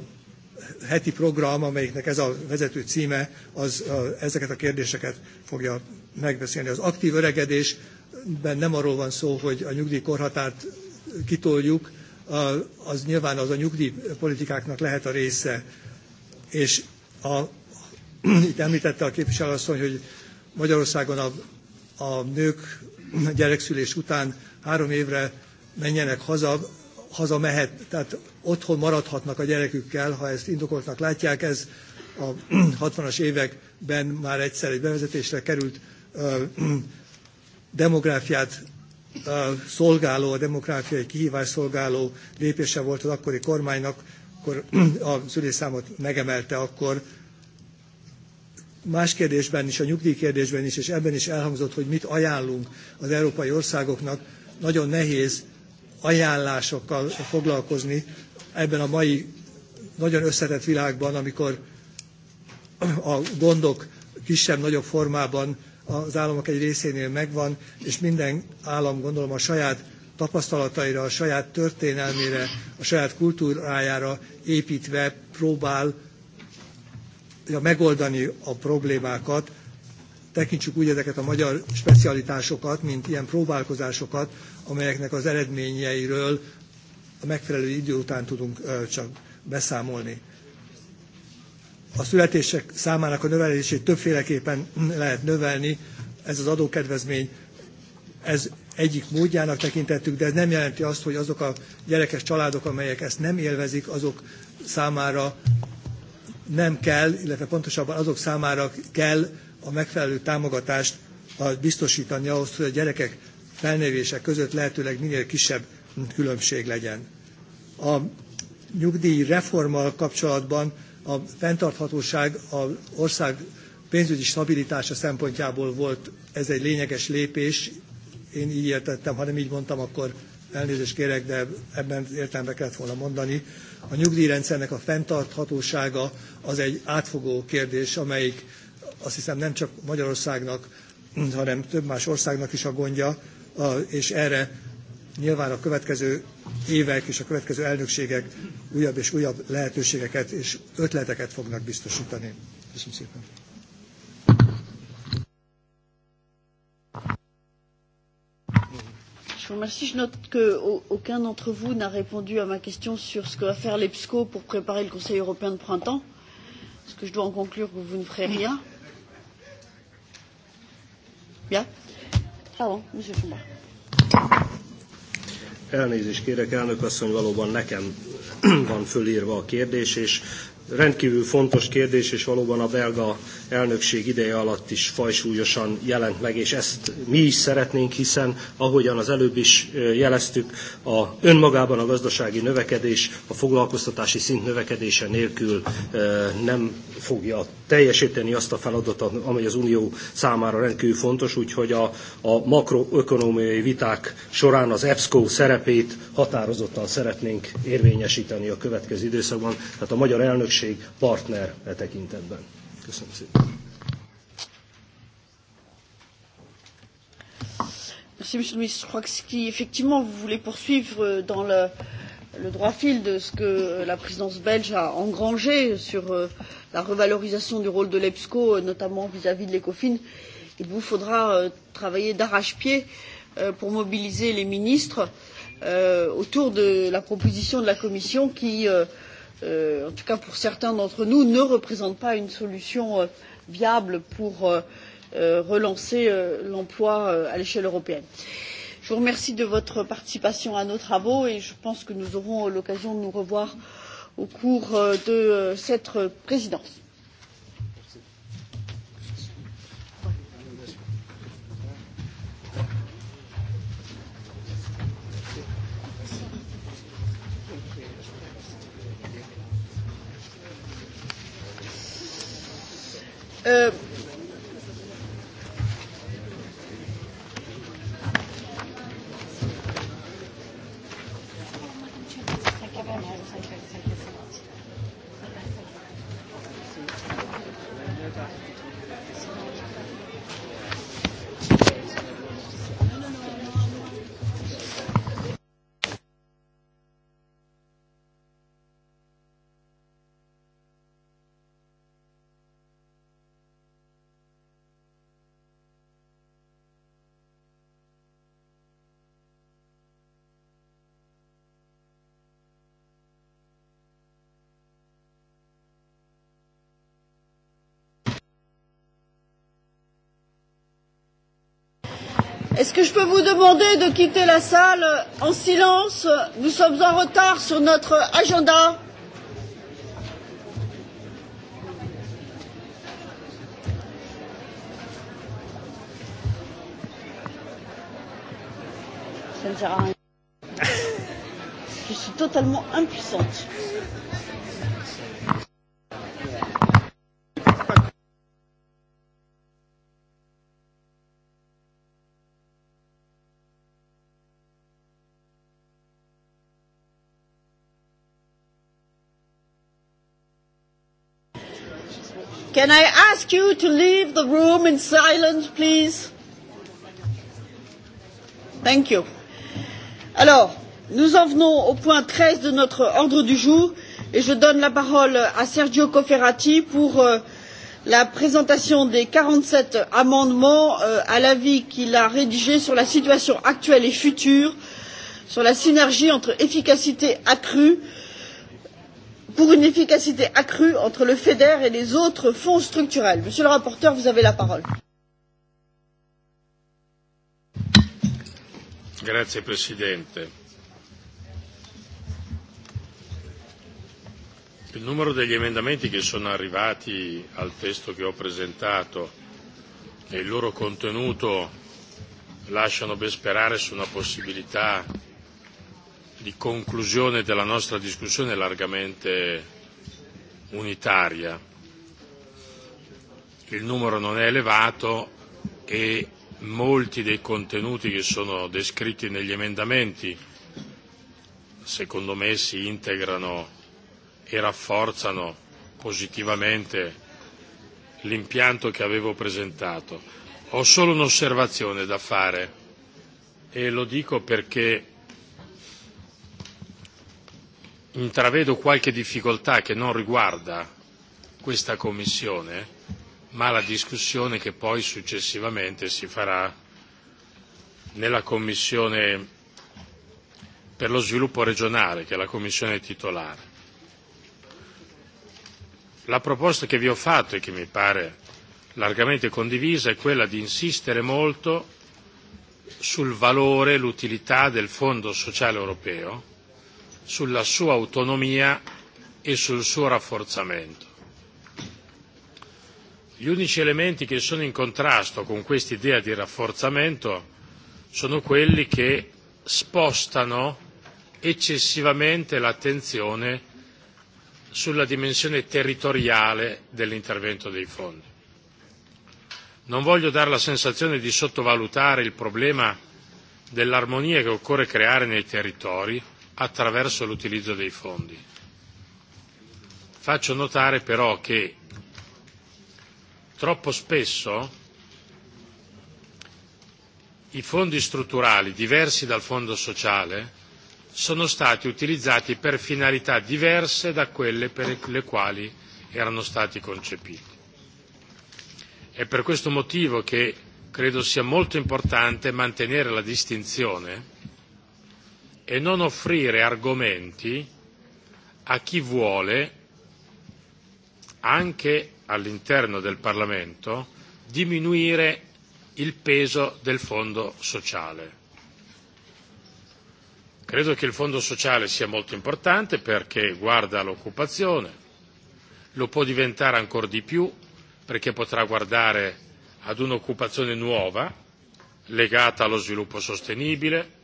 heti program, amelyiknek ez a vezető címe, az a, ezeket a kérdéseket fogja megbeszélni. Az aktív öregedésben nem arról van szó, hogy a nyugdíjkorhatárt kitoljuk, a az nyilván az a nyugdíjpolitikáknak lehet a része. És a itt említette a képviselő asszony, hogy Magyarországon a, a nők gyerekszülés után három évre menjenek haza, haza mehet, tehát otthon maradhatnak a gyerekükkel, ha ezt indokoltnak látják. Ez a 60-as években már egyszer egy bevezetésre került ö, demográfiát ö, szolgáló, a demográfiai kihívás szolgáló lépése volt az akkori kormánynak, akkor a szülésszámot megemelte akkor más kérdésben is, a nyugdíjkérdésben is, és ebben is elhangzott, hogy mit ajánlunk az európai országoknak, nagyon nehéz ajánlásokkal foglalkozni ebben a mai nagyon összetett világban, amikor a gondok kisebb-nagyobb formában az államok egy részénél megvan, és minden állam gondolom a saját tapasztalataira, a saját történelmére, a saját kultúrájára építve próbál megoldani a problémákat, tekintsük úgy ezeket a magyar specialitásokat, mint ilyen próbálkozásokat, amelyeknek az eredményeiről a megfelelő idő után tudunk csak beszámolni. A születések számának a növelését többféleképpen lehet növelni, ez az adókedvezmény, ez egyik módjának tekintettük, de ez nem jelenti azt, hogy azok a gyerekes családok, amelyek ezt nem élvezik, azok számára nem kell, illetve pontosabban azok számára kell a megfelelő támogatást biztosítani ahhoz, hogy a gyerekek felnővése között lehetőleg minél kisebb különbség legyen. A nyugdíj reformmal kapcsolatban a fenntarthatóság az ország pénzügyi stabilitása szempontjából volt ez egy lényeges lépés. Én így értettem, ha nem így mondtam, akkor elnézést kérek, de ebben értelme kellett volna mondani a nyugdíjrendszernek a fenntarthatósága az egy átfogó kérdés, amelyik azt hiszem nem csak Magyarországnak, hanem több más országnak is a gondja, és erre nyilván a következő évek és a következő elnökségek újabb és újabb lehetőségeket és ötleteket fognak biztosítani. Köszönöm szépen. Je vous remercie. Je note qu'aucun d'entre vous n'a répondu à ma question sur ce que va faire l'EPSCO pour préparer le Conseil européen de printemps. Est-ce que je dois en conclure que vous ne ferez rien Bien. Pardon, M. Chambard. Elnézést kérek, elnök asszony, valóban nekem van fölírva a kérdés, és rendkívül fontos kérdés, és valóban a belga elnökség ideje alatt is fajsúlyosan jelent meg, és ezt mi is szeretnénk, hiszen ahogyan az előbb is jeleztük, a önmagában a gazdasági növekedés a foglalkoztatási szint növekedése nélkül nem fogja teljesíteni azt a feladatot, amely az Unió számára rendkívül fontos, úgyhogy a, a makroökonomiai viták során az EBSCO szerepét határozottan szeretnénk érvényesíteni a következő időszakban. Tehát a magyar elnökség partner e tekintetben. Köszönöm szépen. Merci, Monsieur le Ministre. Je crois que si effectivement vous voulez poursuivre euh, dans le, le droit fil de ce que euh, la présidence belge a engrangé sur euh, la revalorisation du rôle de l'EPSCO, notamment vis-à-vis -vis de l'ECOFIN, il vous faudra travailler d'arrache-pied pour mobiliser les ministres autour de la proposition de la Commission qui Euh, en tout cas pour certains d'entre nous ne représente pas une solution euh, viable pour euh, relancer l'emploi à l'échelle européenne. je vous remercie de votre participation à nos travaux et je pense que nous aurons l'occasion de nous revoir au cours de cette présidence. Uh, Est-ce que je peux vous demander de quitter la salle en silence Nous sommes en retard sur notre agenda. Ça ne sert à rien. Je suis totalement impuissante. Can I ask you to leave the room in silence, please? Thank you. Alors, nous en venons au point 13 de notre ordre du jour et je donne la parole à Sergio Cofferati pour euh, la présentation des 47 amendements euh, à l'avis qu'il a rédigé sur la situation actuelle et future, sur la synergie entre efficacité accrue, euh, pour une efficacité accrue entre le feder et les autres fonds structurels. monsieur le rapporteur vous avez la parole. Grazie Presidente. Il numero degli emendamenti che sono arrivati al testo che ho presentato e il loro contenuto lasciano ben sperare su una possibilità di conclusione della nostra discussione largamente unitaria. Il numero non è elevato e molti dei contenuti che sono descritti negli emendamenti secondo me si integrano e rafforzano positivamente l'impianto che avevo presentato. Ho solo un'osservazione da fare e lo dico perché intravedo qualche difficoltà che non riguarda questa Commissione, ma la discussione che poi successivamente si farà nella Commissione per lo sviluppo regionale, che è la Commissione titolare. La proposta che vi ho fatto e che mi pare largamente condivisa è quella di insistere molto sul valore e l'utilità del Fondo sociale europeo sulla sua autonomia e sul suo rafforzamento. Gli unici elementi che sono in contrasto con quest'idea di rafforzamento sono quelli che spostano eccessivamente l'attenzione sulla dimensione territoriale dell'intervento dei fondi. Non voglio dare la sensazione di sottovalutare il problema dell'armonia che occorre creare nei territori, attraverso l'utilizzo dei fondi. Faccio notare però che troppo spesso i fondi strutturali diversi dal fondo sociale sono stati utilizzati per finalità diverse da quelle per le quali erano stati concepiti. È per questo motivo che credo sia molto importante mantenere la distinzione e non offrire argomenti a chi vuole, anche all'interno del Parlamento, diminuire il peso del fondo sociale. Credo che il fondo sociale sia molto importante perché guarda l'occupazione, lo può diventare ancora di più perché potrà guardare ad un'occupazione nuova legata allo sviluppo sostenibile,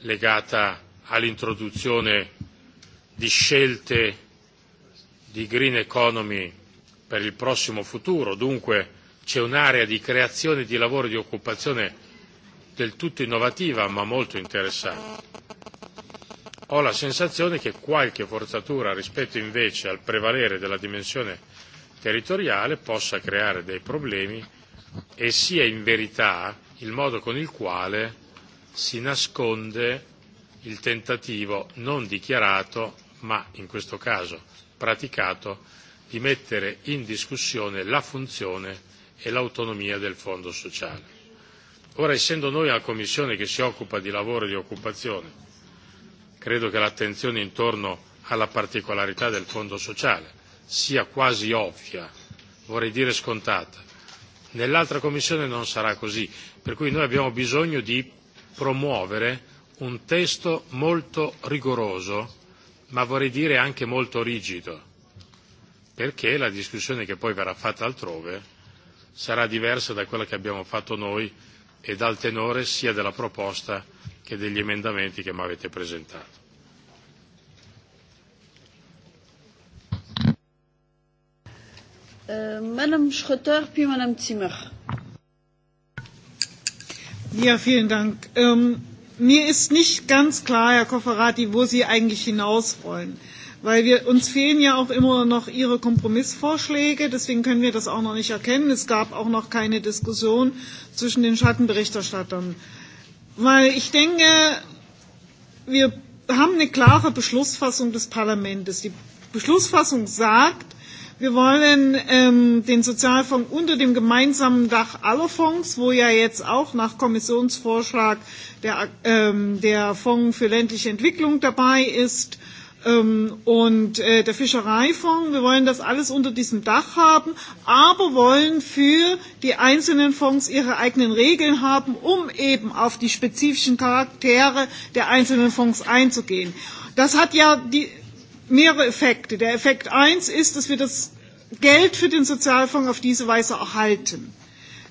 legata all'introduzione di scelte di green economy per il prossimo futuro, dunque c'è un'area di creazione di lavoro e di occupazione del tutto innovativa ma molto interessante. Ho la sensazione che qualche forzatura rispetto invece al prevalere della dimensione territoriale possa creare dei problemi e sia in verità il modo con il quale si nasconde il tentativo non dichiarato, ma in questo caso praticato, di mettere in discussione la funzione e l'autonomia del Fondo sociale. Ora, essendo noi la Commissione che si occupa di lavoro e di occupazione, credo che l'attenzione intorno alla particolarità del Fondo sociale sia quasi ovvia, vorrei dire scontata. Nell'altra Commissione non sarà così, per cui noi abbiamo bisogno di promuovere un testo molto rigoroso, ma vorrei dire anche molto rigido, perché la discussione che poi verrà fatta altrove sarà diversa da quella che abbiamo fatto noi e dal tenore sia della proposta che degli emendamenti che mi avete presentato. Eh, Madame Schroeter, puis Madame Zimmer. Ja, vielen Dank. Ähm, mir ist nicht ganz klar, Herr Kofferati, wo Sie eigentlich hinaus wollen. Weil wir, uns fehlen ja auch immer noch Ihre Kompromissvorschläge, deswegen können wir das auch noch nicht erkennen. Es gab auch noch keine Diskussion zwischen den Schattenberichterstattern. Weil ich denke, wir haben eine klare Beschlussfassung des Parlaments. Die Beschlussfassung sagt, Wir wollen ähm, den Sozialfonds unter dem gemeinsamen Dach aller Fonds, wo ja jetzt auch nach Kommissionsvorschlag der, ähm, der Fonds für ländliche Entwicklung dabei ist, ähm, und äh, der Fischereifonds. Wir wollen das alles unter diesem Dach haben, aber wollen für die einzelnen Fonds ihre eigenen Regeln haben, um eben auf die spezifischen Charaktere der einzelnen Fonds einzugehen. Das hat ja die, mehrere Effekte. Der Effekt eins ist, dass wir das Geld für den Sozialfonds auf diese Weise erhalten.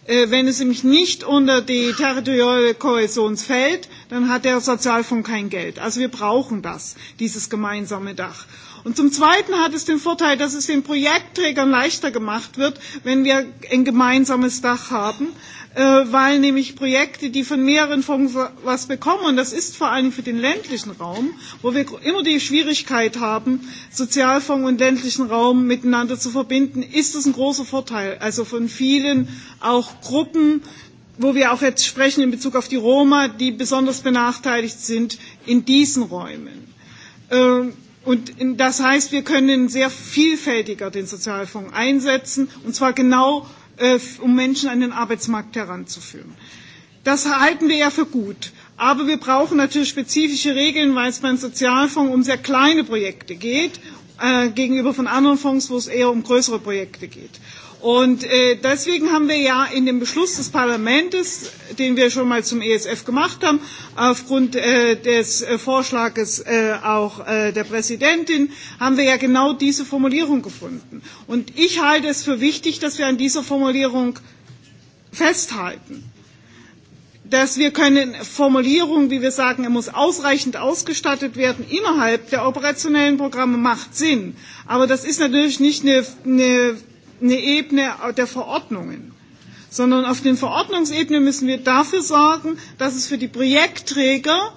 Äh, wenn es nämlich nicht unter die territoriale Kohäsion fällt, dann hat der Sozialfonds kein Geld. Also wir brauchen das, dieses gemeinsame Dach. Und zum Zweiten hat es den Vorteil, dass es den Projektträgern leichter gemacht wird, wenn wir ein gemeinsames Dach haben, Äh, weil nämlich Projekte, die von mehreren Fonds was bekommen, und das ist vor allem für den ländlichen Raum, wo wir immer die Schwierigkeit haben, Sozialfonds und ländlichen Raum miteinander zu verbinden, ist das ein großer Vorteil. Also von vielen auch Gruppen, wo wir auch jetzt sprechen in Bezug auf die Roma, die besonders benachteiligt sind in diesen Räumen. Ähm, und das heißt, wir können sehr vielfältiger den Sozialfonds einsetzen, und zwar genau Äh, um Menschen an den Arbeitsmarkt heranzuführen. Das halten wir ja für gut. Aber wir brauchen natürlich spezifische Regeln, weil es beim Sozialfonds um sehr kleine Projekte geht, äh, gegenüber von anderen Fonds, wo es eher um größere Projekte geht. Und äh, deswegen haben wir ja in dem Beschluss des Parlaments, den wir schon mal zum ESF gemacht haben, aufgrund äh, des äh, Vorschlages äh, auch äh, der Präsidentin, haben wir ja genau diese Formulierung gefunden. Und ich halte es für wichtig, dass wir an dieser Formulierung festhalten dass wir können Formulierungen, wie wir sagen, er muss ausreichend ausgestattet werden, innerhalb der operationellen Programme macht Sinn. Aber das ist natürlich nicht eine, eine eine Ebene der Verordnungen, sondern auf den Verordnungsebene müssen wir dafür sorgen, dass es für die Projektträger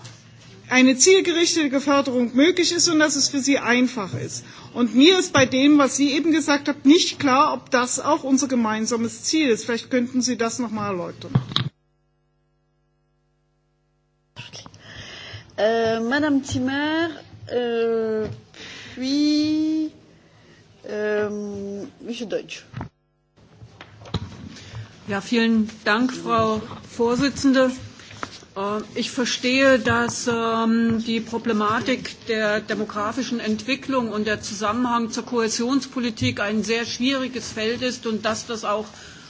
eine zielgerichtete Förderung möglich ist und dass es für sie einfach ist. Und mir ist bei dem, was Sie eben gesagt haben, nicht klar, ob das auch unser gemeinsames Ziel ist. Vielleicht könnten Sie das nochmal erläutern. Euh, Madame Timmer, euh, puis Ähm, Michi Deutsch. Ja, vielen Dank, Frau Vorsitzende. Äh, ich verstehe, dass ähm, die Problematik der demografischen Entwicklung und der Zusammenhang zur Kohäsionspolitik ein sehr schwieriges Feld ist und dass das auch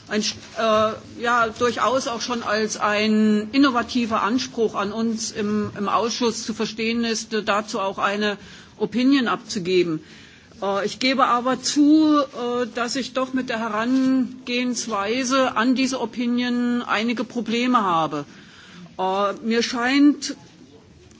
ein, äh, ja, durchaus auch schon als ein innovativer Anspruch an uns im, im Ausschuss zu verstehen ist, dazu auch eine Opinion abzugeben. Äh, ich gebe aber zu, äh, dass ich doch mit der Herangehensweise an diese Opinion einige Probleme habe. Äh, mir scheint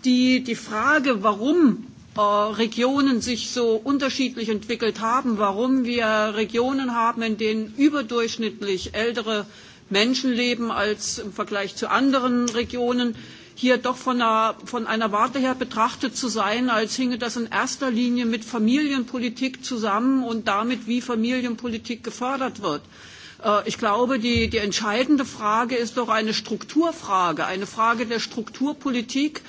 die, die Frage, warum Regionen sich so unterschiedlich entwickelt haben, warum wir Regionen haben, in denen überdurchschnittlich ältere Menschen leben als im Vergleich zu anderen Regionen, äh, hier doch von einer, von einer Warte her betrachtet zu sein, als hinge das in erster Linie mit Familienpolitik zusammen und damit, wie Familienpolitik gefördert wird. Äh, ich glaube, die, die entscheidende Frage ist doch eine Strukturfrage, eine Frage der Strukturpolitik,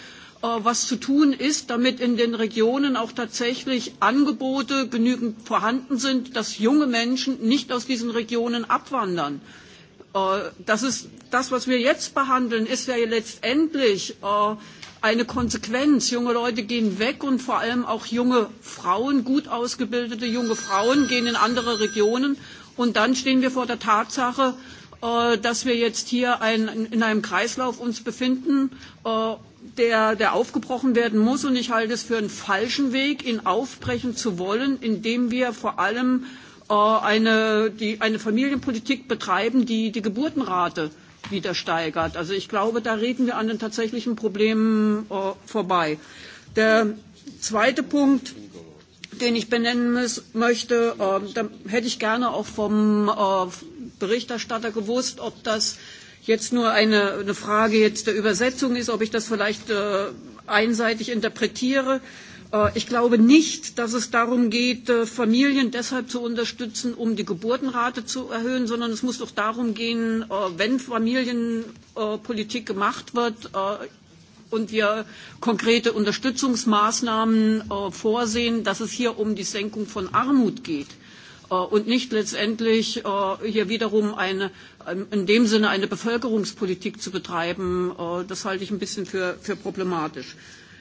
äh, was zu tun ist, damit in den Regionen auch tatsächlich Angebote genügend vorhanden sind, dass junge Menschen nicht aus diesen Regionen abwandern. Äh, das ist das, was wir jetzt behandeln, ist ja letztendlich äh, eine Konsequenz. Junge Leute gehen weg und vor allem auch junge Frauen, gut ausgebildete junge Frauen gehen in andere Regionen. Und dann stehen wir vor der Tatsache, äh, dass wir jetzt hier ein, in einem Kreislauf uns befinden, der, der aufgebrochen werden muss. Und ich halte es für einen falschen Weg, ihn aufbrechen zu wollen, indem wir vor allem äh, Äh, eine, die eine Familienpolitik betreiben, die die Geburtenrate wieder steigert. Also ich glaube, da reden wir an den tatsächlichen Problemen äh, vorbei. Der zweite Punkt, den ich benennen muss, möchte, äh, da hätte ich gerne auch vom äh, Berichterstatter gewusst, ob das jetzt nur eine, eine Frage jetzt der Übersetzung ist, ob ich das vielleicht äh, einseitig interpretiere. Äh, Äh, ich glaube nicht, dass es darum geht, äh, Familien deshalb zu unterstützen, um die Geburtenrate zu erhöhen, sondern es muss doch darum gehen, äh, wenn Familienpolitik gemacht wird und wir konkrete Unterstützungsmaßnahmen vorsehen, dass es hier um die Senkung von Armut geht und nicht letztendlich hier wiederum eine, ähm, in dem Sinne eine Bevölkerungspolitik zu betreiben. Das halte ich ein bisschen für, für problematisch.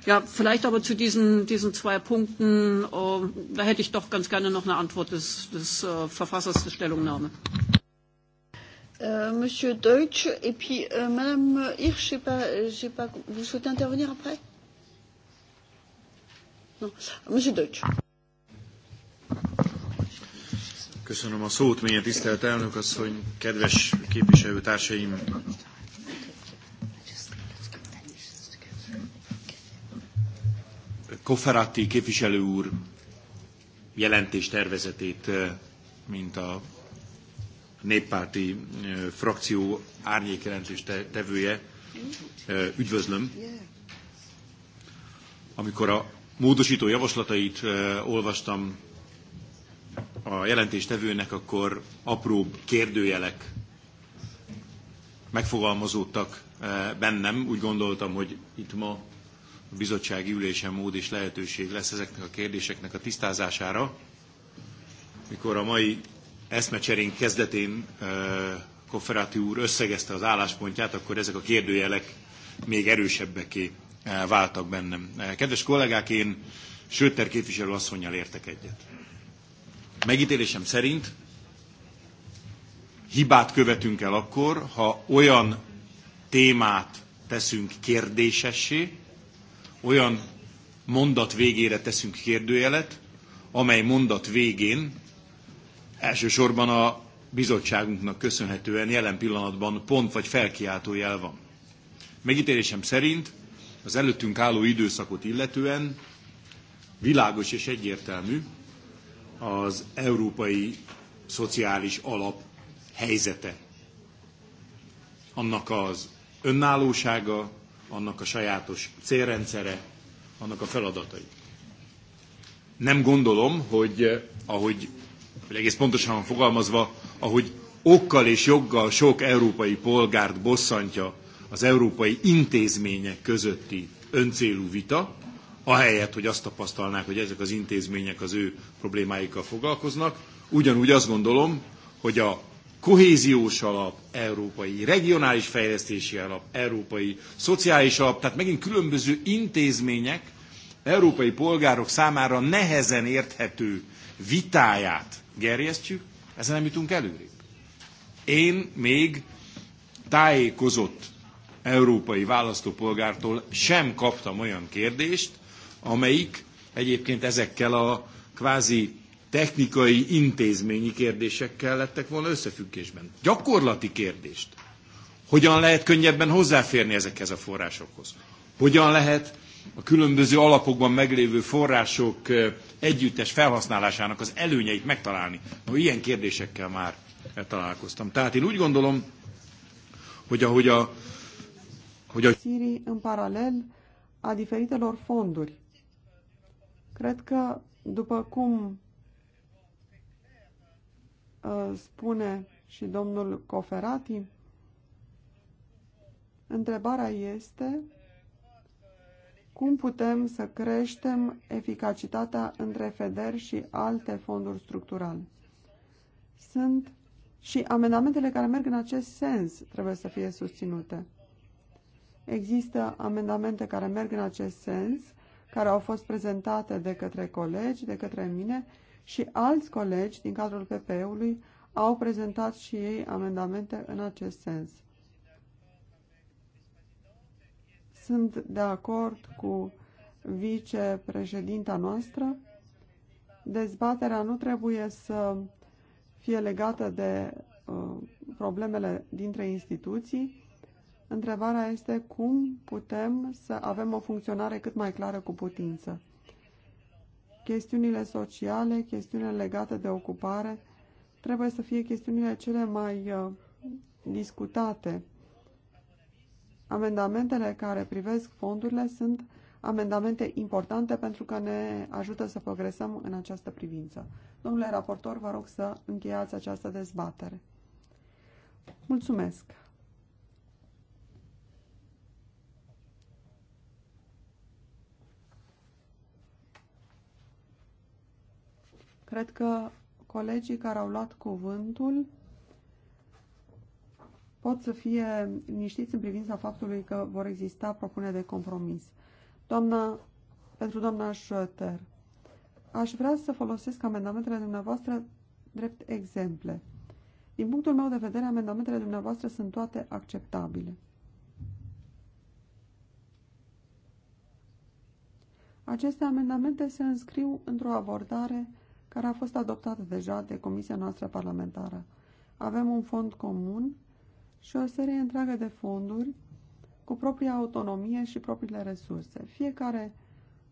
Ja, vielleicht aber zu diesen, diesen zwei Punkten, äh, da hätte ich doch ganz gerne noch eine Antwort des, des äh, Verfassers der Stellungnahme. Euh, Monsieur Deutsch, et puis euh, Madame Hirsch, je sais pas, j'ai pas, vous souhaitez intervenir après non. Monsieur Deutsch. Köszönöm a szót, mélyen tisztelt elnök asszony, kedves képviselőtársaim! Koferati képviselő úr jelentés tervezetét, mint a néppárti frakció árnyékjelentés tevője üdvözlöm. Amikor a módosító javaslatait olvastam a tevőnek, akkor apró kérdőjelek megfogalmazódtak bennem. Úgy gondoltam, hogy itt ma bizottsági ülésen mód és lehetőség lesz ezeknek a kérdéseknek a tisztázására, mikor a mai eszmecserén kezdetén Kofferati úr összegezte az álláspontját, akkor ezek a kérdőjelek még erősebbeké váltak bennem. Kedves kollégák, én Söter képviselő asszonynal értek egyet. Megítélésem szerint hibát követünk el akkor, ha olyan témát teszünk kérdésessé, olyan mondat végére teszünk kérdőjelet, amely mondat végén elsősorban a bizottságunknak köszönhetően jelen pillanatban pont vagy felkiáltó jel van. Megítélésem szerint az előttünk álló időszakot illetően világos és egyértelmű az európai szociális alap helyzete. Annak az önállósága, annak a sajátos célrendszere, annak a feladatai. Nem gondolom, hogy eh, ahogy hogy egész pontosan van fogalmazva, ahogy okkal és joggal sok európai polgárt bosszantja az európai intézmények közötti öncélú vita, ahelyett, hogy azt tapasztalnák, hogy ezek az intézmények az ő problémáikkal foglalkoznak, ugyanúgy azt gondolom, hogy a kohéziós alap, európai regionális fejlesztési alap, európai szociális alap, tehát megint különböző intézmények európai polgárok számára nehezen érthető vitáját gerjesztjük, ezzel nem jutunk előrébb. Én még tájékozott európai választópolgártól sem kaptam olyan kérdést, amelyik egyébként ezekkel a kvázi technikai, intézményi kérdésekkel lettek volna összefüggésben. Gyakorlati kérdést. Hogyan lehet könnyebben hozzáférni ezekhez a forrásokhoz? Hogyan lehet a különböző alapokban meglévő források együttes felhasználásának az előnyeit megtalálni? No, ilyen kérdésekkel már találkoztam. Tehát én úgy gondolom, hogy ahogy a... Hogy a... Siri în paralel a diferitelor fonduri. Cred că, după cum Uh, spune și domnul Coferati, întrebarea este cum putem să creștem eficacitatea între FEDER și alte fonduri structurale. Sunt și amendamentele care merg în acest sens trebuie să fie susținute. Există amendamente care merg în acest sens, care au fost prezentate de către colegi, de către mine și alți colegi din cadrul PPE-ului au prezentat și ei amendamente în acest sens. Sunt de acord cu vicepreședinta noastră. Dezbaterea nu trebuie să fie legată de uh, problemele dintre instituții. Întrebarea este cum putem să avem o funcționare cât mai clară cu putință chestiunile sociale, chestiunile legate de ocupare, trebuie să fie chestiunile cele mai uh, discutate. Amendamentele care privesc fondurile sunt amendamente importante pentru că ne ajută să progresăm în această privință. Domnule raportor, vă rog să încheiați această dezbatere. Mulțumesc! Cred că colegii care au luat cuvântul pot să fie liniștiți în privința faptului că vor exista propuneri de compromis. Doamna, pentru doamna Schroeter, aș vrea să folosesc amendamentele dumneavoastră drept exemple. Din punctul meu de vedere, amendamentele dumneavoastră sunt toate acceptabile. Aceste amendamente se înscriu într-o abordare care a fost adoptat deja de Comisia noastră parlamentară. Avem un fond comun și o serie întreagă de fonduri cu propria autonomie și propriile resurse. Fiecare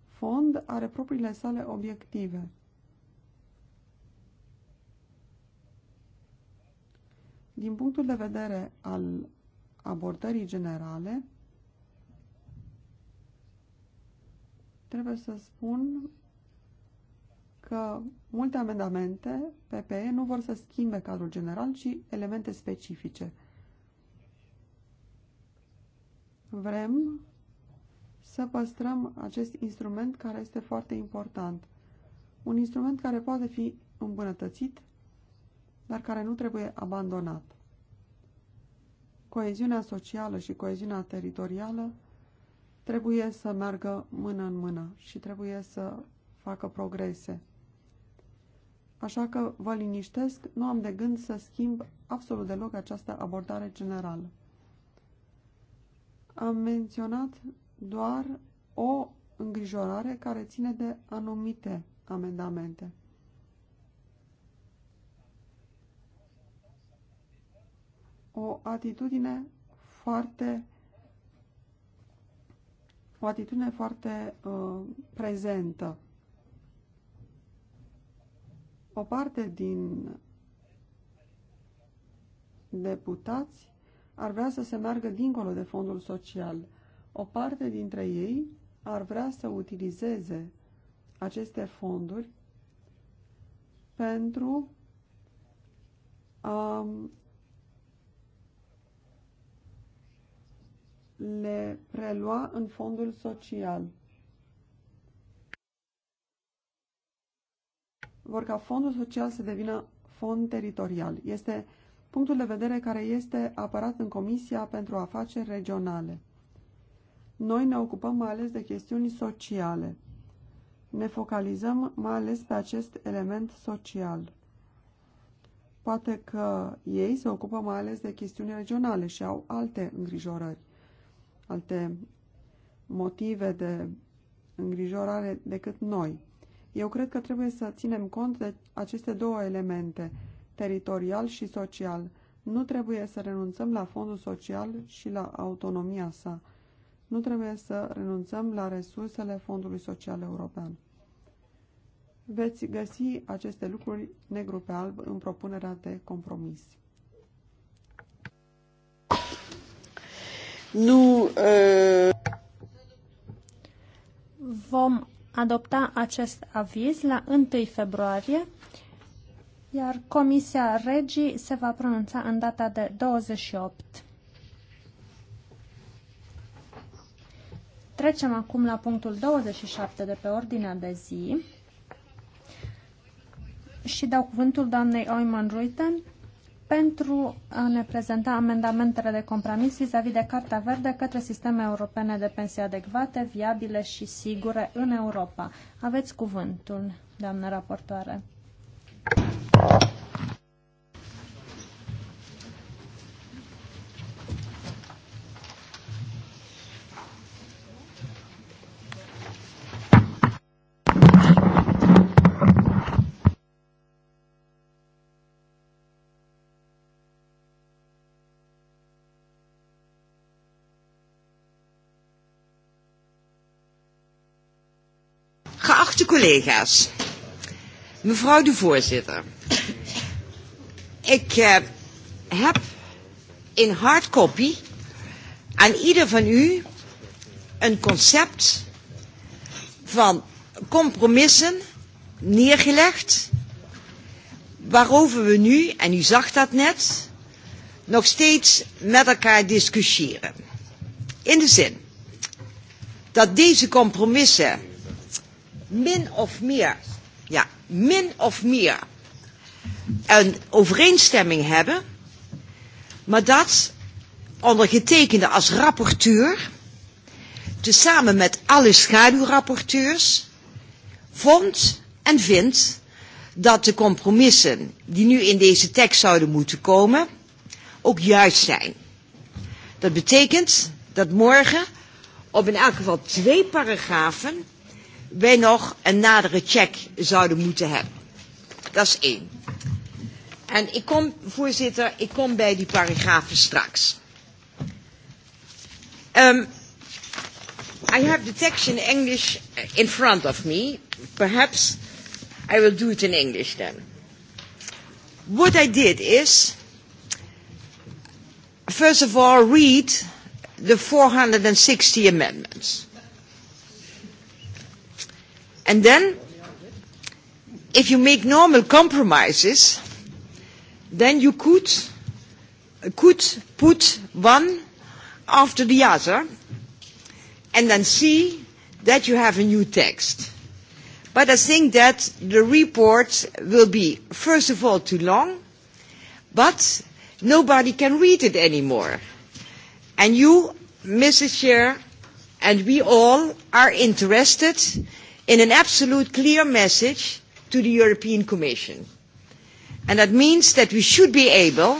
fond are propriile sale obiective. Din punctul de vedere al abordării generale, trebuie să spun că multe amendamente PPE nu vor să schimbe cadrul general, ci elemente specifice. Vrem să păstrăm acest instrument care este foarte important. Un instrument care poate fi îmbunătățit, dar care nu trebuie abandonat. Coeziunea socială și coeziunea teritorială trebuie să meargă mână în mână și trebuie să facă progrese. Așa că vă liniștesc, nu am de gând să schimb absolut deloc această abordare generală. Am menționat doar o îngrijorare care ține de anumite amendamente. O atitudine foarte o atitudine foarte uh, prezentă o parte din deputați ar vrea să se meargă dincolo de fondul social. O parte dintre ei ar vrea să utilizeze aceste fonduri pentru a le prelua în fondul social. vor ca fondul social să devină fond teritorial. Este punctul de vedere care este apărat în Comisia pentru Afaceri Regionale. Noi ne ocupăm mai ales de chestiuni sociale. Ne focalizăm mai ales pe acest element social. Poate că ei se ocupă mai ales de chestiuni regionale și au alte îngrijorări, alte motive de îngrijorare decât noi. Eu cred că trebuie să ținem cont de aceste două elemente, teritorial și social. Nu trebuie să renunțăm la fondul social și la autonomia sa. Nu trebuie să renunțăm la resursele Fondului Social European. Veți găsi aceste lucruri negru pe alb în propunerea de compromis. Nu... Uh... Vom adopta acest aviz la 1 februarie, iar Comisia Regii se va pronunța în data de 28. Trecem acum la punctul 27 de pe ordinea de zi și dau cuvântul doamnei Oiman Ruiten pentru a ne prezenta amendamentele de compromis vis-a-vis de Carta Verde către sisteme europene de pensii adecvate, viabile și sigure în Europa. Aveți cuvântul, doamnă raportoare. collega's. Mevrouw de voorzitter. Ik eh, heb in hard copy aan ieder van u een concept van compromissen neergelegd waarover we nu, en u zag dat net, nog steeds met elkaar discussiëren. In de zin dat deze compromissen min of meer, ja, min of meer een overeenstemming hebben, maar dat ondergetekende als rapporteur, tezamen met alle schaduwrapporteurs, vond en vindt dat de compromissen die nu in deze tekst zouden moeten komen, ook juist zijn. Dat betekent dat morgen op in elk geval twee paragrafen wij nog een nadere check zouden moeten hebben. Dat is één. En ik kom, voorzitter, ik kom bij die paragrafen straks. Um, I have the text in English in front of me. Perhaps I will do it in English then. What I did is, first of all, read the 460 amendments. And then, if you make normal compromises, then you could, could put one after the other and then see that you have a new text. But I think that the report will be, first of all, too long, but nobody can read it anymore. And you, Mrs. Chair, and we all are interested in an absolute clear message to the European Commission. And that means that we should be able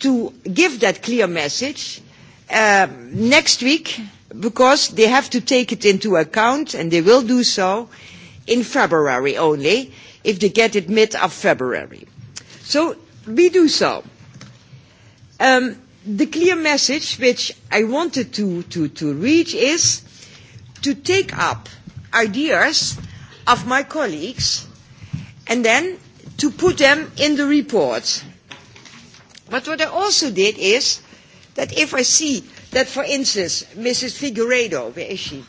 to give that clear message uh, next week because they have to take it into account and they will do so in February only if they get it mid of February. So we do so. Um, the clear message which I wanted to, to, to reach is to take up ideas of my colleagues and then to put them in the report. But what I also did is that if I see that, for instance, Mrs. Figueredo, where is she?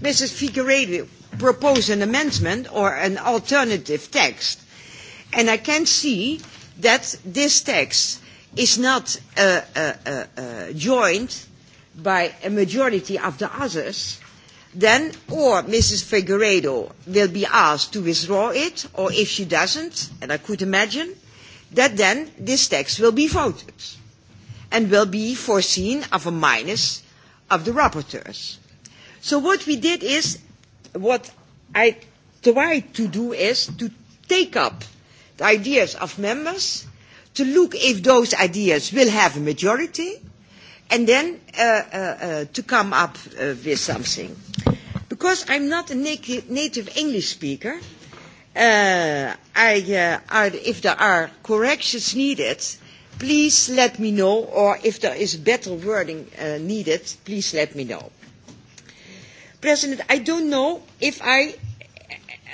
Mrs. Figueredo proposed an amendment or an alternative text, and I can see that this text is not uh, uh, uh, uh joined by a majority of the others, then or Mrs. Figueredo will be asked to withdraw it, or if she doesn't, and I could imagine, that then this text will be voted and will be foreseen of a minus of the rapporteurs. So what we did is, what I tried to do is to take up the ideas of members, to look if those ideas will have a majority, and then uh, uh, uh, to come up uh, with something. Because I'm not a native English speaker, uh, I, I, if there are corrections needed, please let me know, or if there is better wording needed, please let me know. President, I don't know if I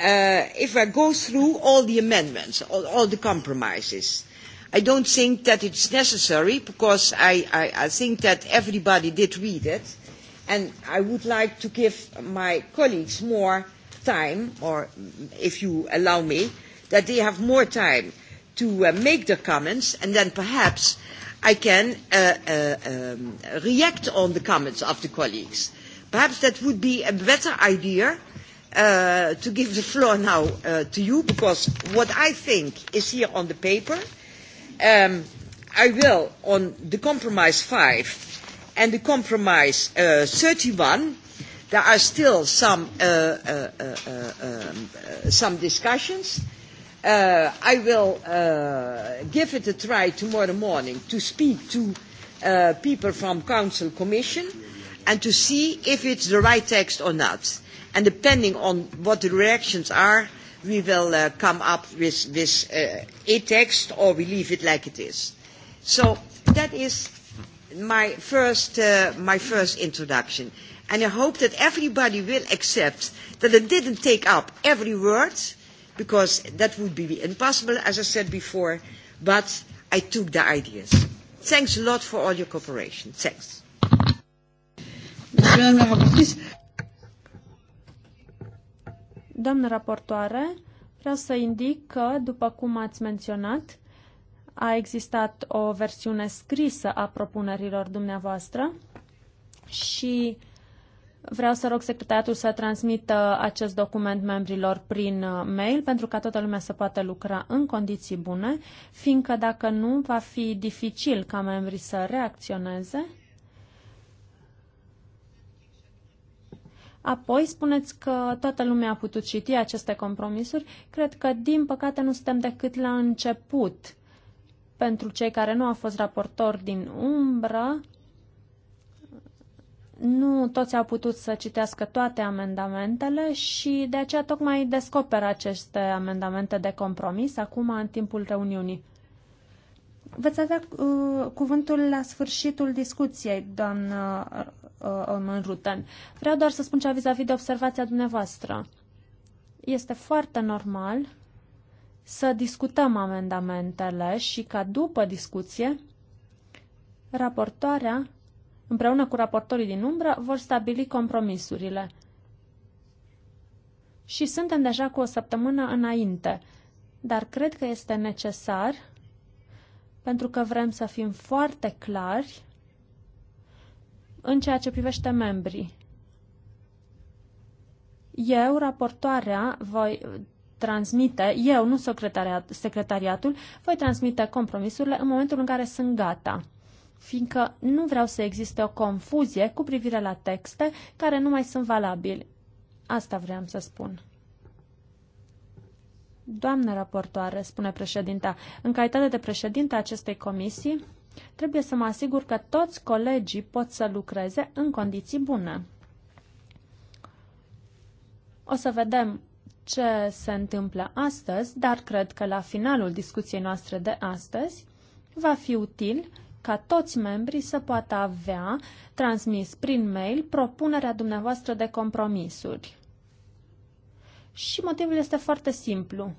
uh, if I go through all the amendments, all, all the compromises. I don't think that it's necessary because I, I, I think that everybody did read it and I would like to give my colleagues more time, or if you allow me, that they have more time to uh, make their comments, and then perhaps I can uh, uh, um, react on the comments of the colleagues. Perhaps that would be a better idea uh, to give the floor now uh, to you, because what I think is here on the paper – Um, I will, on the compromise 5 and the compromise uh, 31, there are still some, uh, uh, uh, um, uh, some discussions. Uh, I will uh, give it a try tomorrow morning to speak to uh, people from Council Commission and to see if it's the right text or not. And depending on what the reactions are, we will uh, come up with, this uh, a text or we leave it like it is. So that is my first, uh, my first introduction. And I hope that everybody will accept that it didn't take up every word, because that would be impossible, as I said before, but I took the ideas. Thanks a lot for all your cooperation. Thanks. Doamnă raportoare, vreau să indic că, după cum ați menționat, a existat o versiune scrisă a propunerilor dumneavoastră și vreau să rog secretariatul să transmită acest document membrilor prin uh, mail pentru ca toată lumea să poată lucra în condiții bune, fiindcă dacă nu, va fi dificil ca membrii să reacționeze Apoi spuneți că toată lumea a putut citi aceste compromisuri. Cred că, din păcate, nu suntem decât la început. Pentru cei care nu au fost raportori din umbră, nu toți au putut să citească toate amendamentele și de aceea tocmai descoperă aceste amendamente de compromis acum în timpul reuniunii. Veți avea uh, cuvântul la sfârșitul discuției, doamnă uh, ruten. Vreau doar să spun ceva vis-a-vis de observația dumneavoastră. Este foarte normal să discutăm amendamentele și ca după discuție raportoarea împreună cu raportorii din umbră vor stabili compromisurile. Și suntem deja cu o săptămână înainte, dar cred că este necesar pentru că vrem să fim foarte clari în ceea ce privește membrii, eu, raportoarea, voi transmite, eu, nu secretariat, secretariatul, voi transmite compromisurile în momentul în care sunt gata fiindcă nu vreau să existe o confuzie cu privire la texte care nu mai sunt valabili. Asta vreau să spun. Doamnă raportoare, spune președinta, în calitate de președinte a acestei comisii, Trebuie să mă asigur că toți colegii pot să lucreze în condiții bune. O să vedem ce se întâmplă astăzi, dar cred că la finalul discuției noastre de astăzi va fi util ca toți membrii să poată avea transmis prin mail propunerea dumneavoastră de compromisuri. Și motivul este foarte simplu.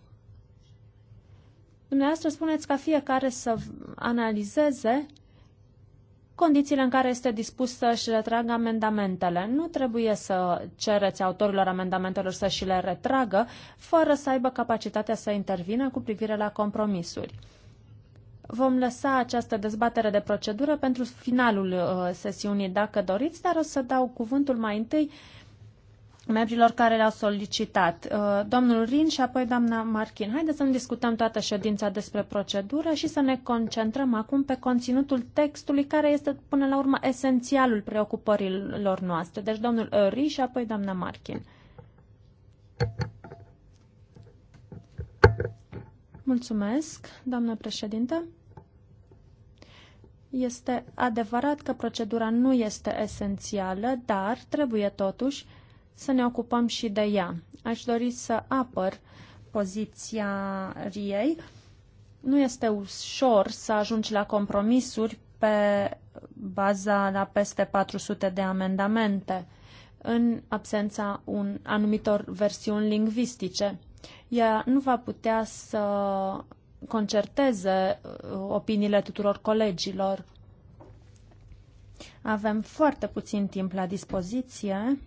Dumneavoastră spuneți ca fiecare să analizeze condițiile în care este dispus să-și retragă amendamentele. Nu trebuie să cereți autorilor amendamentelor să și le retragă, fără să aibă capacitatea să intervină cu privire la compromisuri. Vom lăsa această dezbatere de procedură pentru finalul uh, sesiunii, dacă doriți, dar o să dau cuvântul mai întâi uh, membrilor care le-au solicitat. Uh, domnul Rin și apoi doamna Marchin. Haideți să nu discutăm toată ședința despre procedură și să ne concentrăm acum pe conținutul textului care este până la urmă esențialul preocupărilor noastre. Deci domnul Rin și apoi doamna Marchin. Mulțumesc, doamnă președintă. Este adevărat că procedura nu este esențială, dar trebuie totuși să ne ocupăm și de ea. Aș dori să apăr poziția Riei. Nu este ușor să ajungi la compromisuri pe baza la peste 400 de amendamente în absența un, anumitor versiuni lingvistice. Ea nu va putea să concerteze uh, opiniile tuturor colegilor. Avem foarte puțin timp la dispoziție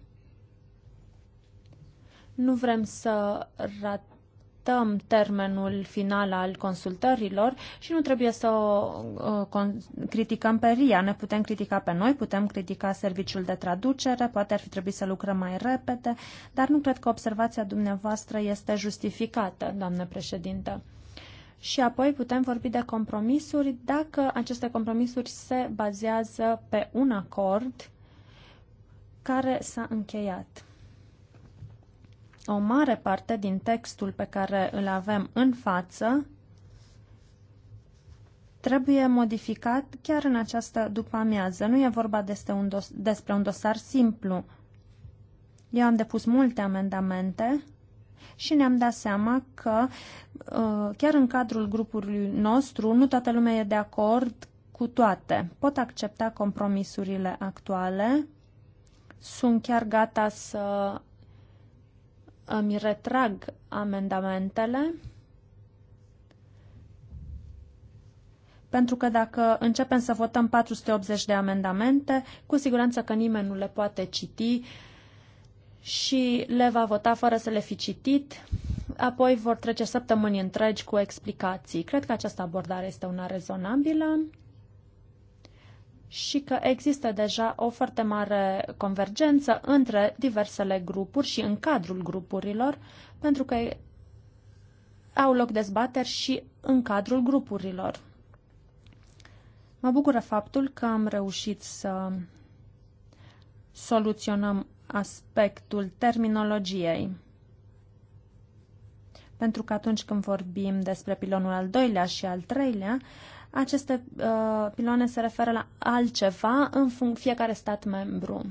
nu vrem să ratăm termenul final al consultărilor și nu trebuie să o criticăm pe RIA. Ne putem critica pe noi, putem critica serviciul de traducere, poate ar fi trebuit să lucrăm mai repede, dar nu cred că observația dumneavoastră este justificată, doamnă președintă și apoi putem vorbi de compromisuri dacă aceste compromisuri se bazează pe un acord care s-a încheiat. O mare parte din textul pe care îl avem în față trebuie modificat chiar în această după-amiază. Nu e vorba despre un, dos- despre un dosar simplu. Eu am depus multe amendamente și ne-am dat seama că uh, chiar în cadrul grupului nostru nu toată lumea e de acord cu toate. Pot accepta compromisurile actuale, sunt chiar gata să îmi retrag amendamentele pentru că dacă începem să votăm 480 de amendamente, cu siguranță că nimeni nu le poate citi și le va vota fără să le fi citit, apoi vor trece săptămâni întregi cu explicații. Cred că această abordare este una rezonabilă și că există deja o foarte mare convergență între diversele grupuri și în cadrul grupurilor, pentru că au loc dezbateri și în cadrul grupurilor. Mă bucură faptul că am reușit să soluționăm aspectul terminologiei. Pentru că atunci când vorbim despre pilonul al doilea și al treilea, aceste uh, piloane se referă la altceva în fiecare stat membru.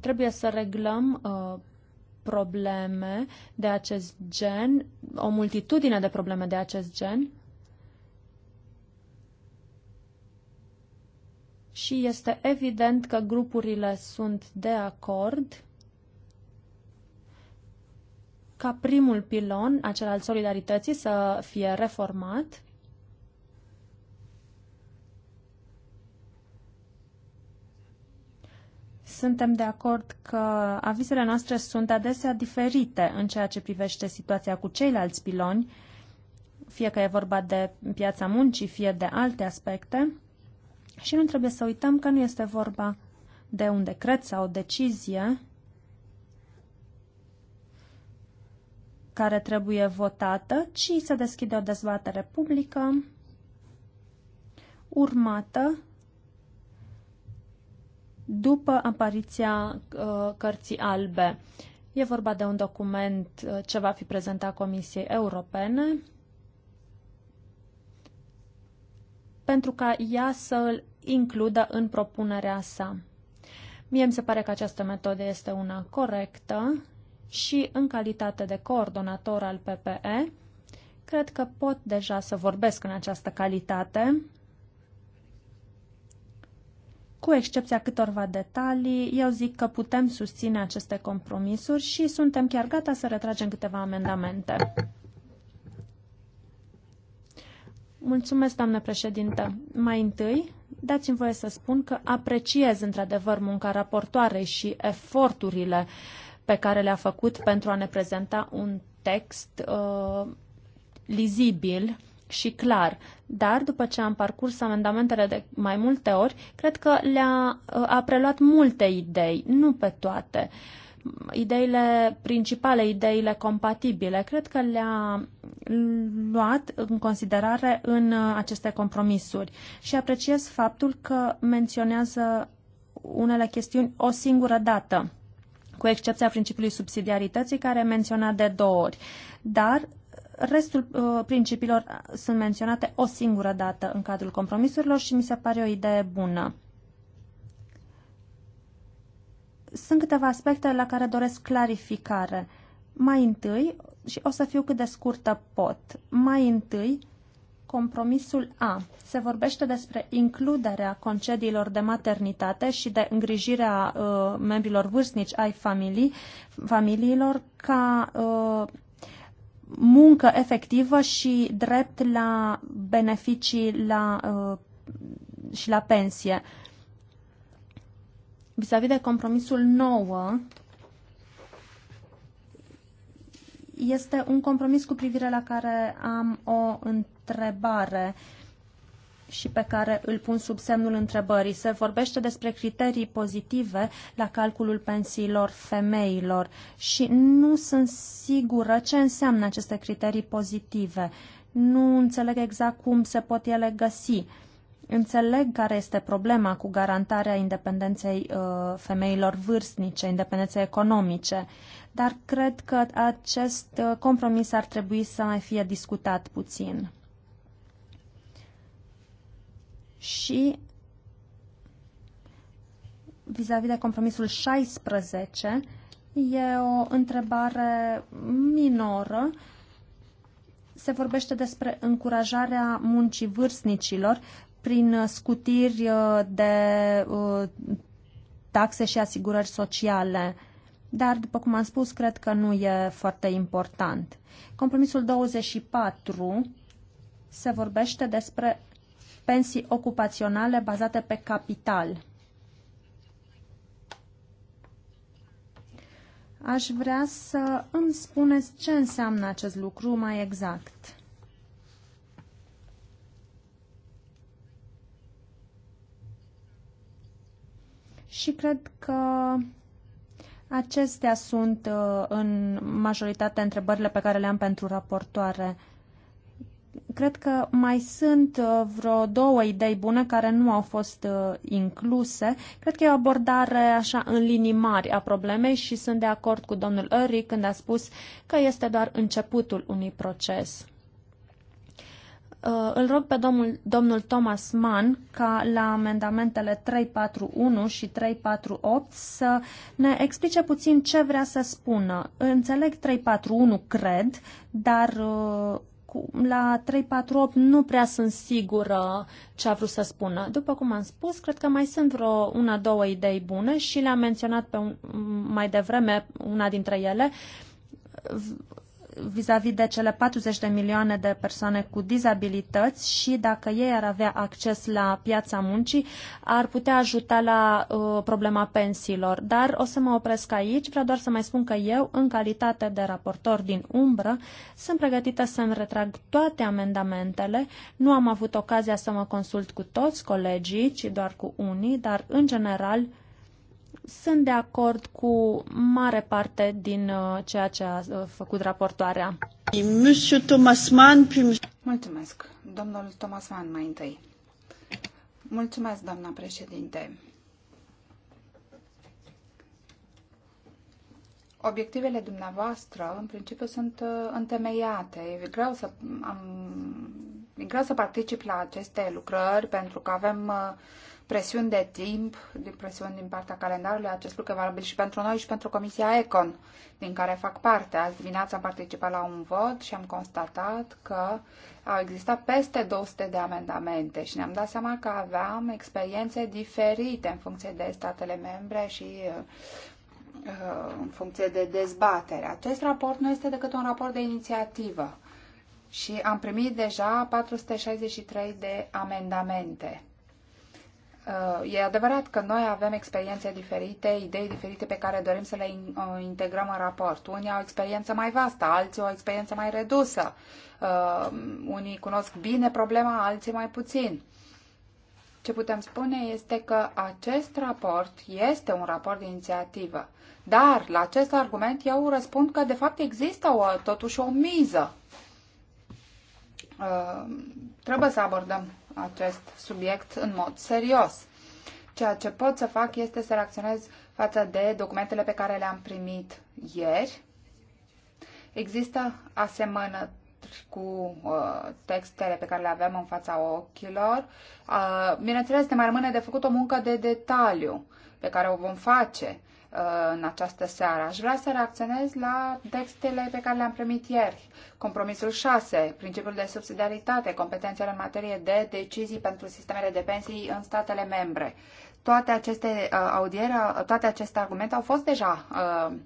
Trebuie să reglăm uh, probleme de acest gen, o multitudine de probleme de acest gen, și este evident că grupurile sunt de acord ca primul pilon, acel al solidarității, să fie reformat. Suntem de acord că avizele noastre sunt adesea diferite în ceea ce privește situația cu ceilalți piloni, fie că e vorba de piața muncii, fie de alte aspecte. Și nu trebuie să uităm că nu este vorba de un decret sau o decizie, care trebuie votată, ci se deschide o dezbatere publică urmată după apariția uh, cărții albe. E vorba de un document uh, ce va fi prezentat Comisiei Europene pentru ca ea să îl includă în propunerea sa. Mie mi se pare că această metodă este una corectă și în calitate de coordonator al PPE, cred că pot deja să vorbesc în această calitate. Cu excepția câtorva detalii, eu zic că putem susține aceste compromisuri și suntem chiar gata să retragem câteva amendamente. Mulțumesc, doamnă președintă. Mai întâi, dați-mi voie să spun că apreciez într-adevăr munca raportoarei și eforturile uh, pe care le-a făcut pentru a ne prezenta un text uh, lizibil și clar. Dar după ce am parcurs amendamentele de mai multe ori, cred că le-a uh, a preluat multe idei, nu pe toate. Ideile principale, ideile compatibile, cred că le-a luat în considerare în uh, aceste compromisuri și apreciez faptul că menționează unele chestiuni o singură dată cu excepția principiului subsidiarității, care e menționat de două ori. Dar restul uh, principiilor sunt menționate o singură dată în cadrul compromisurilor și mi se pare o idee bună. Sunt câteva aspecte la care doresc clarificare. Mai întâi, și o să fiu cât de scurtă pot, mai întâi compromisul A se vorbește despre includerea concediilor de maternitate și de îngrijirea uh, membrilor vârstnici ai familii, familiilor ca uh, muncă efectivă și drept la beneficii la, uh, și la pensie. Vis-a-vis -vis de compromisul 9, este un compromis cu privire la care am o întrebare și pe care îl pun sub semnul întrebării. Se vorbește despre criterii pozitive la calculul pensiilor femeilor și nu sunt sigură ce înseamnă aceste criterii pozitive. Nu înțeleg exact cum se pot ele găsi. Înțeleg care este problema cu garantarea independenței uh, femeilor vârstnice, independenței economice, dar cred că acest uh, compromis ar trebui să mai fie discutat puțin. Și vis-a-vis -vis de compromisul 16, e o întrebare minoră. Se vorbește despre încurajarea muncii vârstnicilor prin uh, scutiri uh, de taxe și asigurări sociale dar, după cum am spus, cred că nu e foarte important. Compromisul 24 se vorbește despre pensii ocupaționale bazate pe capital. Aș vrea să îmi spuneți ce înseamnă acest lucru mai exact. Și cred că Acestea sunt uh, în majoritatea întrebările pe care le-am pentru raportoare. Cred că mai sunt uh, vreo două idei bune care nu au fost uh, incluse. Cred că e o abordare așa în linii mari a problemei și sunt de acord cu domnul Eric când a spus că este doar începutul unui proces. Uh, îl rog pe domnul, domnul Thomas Mann ca la amendamentele 341 și 348 să ne explice puțin ce vrea să spună. Înțeleg 341, cred, dar uh, la 348 nu prea sunt sigură ce a vrut să spună. După cum am spus, cred că mai sunt vreo una, două idei bune și le-am menționat pe un, mai devreme una dintre ele vis-a-vis de cele 40 de milioane de persoane cu dizabilități și dacă ei ar avea acces la piața muncii, ar putea ajuta la uh, problema pensiilor. Dar o să mă opresc aici, vreau doar să mai spun că eu, în calitate de raportor din umbră, sunt pregătită să-mi retrag toate amendamentele. Nu am avut ocazia să mă consult cu toți colegii, ci doar cu unii, dar în general sunt de acord cu mare parte din uh, ceea ce a uh, făcut raportoarea. Mulțumesc. Domnul Thomas Mann mai întâi. Mulțumesc, doamna președinte. obiectivele dumneavoastră, în principiu, sunt uh, întemeiate. E greu să, am, e greu să particip la aceste lucrări pentru că avem presiuni de timp, de presiuni din partea calendarului, acest lucru e valabil și pentru noi și pentru Comisia ECON, din care fac parte. Azi dimineața am participat la un vot și am constatat că au existat peste 200 de amendamente și ne-am dat seama că aveam experiențe diferite în funcție de statele membre și uh, în funcție de dezbatere. Acest raport nu este decât un raport de inițiativă și am primit deja 463 de amendamente. Uh, e adevărat că noi avem experiențe diferite, idei diferite pe care dorim să le uh, integrăm în raport. Unii au experiență mai vastă, alții o experiență mai redusă. Uh, unii cunosc bine problema, alții mai puțin. Ce putem spune este că acest raport este un raport de inițiativă. Dar la acest argument eu răspund că de fapt există o, totuși o miză. Uh, trebuie să abordăm acest subiect în mod serios. Ceea ce pot să fac este să reacționez față de documentele pe care le-am primit ieri. Există asemănătăți cu uh, textele pe care le avem în fața ochilor. Uh, bineînțeles, ne mai rămâne de făcut o muncă de detaliu pe care o vom face Uh, în această seară. Aș vrea să reacționez la textele pe care le-am primit ieri. Compromisul 6, principiul de subsidiaritate, competențele în materie de decizii pentru sistemele de pensii în statele membre. Toate aceste uh, audiere, toate aceste argumente au fost deja uh,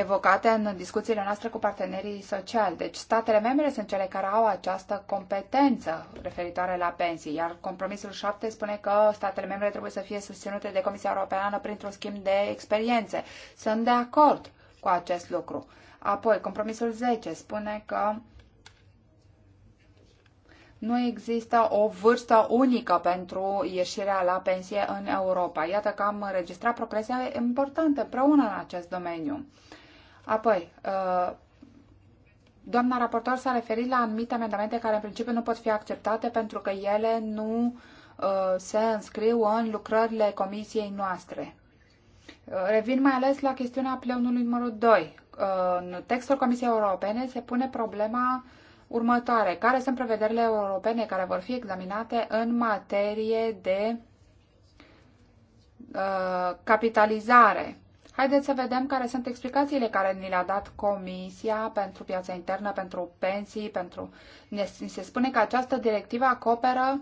evocate în discuțiile noastre cu partenerii sociali. Deci statele membre sunt cele care au această competență referitoare la pensii, iar compromisul 7 spune că statele membre trebuie să fie susținute de Comisia Europeană printr-un schimb de experiențe. Sunt de acord cu acest lucru. Apoi, compromisul 10 spune că nu există o vârstă unică pentru ieșirea la pensie în Europa. Iată că am înregistrat progrese importante împreună în acest domeniu. Apoi, uh, doamna raportor s-a referit la anumite amendamente care în principiu nu pot fi acceptate pentru că ele nu uh, se înscriu în lucrările comisiei noastre. Uh, revin mai ales la chestiunea pleonului numărul 2. În textul Comisiei Europene se pune problema următoare. Care sunt prevederile europene care vor fi examinate în materie de uh, capitalizare? Haideți să vedem care sunt explicațiile care ni le-a dat Comisia pentru piața internă, pentru pensii, pentru... se spune că această directivă acoperă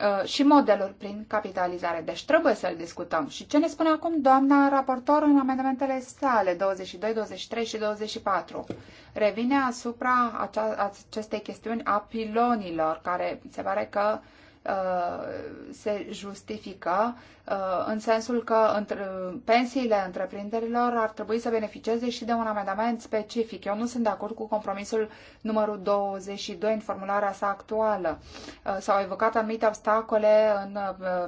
uh, și modeluri prin capitalizare. Deci trebuie să-l discutăm. Și ce ne spune acum doamna raportor în amendamentele sale 22, 23 și 24? Revine asupra acea, acestei chestiuni a pilonilor, care se pare că uh, Uh, se justifică uh, în sensul că pensiile întreprinderilor ar trebui să beneficieze și de un amendament specific. Eu nu sunt de acord cu compromisul numărul 22 în formularea sa actuală. Uh, s-au evocat anumite obstacole în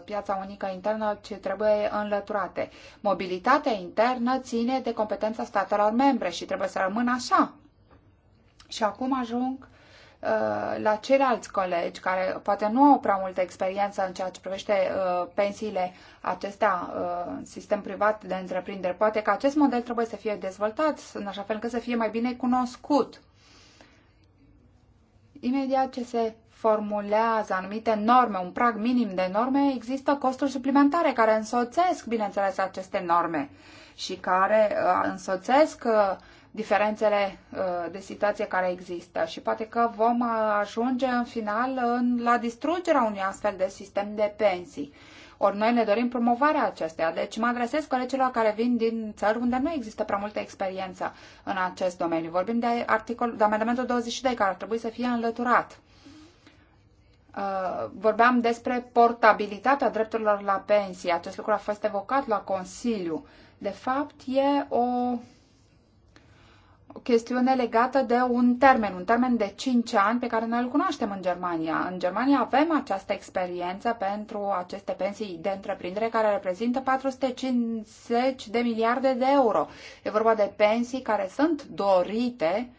piața unică internă ce trebuie înlăturate. Mobilitatea internă ține de competența statelor membre și trebuie să rămână așa. Și acum ajung Uh, la ceilalți colegi care poate nu au prea multă experiență în ceea ce privește uh, pensiile acestea uh, în sistem privat de întreprindere, Poate că acest model trebuie să fie dezvoltat în așa fel încât să fie mai bine cunoscut. Imediat ce se formulează anumite norme, un prag minim de norme, există costuri suplimentare care însoțesc, bineînțeles, aceste norme și care însoțesc diferențele uh, de situație care există și poate că vom uh, ajunge în final în, la distrugerea unui astfel de sistem de pensii. Ori noi ne dorim promovarea acesteia. Deci mă adresez colegilor care vin din țări unde nu există prea multă experiență în acest domeniu. Vorbim de, articol, de amendamentul 22 care ar trebui să fie înlăturat. Uh, vorbeam despre portabilitatea drepturilor la pensie. Acest lucru a fost evocat la Consiliu. De fapt, e o chestiune legată de un termen, un termen de 5 ani pe care noi îl cunoaștem în Germania. În Germania avem această experiență pentru aceste pensii de întreprindere care reprezintă 450 de miliarde de euro. E vorba de pensii care sunt dorite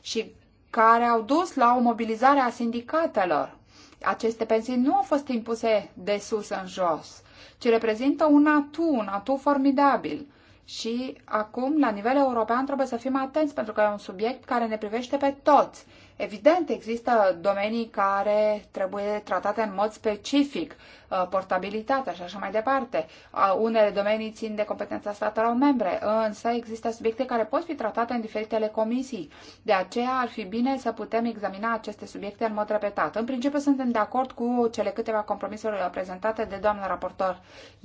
și care au dus la o mobilizare a sindicatelor. Aceste pensii nu au fost impuse de sus în jos, ci reprezintă un atu, un atu formidabil. Și acum, la nivel european, trebuie să fim atenți, pentru că e un subiect care ne privește pe toți. Evident, există domenii care trebuie tratate în mod specific, uh, portabilitatea și așa mai departe. Uh, unele domenii țin de competența statelor membre, însă există subiecte care pot fi tratate în diferitele comisii. De aceea ar fi bine să putem examina aceste subiecte în mod repetat. În principiu suntem de acord cu cele câteva compromisuri prezentate de doamna raportor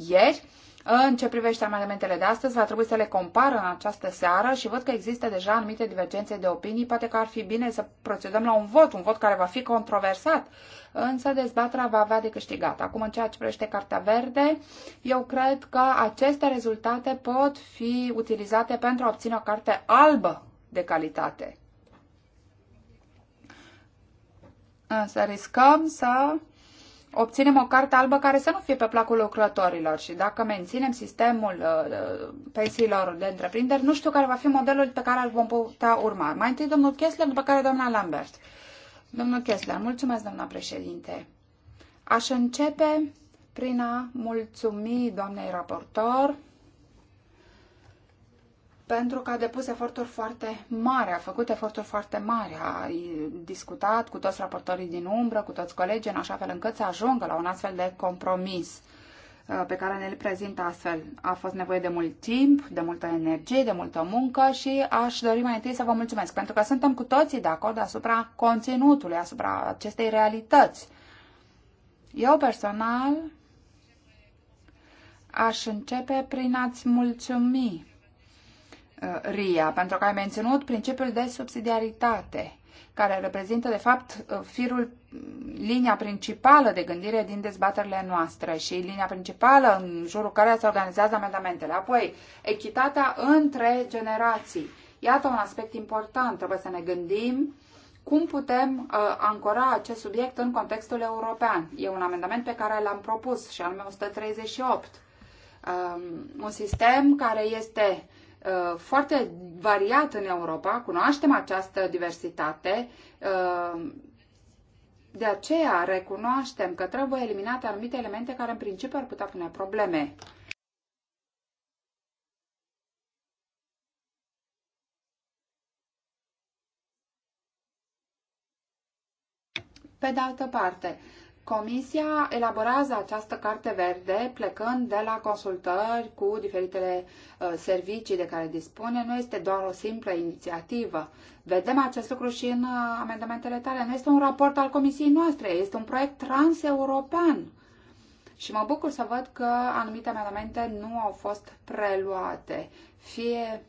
ieri în ce privește amendamentele de astăzi, va trebui să le compar în această seară și văd că există deja anumite divergențe de opinii. Poate că ar fi bine să procedăm la un vot, un vot care va fi controversat, însă dezbaterea va avea de câștigat. Acum, în ceea ce privește Cartea Verde, eu cred că aceste rezultate pot fi utilizate pentru a obține o carte albă de calitate. Însă riscăm să obținem o carte albă care să nu fie pe placul lucrătorilor și dacă menținem sistemul uh, uh, pensiilor de întreprinderi, nu știu care va fi modelul pe care îl vom putea urma. Mai întâi domnul Kessler, după care doamna Lambert. Domnul Kessler, mulțumesc, doamna președinte. Aș începe prin a mulțumi doamnei raportor pentru că a depus eforturi foarte mari, a făcut eforturi foarte mari, a discutat cu toți raportorii din umbră, cu toți colegii, în așa fel încât să ajungă la un astfel de compromis uh, pe care ne-l prezintă astfel. A fost nevoie de mult timp, de multă energie, de multă muncă și aș dori mai întâi să vă mulțumesc, pentru că suntem cu toții de acord asupra conținutului, asupra acestei realități. Eu personal aș începe prin a-ți mulțumi Uh, RIA, pentru că ai menționat principiul de subsidiaritate, care reprezintă, de fapt, uh, firul, linia principală de gândire din dezbaterile noastre și linia principală în jurul care se organizează amendamentele. Apoi, echitatea între generații. Iată un aspect important. Trebuie să ne gândim cum putem uh, ancora acest subiect în contextul european. E un amendament pe care l-am propus și anume 138. Um, un sistem care este Uh, foarte variat în Europa, cunoaștem această diversitate, uh, de aceea recunoaștem că trebuie eliminate anumite elemente care în principiu ar putea pune probleme. Pe de altă parte, Comisia elaborează această carte verde plecând de la consultări cu diferitele uh, servicii de care dispune. Nu este doar o simplă inițiativă. Vedem acest lucru și în uh, amendamentele tale. Nu este un raport al Comisiei noastre, este un proiect transeuropean. Și mă bucur să văd că anumite amendamente nu au fost preluate. Fie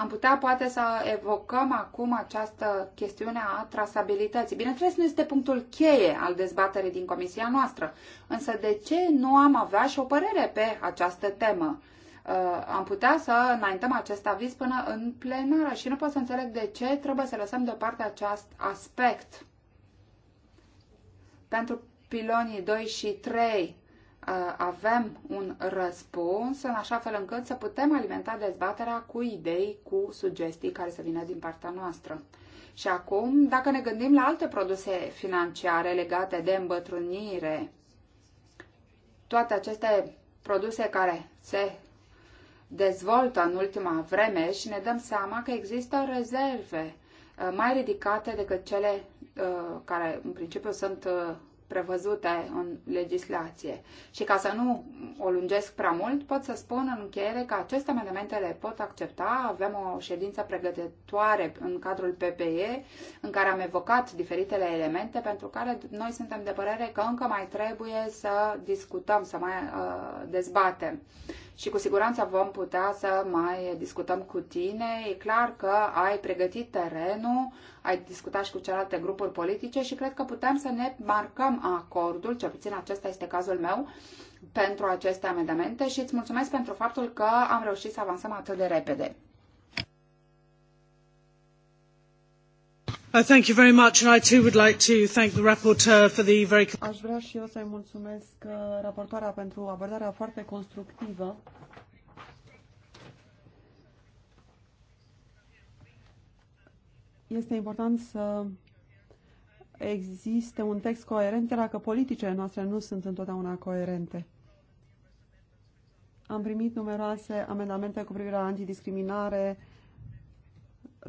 am putea poate să evocăm acum această chestiune a trasabilității. Bineînțeles, nu este punctul cheie al dezbaterii din comisia noastră, însă de ce nu am avea și o părere pe această temă? Uh, am putea să înaintăm acest aviz până în plenară și nu pot să înțeleg de ce trebuie să lăsăm deoparte acest aspect. Pentru pilonii 2 și 3 avem un răspuns în așa fel încât să putem alimenta dezbaterea cu idei, cu sugestii care să vină din partea noastră. Și acum, dacă ne gândim la alte produse financiare legate de îmbătrânire, toate aceste produse care se dezvoltă în ultima vreme și ne dăm seama că există rezerve uh, mai ridicate decât cele uh, care în principiu sunt uh, prevăzute în legislație. Și ca să nu o lungesc prea mult, pot să spun în încheiere că aceste amendamente le pot accepta. Avem o ședință pregătitoare în cadrul PPE în care am evocat diferitele elemente pentru care noi suntem de părere că încă mai trebuie să discutăm, să mai uh, dezbatem și cu siguranță vom putea să mai discutăm cu tine. E clar că ai pregătit terenul, ai discutat și cu celelalte grupuri politice și cred că putem să ne marcăm acordul, cel puțin acesta este cazul meu, pentru aceste amendamente și îți mulțumesc pentru faptul că am reușit să avansăm atât de repede. Uh, thank you very much, and I too would like to thank the rapporteur for the very. Aș vrea și eu să-i mulțumesc uh, raportoarea pentru abordarea foarte constructivă. Este important să existe un text coerent, chiar dacă politicile noastre nu sunt întotdeauna coerente. Am primit numeroase amendamente cu privire la antidiscriminare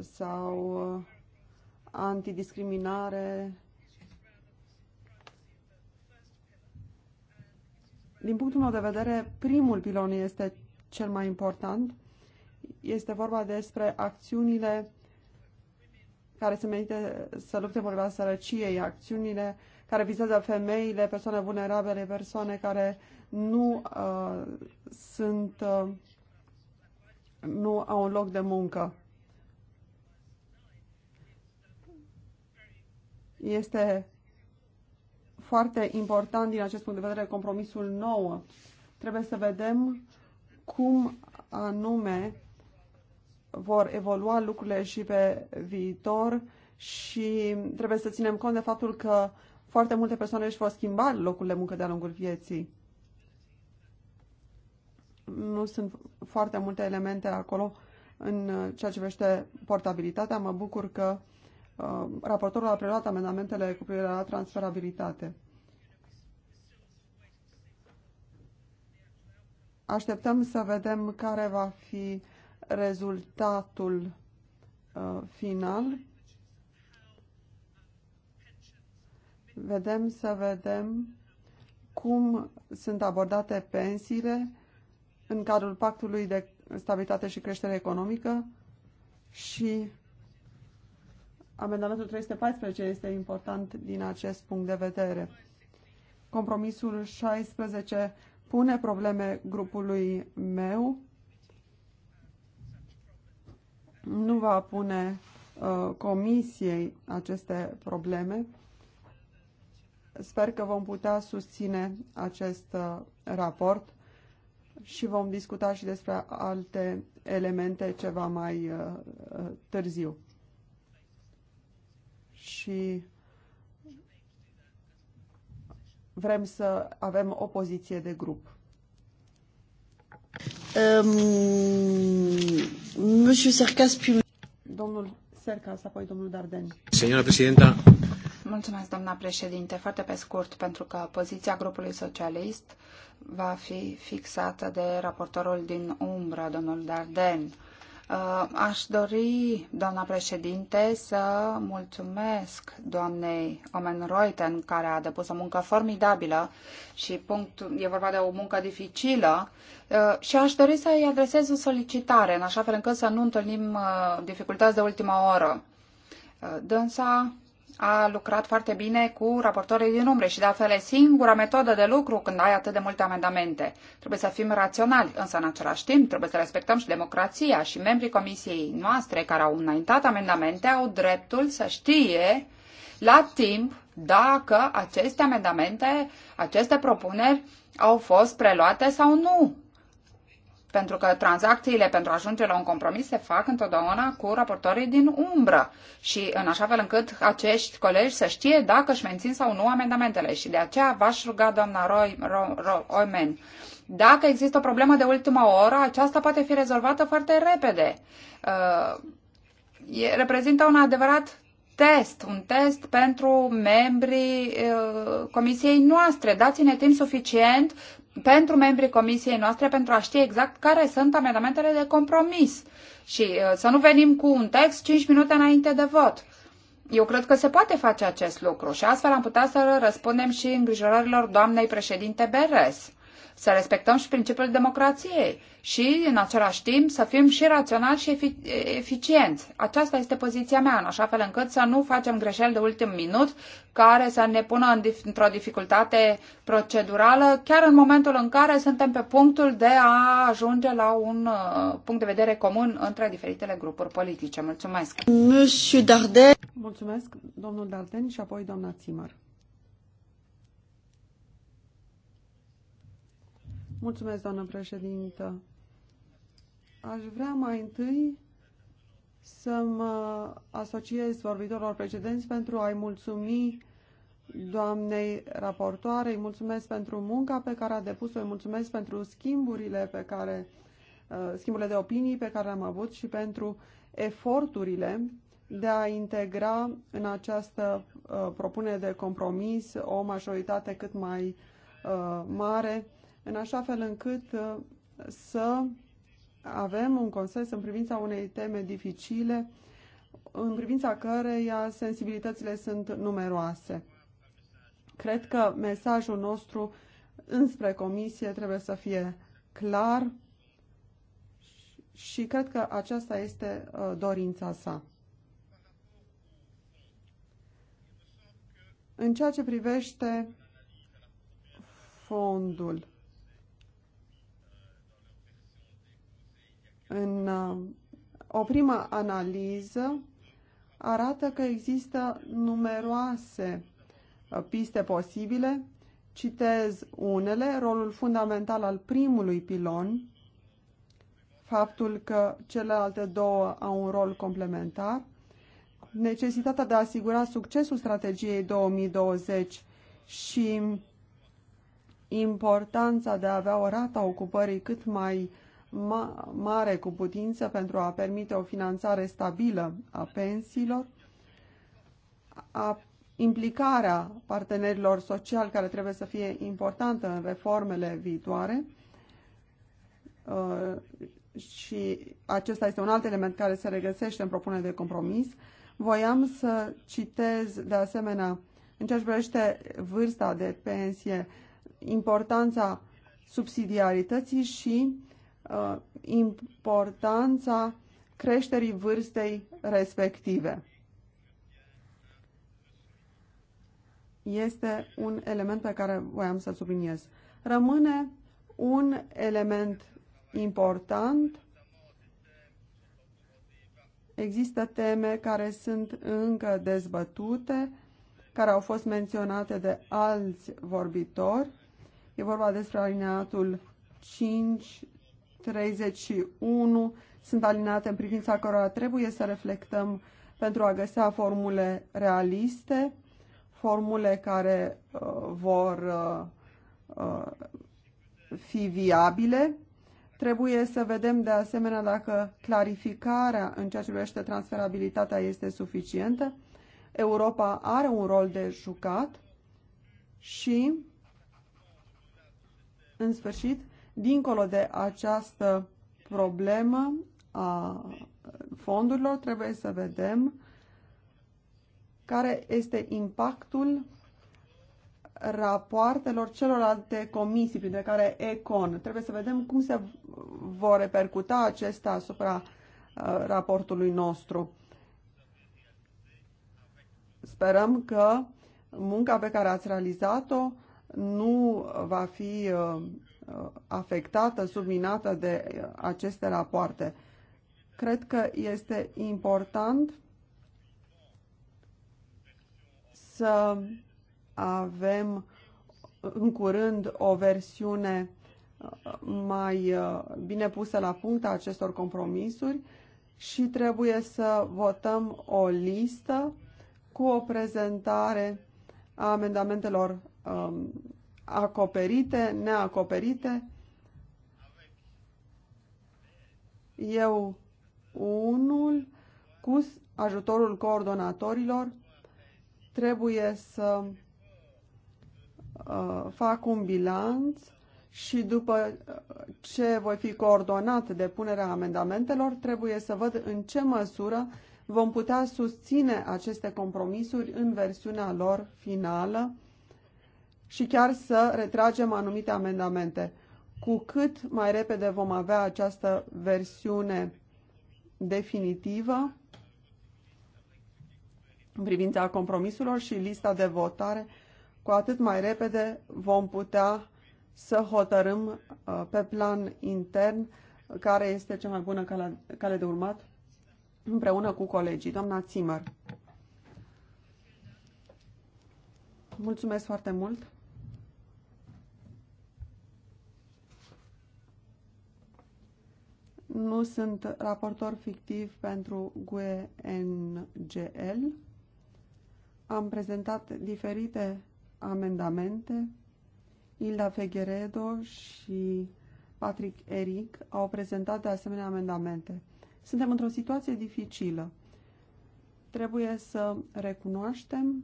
sau uh, antidiscriminare. Din punctul meu de vedere, primul pilon este cel mai important. Este vorba despre acțiunile care se merită să lupte împotriva sărăciei, acțiunile care vizează femeile, persoane vulnerabile, persoane care nu uh, sunt uh, nu au un loc de muncă. Este foarte important din acest punct de vedere compromisul nou. Trebuie să vedem cum anume vor evolua lucrurile și pe viitor și trebuie să ținem cont de faptul că foarte multe persoane își vor schimba locul de muncă de-a lungul vieții. Nu sunt foarte multe elemente acolo în ceea ce vește portabilitatea. Mă bucur că Uh, raportorul a preluat amendamentele cu privire la transferabilitate. Așteptăm să vedem care va fi rezultatul uh, final. Vedem să vedem cum sunt abordate pensiile în cadrul Pactului de Stabilitate și Creștere Economică și Amendamentul 314 este important din acest punct de vedere. Compromisul 16 pune probleme grupului meu, nu va pune uh, comisiei aceste probleme. Sper că vom putea susține acest uh, raport și vom discuta și despre alte elemente ceva mai uh, uh târziu și vrem să avem o poziție de grup. Um, Monsieur Sercas, Domnul Sercas, apoi domnul Darden. Senora presidenta. Mulțumesc, doamna președinte. Foarte pe scurt, pentru că poziția grupului socialist va fi fixată de raportorul din umbră, domnul Darden. Uh, aș dori, doamna președinte, să mulțumesc doamnei Omen Reuten, care a depus o muncă formidabilă și punct, e vorba de o muncă dificilă uh, și aș dori să-i adresez o solicitare, în așa fel încât să nu întâlnim uh, dificultăți de ultima oră. Dânsa a lucrat foarte bine cu raportorii din umbre și de altfel e singura metodă de lucru când ai atât de multe amendamente. Trebuie să fim raționali, însă în același timp trebuie să respectăm și democrația și membrii comisiei noastre care au înaintat amendamente au dreptul să știe la timp dacă aceste amendamente, aceste propuneri au fost preluate sau nu pentru că tranzacțiile pentru a ajunge la un compromis se fac întotdeauna cu raportorii din umbră și în așa fel încât acești colegi să știe dacă își mențin sau nu amendamentele și de aceea v-aș ruga, doamna Roy, Roy, Roy, Roy dacă există o problemă de ultimă oră, aceasta poate fi rezolvată foarte repede. Uh, e, reprezintă un adevărat test, un test pentru membrii uh, comisiei noastre. Dați-ne timp suficient pentru membrii comisiei noastre pentru a ști exact care sunt amendamentele de compromis și uh, să nu venim cu un text 5 minute înainte de vot. Eu cred că se poate face acest lucru și astfel am putea să răspundem și îngrijorărilor doamnei președinte Beres să respectăm și principiul democrației și, în același timp, să fim și raționali și eficienți. Aceasta este poziția mea, în așa fel încât să nu facem greșeli de ultim minut care să ne pună într-o dificultate procedurală, chiar în momentul în care suntem pe punctul de a ajunge la un uh, punct de vedere comun între diferitele grupuri politice. Mulțumesc! Monsieur Mulțumesc, domnul Darden și apoi doamna Țimăr. Mulțumesc, doamnă președintă. Aș vrea mai întâi să mă asociez vorbitorilor precedenți pentru a-i mulțumi doamnei raportoare, îi mulțumesc pentru munca pe care a depus-o, îi mulțumesc pentru schimburile pe care uh, schimburile de opinii pe care le-am avut și pentru eforturile de a integra în această uh, propunere de compromis o majoritate cât mai uh, mare în așa fel încât uh, să avem un consens în privința unei teme dificile, în privința căreia sensibilitățile sunt numeroase. Cred că mesajul nostru înspre comisie trebuie să fie clar și cred că aceasta este uh, dorința sa. În ceea ce privește fondul, în uh, o primă analiză arată că există numeroase uh, piste posibile. Citez unele, rolul fundamental al primului pilon, faptul că celelalte două au un rol complementar, necesitatea de a asigura succesul strategiei 2020 și importanța de a avea o rată a ocupării cât mai ma mare cu putință pentru a permite o finanțare stabilă a pensiilor, a implicarea partenerilor sociali care trebuie să fie importantă în reformele viitoare uh, și acesta este un alt element care se regăsește în propunerea de compromis. Voiam să citez de asemenea în ceea ce privește vârsta de pensie, importanța subsidiarității și uh, importanța creșterii vârstei respective. Este un element pe care voiam să subliniez. Rămâne un element important. Există teme care sunt încă dezbătute, care au fost menționate de alți vorbitori. E vorba despre alineatul 5 31 sunt alinate în privința cărora trebuie să reflectăm pentru a găsea formule realiste, formule care uh, vor uh, uh, fi viabile. Trebuie să vedem de asemenea dacă clarificarea în ceea ce privește transferabilitatea este suficientă. Europa are un rol de jucat și, în sfârșit, Dincolo de această problemă a fondurilor, trebuie să vedem care este impactul rapoartelor celorlalte comisii, printre care ECON. Trebuie să vedem cum se vor repercuta acestea asupra uh, raportului nostru. Sperăm că munca pe care ați realizat-o nu va fi uh, Uh, afectată, subminată de uh, aceste rapoarte. Cred că este important să avem în curând o versiune uh, mai bine pusă la punct a acestor compromisuri și trebuie să votăm o listă cu o prezentare a amendamentelor um, acoperite, neacoperite. Eu, unul, cu ajutorul coordonatorilor, trebuie să uh, fac un bilanț și după uh, ce voi fi coordonat de punerea amendamentelor, trebuie să văd în ce măsură vom putea susține aceste compromisuri în versiunea lor finală și chiar să retragem anumite amendamente. Cu cât mai repede vom avea această versiune definitivă în privința compromisurilor și lista de votare, cu atât mai repede vom putea să hotărâm uh, pe plan intern care este cea mai bună cale de urmat împreună cu colegii. Doamna Zimmer. Mulțumesc foarte mult. Nu sunt raportor fictiv pentru GUE NGL. Am prezentat diferite amendamente. Ilda Fegheredo și Patrick Eric au prezentat de asemenea amendamente. Suntem într-o situație dificilă. Trebuie să recunoaștem,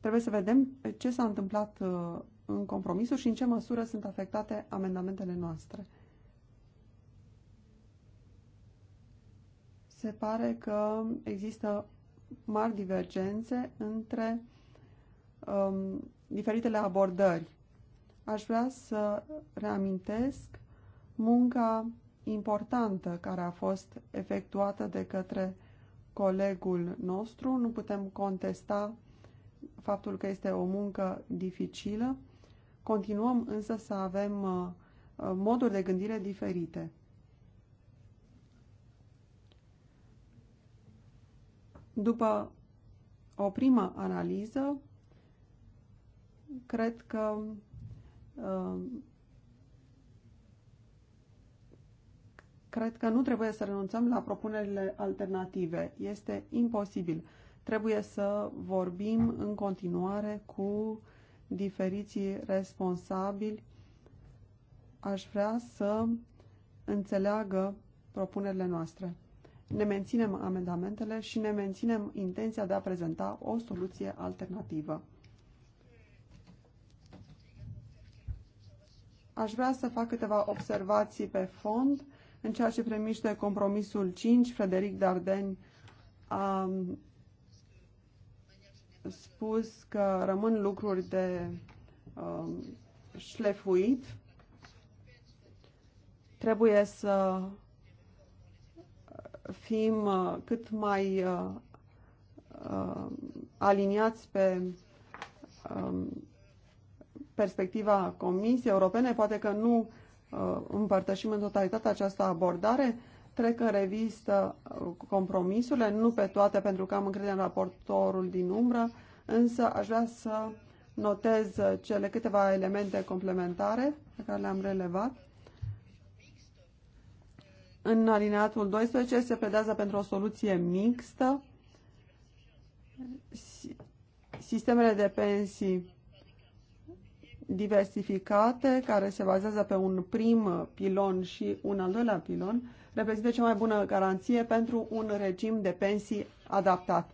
trebuie să vedem ce s-a întâmplat uh, în compromisuri și în ce măsură sunt afectate amendamentele noastre. se pare că există mari divergențe între um, diferitele abordări. Aș vrea să reamintesc munca importantă care a fost efectuată de către colegul nostru. Nu putem contesta faptul că este o muncă dificilă. Continuăm însă să avem uh, moduri de gândire diferite. După o primă analiză, cred că uh, cred că nu trebuie să renunțăm la propunerile alternative. Este imposibil. Trebuie să vorbim în continuare cu diferiții responsabili. Aș vrea să înțeleagă propunerile noastre ne menținem amendamentele și ne menținem intenția de a prezenta o soluție alternativă. Aș vrea să fac câteva observații pe fond în ceea ce premiște compromisul 5. Frederic Darden a spus că rămân lucruri de um, șlefuit. Trebuie să fim uh, cât mai uh, uh, aliniați pe um, perspectiva Comisiei Europene, poate că nu împărtășim în totalitate această abordare, trec în revistă compromisurile, nu pe toate pentru că am încredere în raportorul din umbră, însă aș vrea să notez cele câteva elemente complementare pe care le-am relevat. În alineatul 12 se pledează pentru o soluție mixtă. Sistemele de pensii diversificate, care se bazează pe un prim pilon și un al doilea pilon, reprezintă cea mai bună garanție pentru un regim de pensii adaptat.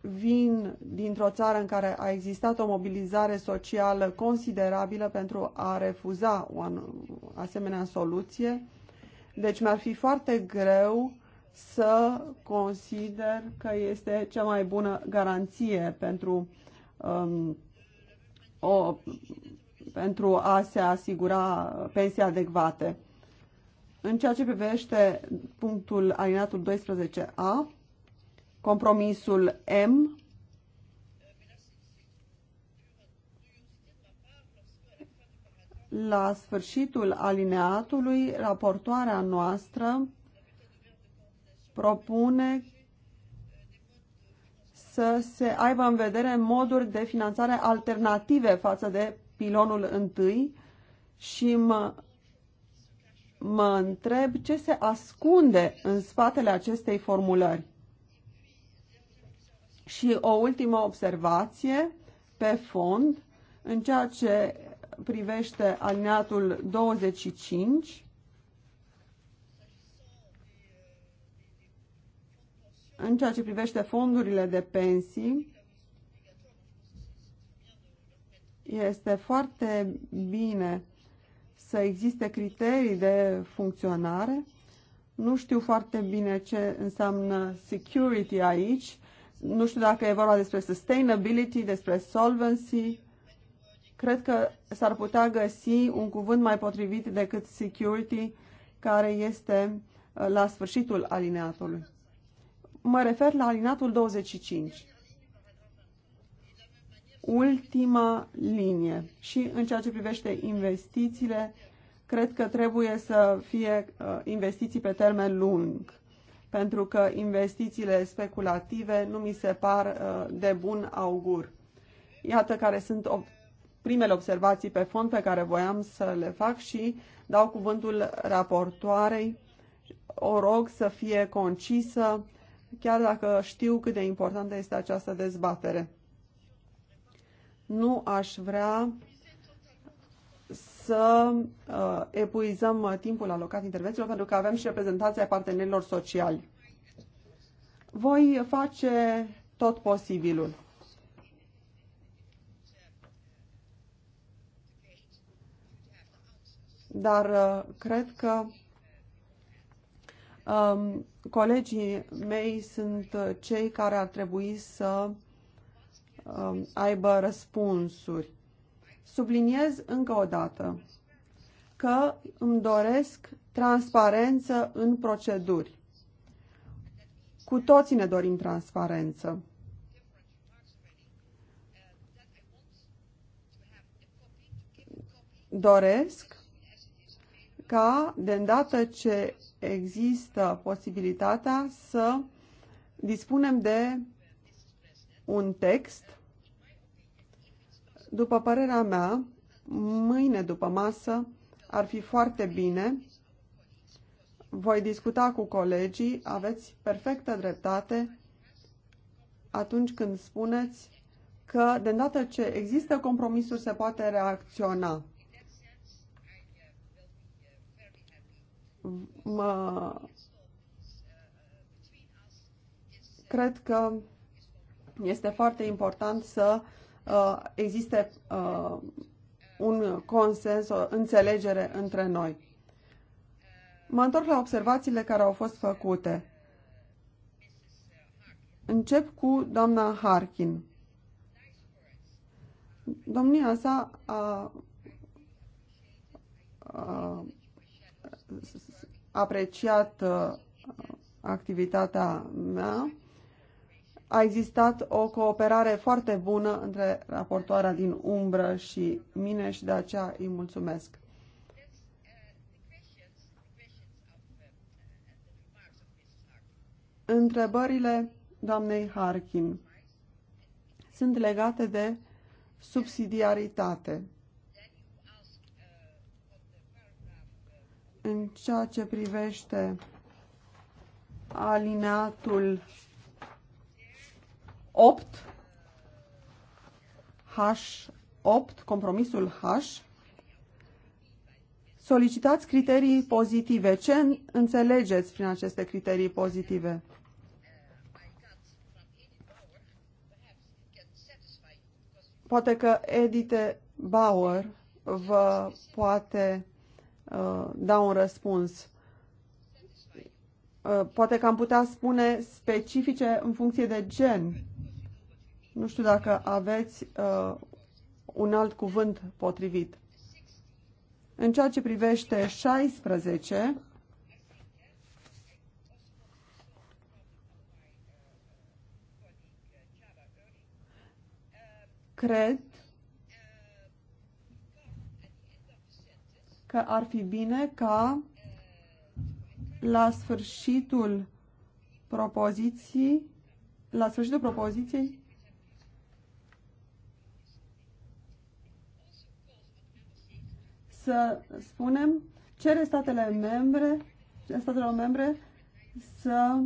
Vin dintr-o țară în care a existat o mobilizare socială considerabilă pentru a refuza o asemenea soluție. Deci mi-ar fi foarte greu să consider că este cea mai bună garanție pentru, um, o, pentru a se asigura pensii adecvate. În ceea ce privește punctul alinatul 12a, compromisul M la sfârșitul alineatului, raportoarea noastră propune să se aibă în vedere moduri de finanțare alternative față de pilonul întâi și mă, mă întreb ce se ascunde în spatele acestei formulări. Și o ultimă observație pe fond în ceea ce privește alineatul 25, în ceea ce privește fondurile de pensii, este foarte bine să existe criterii de funcționare. Nu știu foarte bine ce înseamnă security aici. Nu știu dacă e vorba despre sustainability, despre solvency. Cred că s-ar putea găsi un cuvânt mai potrivit decât security, care este uh, la sfârșitul alineatului. Mă refer la alineatul 25. Ultima linie. Și în ceea ce privește investițiile, cred că trebuie să fie uh, investiții pe termen lung, pentru că investițiile speculative nu mi se par uh, de bun augur. Iată care sunt primele observații pe fond pe care voiam să le fac și dau cuvântul raportoarei. O rog să fie concisă, chiar dacă știu cât de importantă este această dezbatere. Nu aș vrea să uh, epuizăm timpul alocat intervențiilor, pentru că avem și reprezentanții partenerilor sociali. Voi face tot posibilul. dar uh, cred că um, colegii mei sunt uh, cei care ar trebui să um, aibă răspunsuri. Subliniez încă o dată că îmi doresc transparență în proceduri. Cu toții ne dorim transparență. Doresc ca, de îndată ce există posibilitatea, să dispunem de un text. După părerea mea, mâine după masă ar fi foarte bine. Voi discuta cu colegii, aveți perfectă dreptate atunci când spuneți că de îndată ce există compromisuri se poate reacționa. mă... cred că este foarte important să uh, existe uh, un consens, o înțelegere între noi. Mă întorc la observațiile care au fost făcute. Încep cu doamna Harkin. Domnia sa a, a apreciat uh, activitatea mea. A existat o cooperare foarte bună între raportoarea din umbră și mine și de aceea îi mulțumesc. Întrebările doamnei Harkin sunt legate de subsidiaritate. în ceea ce privește alineatul 8, H8, compromisul H, solicitați criterii pozitive. Ce înțelegeți prin aceste criterii pozitive? Poate că Edite Bauer vă poate da un răspuns. Uh, poate că am putea spune specifice în funcție de gen. Nu știu dacă aveți uh, un alt cuvânt potrivit. În ceea ce privește 16, cred că ar fi bine ca la sfârșitul propoziției, la sfârșitul propoziției, să spunem, cere statele membre, statele membre să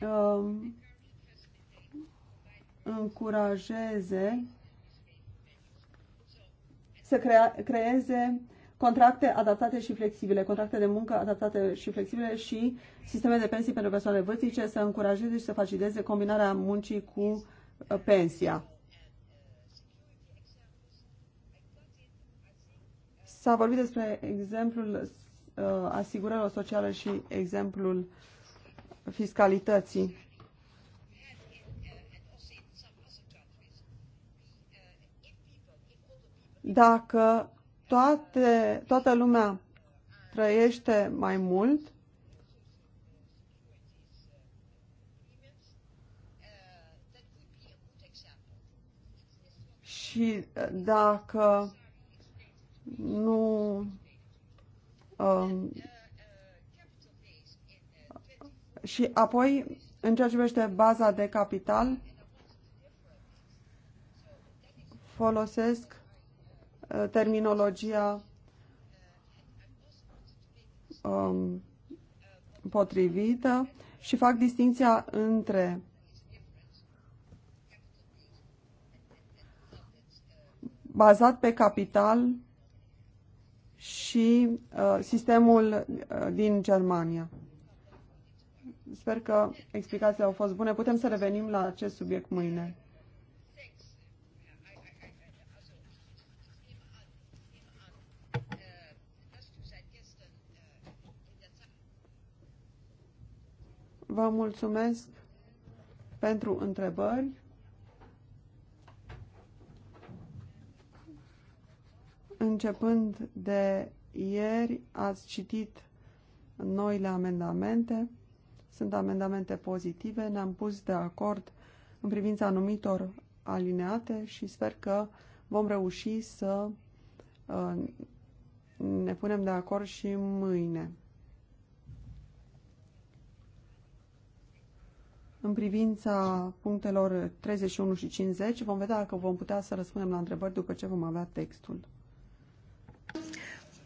um, încurajeze să crea, creeze contracte adaptate și flexibile, contracte de muncă adaptate și flexibile și sisteme de pensii pentru persoane vârstice să încurajeze și să faciliteze combinarea muncii cu uh, pensia. S-a vorbit despre exemplul uh, asigurărilor sociale și exemplul fiscalității. Dacă toate, toată lumea trăiește mai mult, și uh, dacă nu um, și apoi în ceea ce privește baza de capital folosesc Uh, terminologia um, potrivită și fac distinția între bazat pe capital și uh, sistemul uh, din Germania. Sper că explicațiile au fost bune. Putem să revenim la acest subiect mâine. Vă mulțumesc pentru întrebări. Începând de ieri, ați citit noile amendamente. Sunt amendamente pozitive. Ne-am pus de acord în privința anumitor alineate și sper că vom reuși să uh, ne punem de acord și mâine. În privința punctelor 31 și 50, vom vedea dacă vom putea să răspundem la întrebări după ce vom avea textul.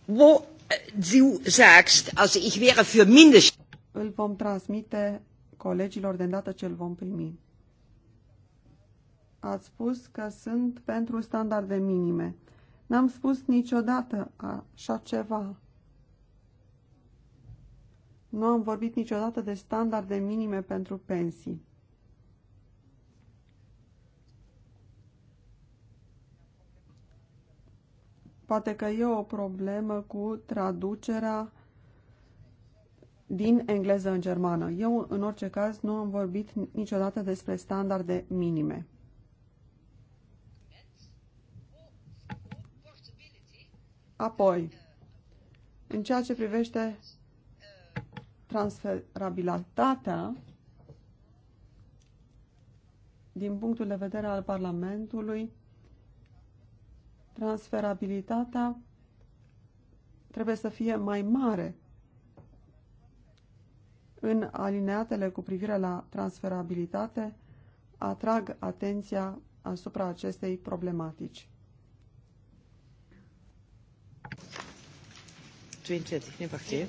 Wo eh, du sagst, also ich wäre für mindest... Îl vom transmite colegilor de îndată ce îl vom primi. Ați spus că sunt pentru standarde minime. N-am spus niciodată așa ceva. Nu am vorbit niciodată de standarde minime pentru pensii. Poate că e o problemă cu traducerea din engleză în germană. Eu, în orice caz, nu am vorbit niciodată despre standarde minime. Apoi, în ceea ce privește transferabilitatea din punctul de vedere al Parlamentului, transferabilitatea trebuie să fie mai mare în alineatele cu privire la transferabilitate, atrag atenția asupra acestei problematici. 22, ne 40.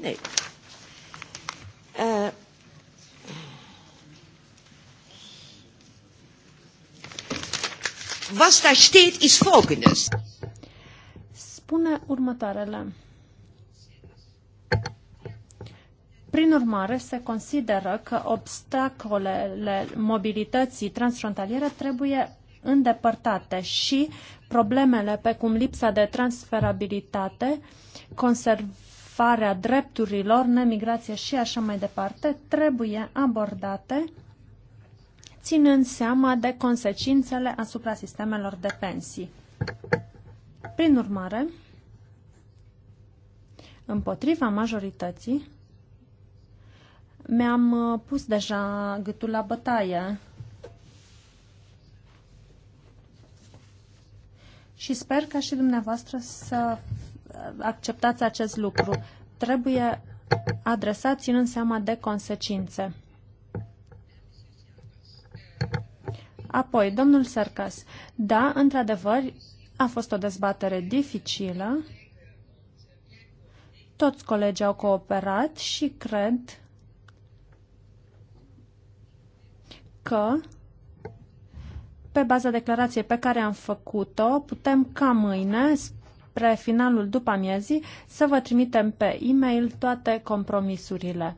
Nee. Deci. Uh, was da steht, is folgendes. Spune următoarele. Prin urmare, se consideră că obstacolele mobilității transfrontaliere trebuie îndepărtate și problemele pe cum lipsa de transferabilitate, conserv promovarea drepturilor, nemigrație și așa mai departe, trebuie abordate ținând seama de consecințele asupra sistemelor de pensii. Prin urmare, împotriva majorității, mi-am uh, pus deja gâtul la bătaie și sper ca și dumneavoastră să acceptați acest lucru. Trebuie adresat ținând seama de consecințe. Apoi, domnul Sarkas: da, într-adevăr, a fost o dezbatere dificilă. Toți colegii au cooperat și cred că pe baza declarației pe care am făcut-o, putem ca mâine spre finalul după amiezii să vă trimitem pe e-mail toate compromisurile.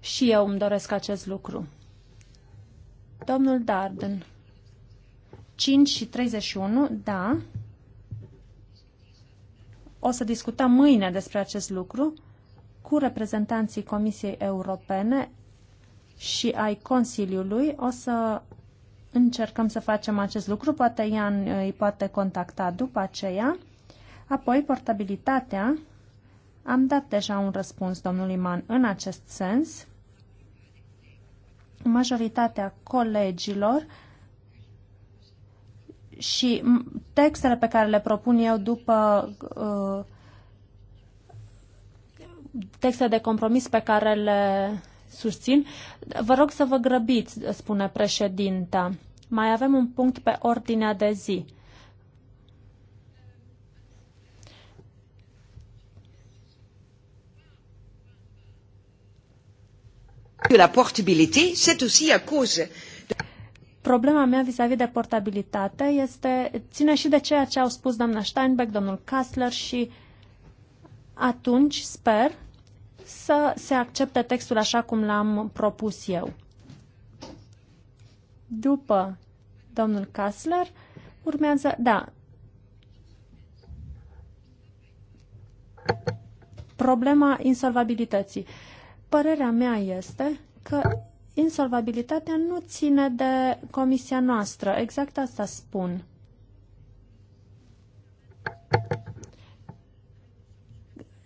Și eu îmi doresc acest lucru. Domnul Darden. 5 și 31, da. O să discutăm mâine despre acest lucru cu reprezentanții Comisiei Europene și ai Consiliului. O să încercăm să facem acest lucru. Poate Ian îi poate contacta după aceea. Apoi, portabilitatea. Am dat deja un răspuns domnului Man în acest sens. Majoritatea colegilor și textele pe care le propun eu după uh, textele texte de compromis pe care le susțin. Vă rog să vă grăbiți, spune președinta. Mai avem un punct pe ordinea de zi. Problema mea vis-a-vis -vis de portabilitate este, ține și de ceea ce au spus doamna Steinbeck, domnul Kassler și atunci sper să se accepte textul așa cum l-am propus eu. După domnul Kassler, urmează, da, problema insolvabilității. Uh, Părerea mea este că insolvabilitatea nu ține de comisia noastră. Exact asta spun.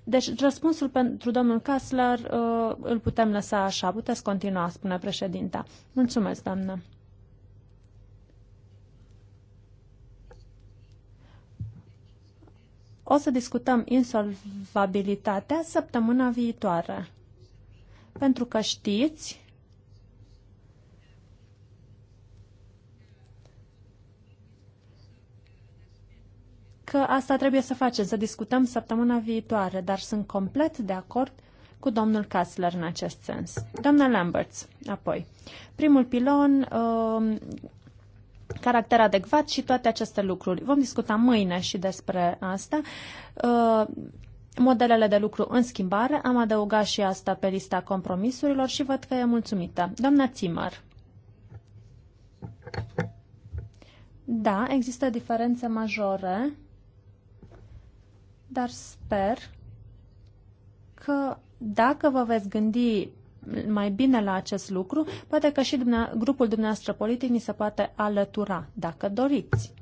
Deci răspunsul pentru domnul Kassler uh, îl putem lăsa așa. Puteți continua, spune președinta. Mulțumesc, doamnă. O să discutăm insolvabilitatea săptămâna viitoare pentru că știți că asta trebuie să facem, să discutăm săptămâna viitoare, dar sunt complet de acord cu domnul Kassler în acest sens. Doamna Lamberts, apoi. Primul pilon, uh, caracter adecvat și toate aceste lucruri. Vom discuta mâine și despre asta. Uh, modelele de lucru în schimbare. Am adăugat și asta pe lista compromisurilor și văd că e mulțumită. Doamna Țimăr. Da, există diferențe majore, dar sper că dacă vă veți gândi mai bine la acest lucru, poate că și grupul dumneavoastră politic ni se poate alătura, dacă doriți.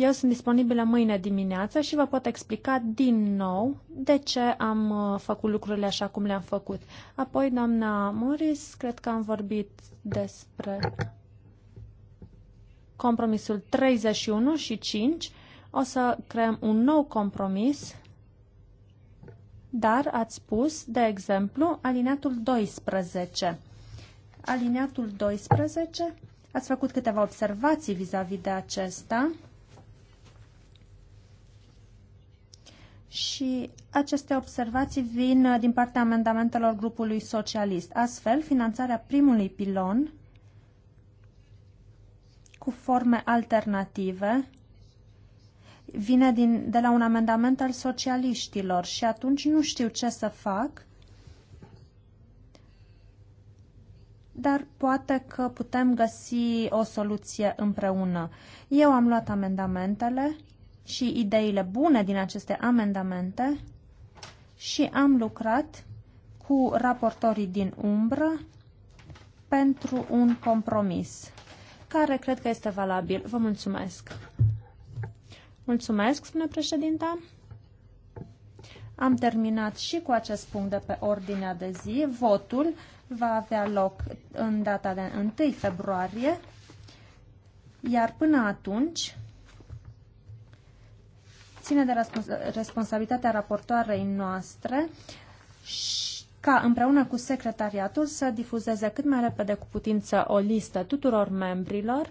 Eu sunt disponibilă mâine dimineață și vă pot explica din nou de ce am uh, făcut lucrurile așa cum le-am făcut. Apoi, doamna Morris, cred că am vorbit despre compromisul 31 și 5. O să creăm un nou compromis, dar ați spus, de exemplu, alineatul 12. Alineatul 12, ați făcut câteva observații vis-a-vis -vis de acesta și aceste observații vin uh, din partea amendamentelor grupului socialist. Astfel, finanțarea primului pilon cu forme alternative vine din, de la un amendament al socialiștilor și atunci nu știu ce să fac, dar poate că putem găsi o soluție împreună. Eu am luat amendamentele și ideile bune din aceste amendamente și am lucrat cu raportorii din umbră pentru un compromis care cred că este valabil. Vă mulțumesc. Mulțumesc, spune președinta. Am terminat și cu acest punct de pe ordinea de zi. Votul va avea loc în data de 1 februarie, iar până atunci ține de răspuns responsabilitatea raportoarei noastre ca împreună cu secretariatul să difuzeze cât mai repede cu putință o listă tuturor membrilor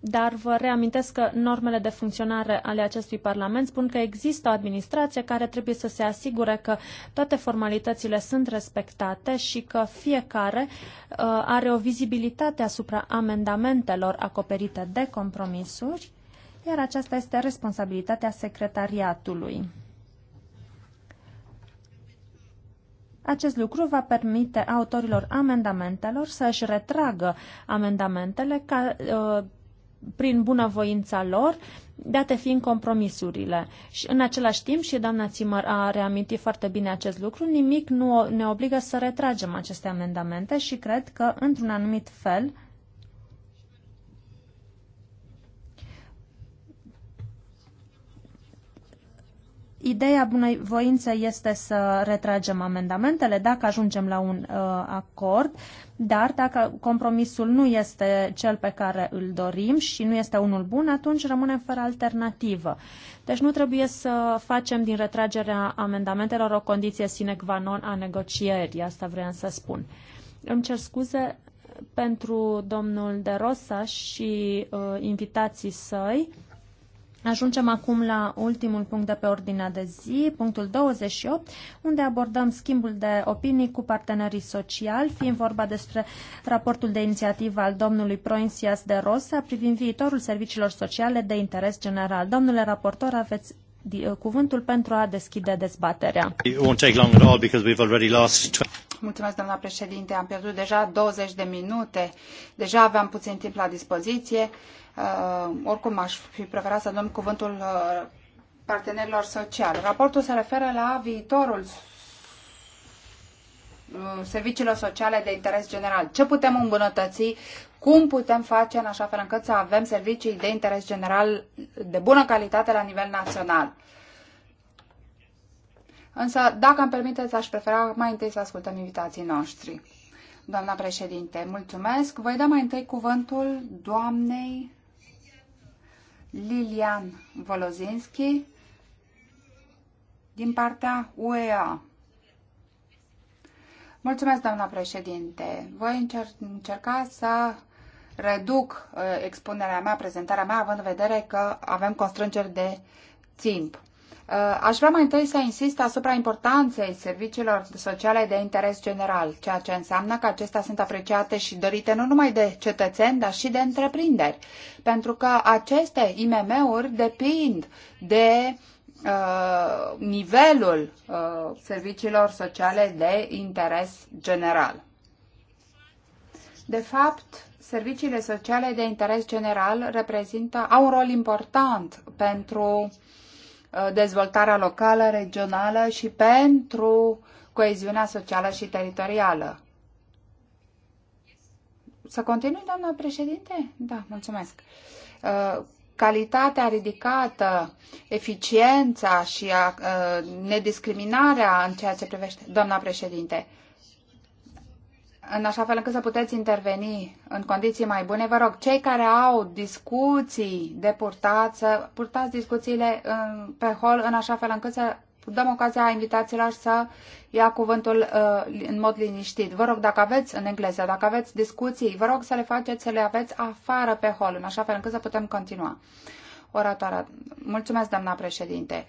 dar vă reamintesc că normele de funcționare ale acestui Parlament spun că există o administrație care trebuie să se asigure că toate formalitățile sunt respectate și că fiecare uh, are o vizibilitate asupra amendamentelor acoperite de compromisuri iar aceasta este responsabilitatea secretariatului. Acest lucru va permite autorilor amendamentelor să își retragă amendamentele ca, ă, prin bunăvoința lor, date fiind compromisurile. Și în același timp, și doamna Țimăr a reamintit foarte bine acest lucru, nimic nu ne obligă să retragem aceste amendamente și cred că, într-un anumit fel, Ideea voințe este să retragem amendamentele dacă ajungem la un uh, acord, dar dacă compromisul nu este cel pe care îl dorim și nu este unul bun, atunci rămânem fără alternativă. Deci nu trebuie să facem din retragerea amendamentelor o condiție sine qua non a negocierii, asta vreau să spun. Îmi cer scuze pentru domnul De Rosa și uh, invitații săi. Ajungem acum la ultimul punct de pe ordinea de zi, punctul 28, unde abordăm schimbul de opinii cu partenerii sociali, fiind vorba despre raportul de inițiativă al domnului Proinsias de Rosa privind viitorul serviciilor sociale de interes general. Domnule raportor, aveți uh, cuvântul pentru a deschide dezbaterea. Mulțumesc, doamna președinte. Am pierdut deja 20 de minute. Deja aveam puțin timp la dispoziție. Uh, oricum aș fi preferat să dăm cuvântul uh, partenerilor sociali. Raportul se referă la viitorul uh, serviciilor sociale de interes general. Ce putem îmbunătăți? Cum putem face în așa fel încât să avem servicii de interes general de bună calitate la nivel național? Însă, dacă îmi permiteți, aș prefera mai întâi să ascultăm invitații noștri. Doamna președinte, mulțumesc. Voi da mai întâi cuvântul doamnei Lilian Volozinski din partea UEA. Mulțumesc, doamna președinte. Voi încer încerca să reduc uh, expunerea mea, prezentarea mea, având în vedere că avem constrângeri de timp. Uh, aș vrea mai întâi să insist asupra importanței serviciilor sociale de interes general, ceea ce înseamnă că acestea sunt apreciate și dorite nu numai de cetățeni, dar și de întreprinderi, pentru că aceste IMM-uri depind de uh, nivelul uh, serviciilor sociale de interes general. De fapt, serviciile sociale de interes general reprezintă, au un rol important pentru uh, Uh, dezvoltarea locală, regională și pentru coeziunea socială și teritorială. Să continui, doamna președinte? Da, mulțumesc. Uh, calitatea ridicată, eficiența și uh, nediscriminarea în ceea ce privește, doamna președinte, în așa fel încât să puteți interveni în condiții mai bune, vă rog, cei care au discuții de purtat, să purtați discuțiile în, pe hol în așa fel încât să dăm ocazia invitațiilor să ia cuvântul uh, în mod liniștit. Vă rog, dacă aveți în engleză, dacă aveți discuții, vă rog să le faceți, să le aveți afară pe hol, în așa fel încât să putem continua. Uh, Oratoarea. Mulțumesc, doamna președinte.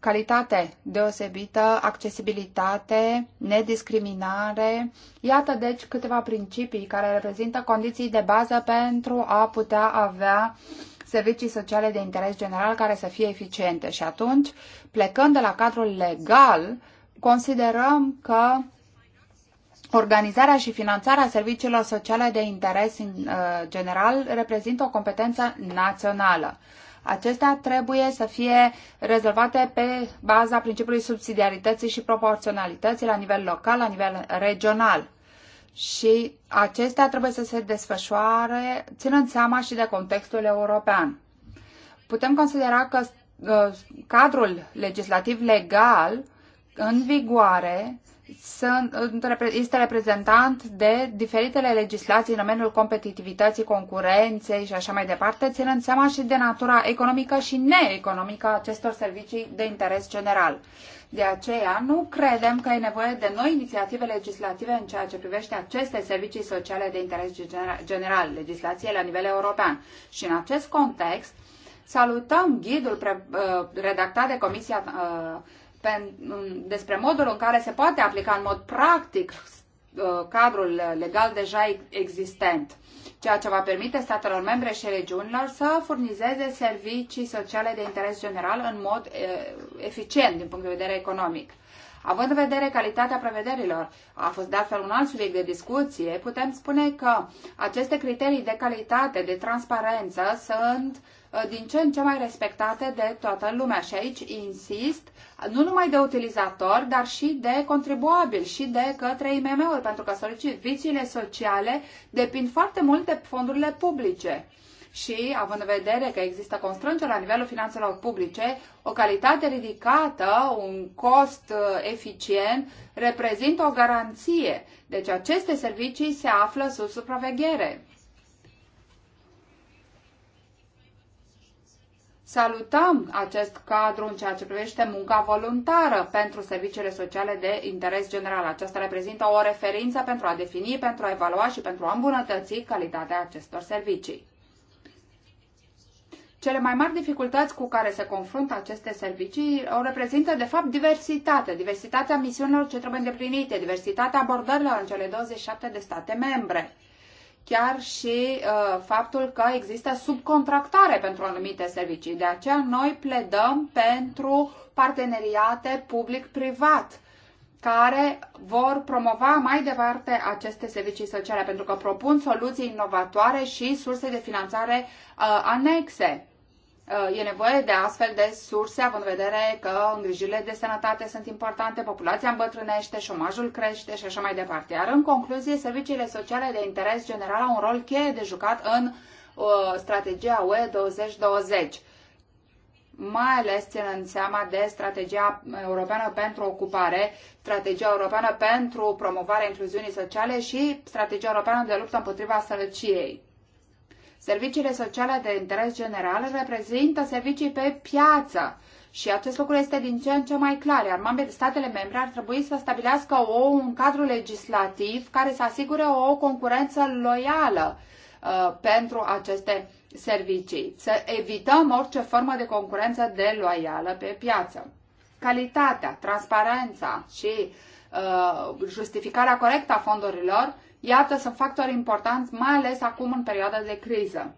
Calitate deosebită, accesibilitate, nediscriminare. Iată, deci, câteva principii care reprezintă condiții de bază pentru a putea avea servicii sociale de interes general care să fie eficiente. Și atunci, plecând de la cadrul legal, considerăm că Organizarea și finanțarea serviciilor sociale de interes uh, general reprezintă o competență națională. Acestea trebuie să fie rezolvate pe baza principiului subsidiarității și proporționalității la nivel local, la nivel regional. Și acestea trebuie să se desfășoare ținând seama și de contextul european. Putem considera că uh, cadrul legislativ legal în vigoare sunt, este reprezentant de diferitele legislații în domeniul competitivității, concurenței și așa mai departe, ținând seama și de natura economică și neeconomică a acestor servicii de interes general. De aceea, nu credem că e nevoie de noi inițiative legislative în ceea ce privește aceste servicii sociale de interes general, legislație la nivel european. Și în acest context, salutăm ghidul uh, redactat de Comisia uh, despre modul în care se poate aplica în mod practic uh, cadrul legal deja existent, ceea ce va permite statelor membre și regiunilor să furnizeze servicii sociale de interes general în mod uh, eficient din punct de vedere economic. Având în vedere calitatea prevederilor, a fost de altfel un alt subiect de discuție, putem spune că aceste criterii de calitate, de transparență, sunt uh, din ce în ce mai respectate de toată lumea. Și aici insist nu numai de utilizator, dar și de contribuabil și de către IMM-uri, pentru că serviciile sociale depind foarte mult de fondurile publice și, având în vedere că există constrângeri la nivelul finanțelor publice, o calitate ridicată, un cost uh, eficient, reprezintă o garanție. Deci aceste servicii se află sub supraveghere. Salutăm acest cadru în ceea ce privește munca voluntară pentru serviciile sociale de interes general. Aceasta reprezintă o referință pentru a defini, pentru a evalua și pentru a îmbunătăți calitatea acestor servicii. Cele mai mari dificultăți cu care se confruntă aceste servicii o reprezintă, de fapt, diversitatea. Diversitatea misiunilor ce trebuie îndeplinite, diversitatea abordărilor în cele 27 de state membre chiar și uh, faptul că există subcontractare pentru anumite servicii. De aceea noi pledăm pentru parteneriate public-privat care vor promova mai departe aceste servicii sociale, pentru că propun soluții inovatoare și surse de finanțare uh, anexe. Uh, e nevoie de astfel de surse, având în vedere că îngrijirile de sănătate sunt importante, populația îmbătrânește, șomajul crește și așa mai departe. Iar în concluzie, serviciile sociale de interes general au un rol cheie de jucat în uh, strategia UE 2020 mai ales ținând seama de strategia europeană pentru ocupare, strategia europeană pentru promovarea incluziunii sociale și strategia europeană de luptă împotriva sărăciei. Serviciile sociale de interes general reprezintă servicii pe piață și acest lucru este din ce în ce mai clar, iar statele membre ar trebui să stabilească o, un cadru legislativ care să asigure o concurență loială uh, pentru aceste servicii. Să evităm orice formă de concurență loială pe piață. Calitatea, transparența și uh, justificarea corectă a fondurilor Iată, sunt factori importanți, mai ales acum în perioada de criză.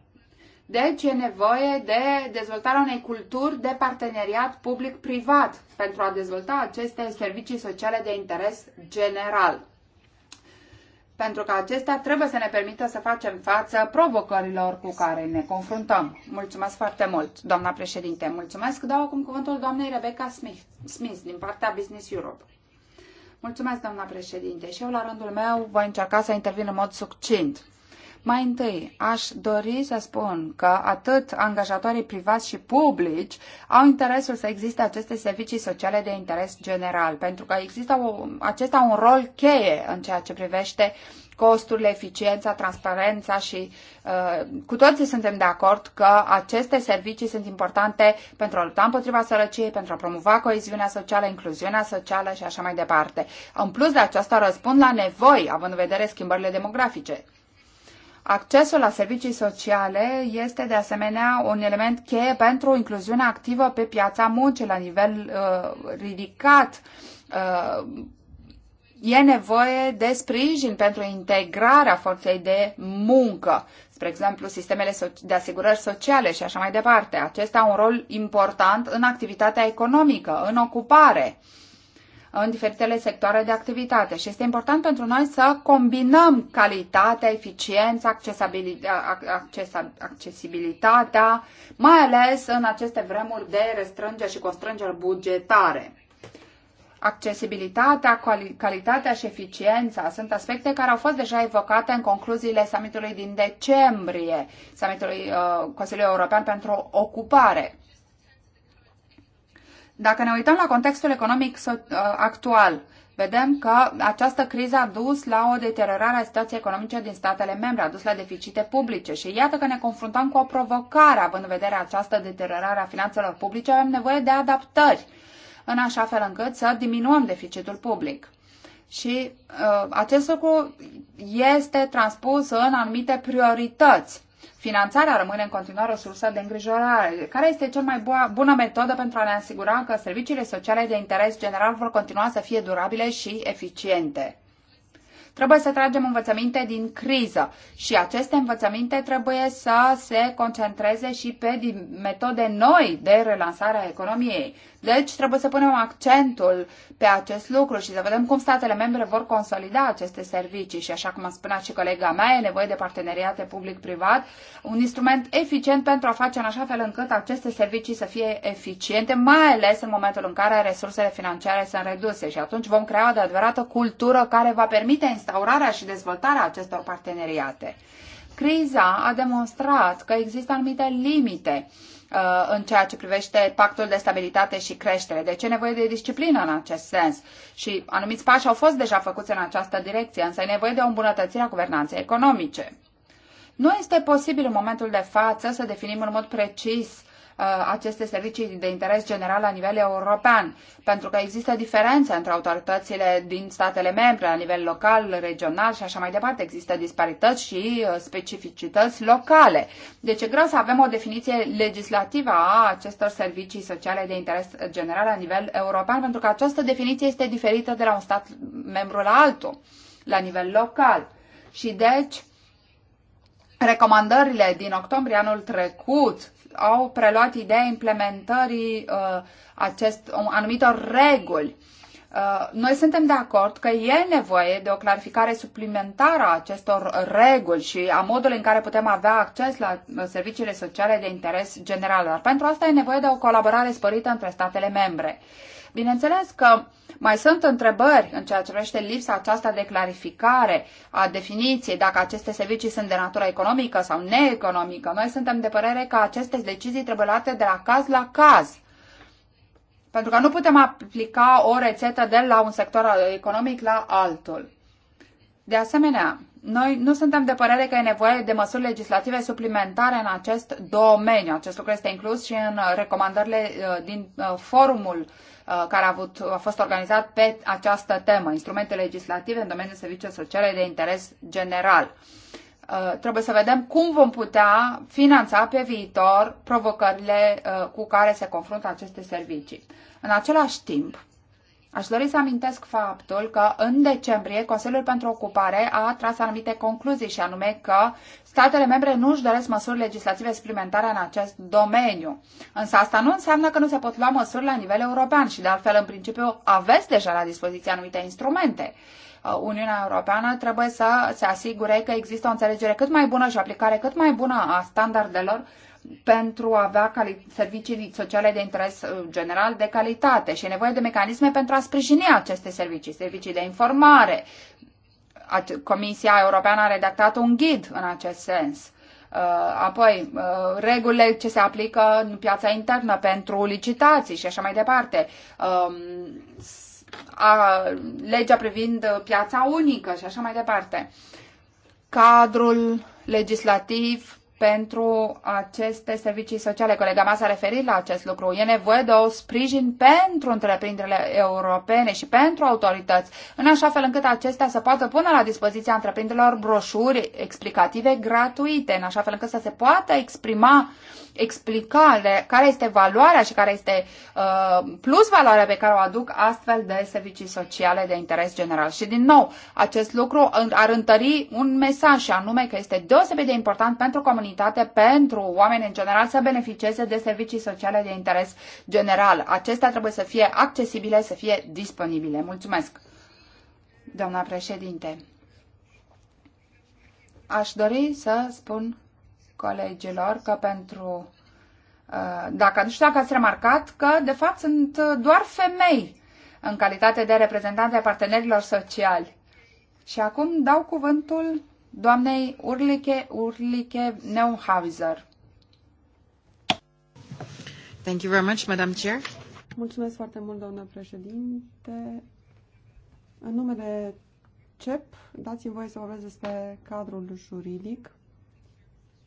Deci e nevoie de dezvoltarea unei culturi de parteneriat public-privat pentru a dezvolta aceste servicii sociale de interes general. Pentru că acestea trebuie să ne permită să facem față provocărilor cu care ne confruntăm. Mulțumesc foarte mult, doamna președinte. Mulțumesc. Dau acum cuvântul doamnei Rebecca Smith, Smith din partea Business Europe. Mulțumesc, doamna președinte. Și eu, la rândul meu, voi încerca să intervin în mod succint. Mai întâi, aș dori să spun că atât angajatorii privați și publici au interesul să existe aceste servicii sociale de interes general, pentru că există o, acesta un rol cheie în ceea ce privește costurile, eficiența, transparența și uh, cu toții suntem de acord că aceste servicii sunt importante pentru a lupta împotriva sărăciei, pentru a promova coeziunea socială, incluziunea socială și așa mai departe. În plus de aceasta răspund la nevoi, având în vedere schimbările demografice. Accesul la servicii sociale este de asemenea un element cheie pentru incluziunea activă pe piața muncii la nivel uh, ridicat. Uh, e nevoie de sprijin pentru integrarea forței de muncă, spre exemplu sistemele de asigurări sociale și așa mai departe. Acestea au un rol important în activitatea economică, în ocupare. Uh, în diferitele sectoare de activitate și este important pentru noi să combinăm calitatea, eficiența, accesibilitatea, mai ales în aceste vremuri de restrângere și constrângeri bugetare. Accesibilitatea, calitatea și eficiența sunt aspecte care au fost deja evocate în concluziile summitului din decembrie, summitului uh, Consiliului European pentru Ocupare. Dacă ne uităm la contextul economic uh, actual, vedem că această criză a dus la o deteriorare a situației economice din statele membre, a dus la deficite publice și iată că ne confruntăm cu o provocare, având în vedere această deteriorare a finanțelor publice, avem nevoie de adaptări, în așa fel încât să diminuăm deficitul public. Și uh, acest lucru este transpus în anumite priorități Finanțarea rămâne în continuare o sursă de îngrijorare. Care este cea mai bună metodă pentru a ne asigura că serviciile sociale de interes general vor continua să fie durabile și eficiente? Trebuie să tragem învățăminte din criză și aceste învățăminte trebuie să se concentreze și pe metode noi de relansare a economiei. Deci trebuie să punem accentul pe acest lucru și să vedem cum statele membre vor consolida aceste servicii și, așa cum a spunea și colega mea, e nevoie de parteneriate public-privat, un instrument eficient pentru a face în așa fel încât aceste servicii să fie eficiente, mai ales în momentul în care resursele financiare sunt reduse și atunci vom crea o de adevărată cultură care va permite instaurarea și dezvoltarea acestor parteneriate. Criza a demonstrat că există anumite limite Uh, în ceea ce privește pactul de stabilitate și creștere. Deci e nevoie de disciplină în acest sens. Și anumiți pași au fost deja făcuți în această direcție, însă e nevoie de o îmbunătățire a guvernanței economice. Nu este posibil în momentul de față să definim în mod precis Uh, aceste servicii de interes general la nivel european, pentru că există diferențe între autoritățile din statele membre, la nivel local, regional și așa mai departe. Există disparități și uh, specificități locale. Deci e greu să avem o definiție legislativă a acestor servicii sociale de interes general la nivel european, pentru că această definiție este diferită de la un stat membru la altul, la nivel local. Și deci, recomandările din octombrie anul trecut au preluat ideea implementării uh, acest, um, anumitor reguli. Uh, noi suntem de acord că e nevoie de o clarificare suplimentară a acestor reguli și a modului în care putem avea acces la uh, serviciile sociale de interes general, dar pentru asta e nevoie de o colaborare sporită între statele membre. Bineînțeles că uh, mai sunt întrebări în ceea ce privește lipsa aceasta de clarificare a definiției dacă aceste servicii sunt de natură economică sau neeconomică. Noi suntem de părere că aceste decizii trebuie luate de la caz la caz. Pentru că nu putem aplica o rețetă de la un sector economic la altul. De asemenea, noi nu suntem de părere că e nevoie de măsuri legislative suplimentare în acest domeniu. Acest lucru este inclus și în recomandările uh, din uh, forumul Uh, care a, avut, a fost organizat pe această temă, instrumente legislative în domeniul serviciilor sociale de interes general. Uh, trebuie să vedem cum vom putea finanța pe viitor provocările uh, cu care se confruntă aceste servicii. În același timp, Aș dori să amintesc faptul că în decembrie Consiliul pentru Ocupare a tras anumite concluzii și anume că statele membre nu își doresc măsuri legislative suplimentare în acest domeniu. Însă asta nu înseamnă că nu se pot lua măsuri la nivel european și de altfel în principiu aveți deja la dispoziție anumite instrumente. Uh, Uniunea Europeană trebuie să se asigure că există o înțelegere cât mai bună și o aplicare cât mai bună a standardelor pentru a avea servicii sociale de interes uh, general de calitate și e nevoie de mecanisme pentru a sprijini aceste servicii, servicii de informare. Comisia Europeană a redactat un ghid în acest sens. Uh, apoi, uh, regulile ce se aplică în piața internă pentru licitații și așa mai departe. Um, legea privind piața unică și așa mai departe. Cadrul legislativ pentru aceste servicii sociale. Colega mea s-a referit la acest lucru. E nevoie de o sprijin pentru întreprinderile europene și pentru autorități, în așa fel încât acestea să poată pune la dispoziția întreprinderilor broșuri explicative gratuite, în așa fel încât să se poată exprima explica care este valoarea și care este uh, plus valoarea pe care o aduc astfel de servicii sociale de interes general. Și din nou, acest lucru ar întări un mesaj și anume că este deosebit de important pentru comunitate, pentru oameni în general să beneficieze de servicii sociale de interes general. Acestea trebuie să fie accesibile, să fie disponibile. Mulțumesc, doamna președinte. Aș dori să spun colegilor că pentru uh, dacă nu știu dacă ați remarcat că, de fapt, sunt uh, doar femei în calitate de reprezentante ai partenerilor sociali. Și acum dau cuvântul doamnei Urlike, Urlike Neuhauser. Thank you very much, Madam Chair. Mulțumesc foarte mult, doamnă președinte. În numele CEP, dați-mi voie să vorbesc despre cadrul juridic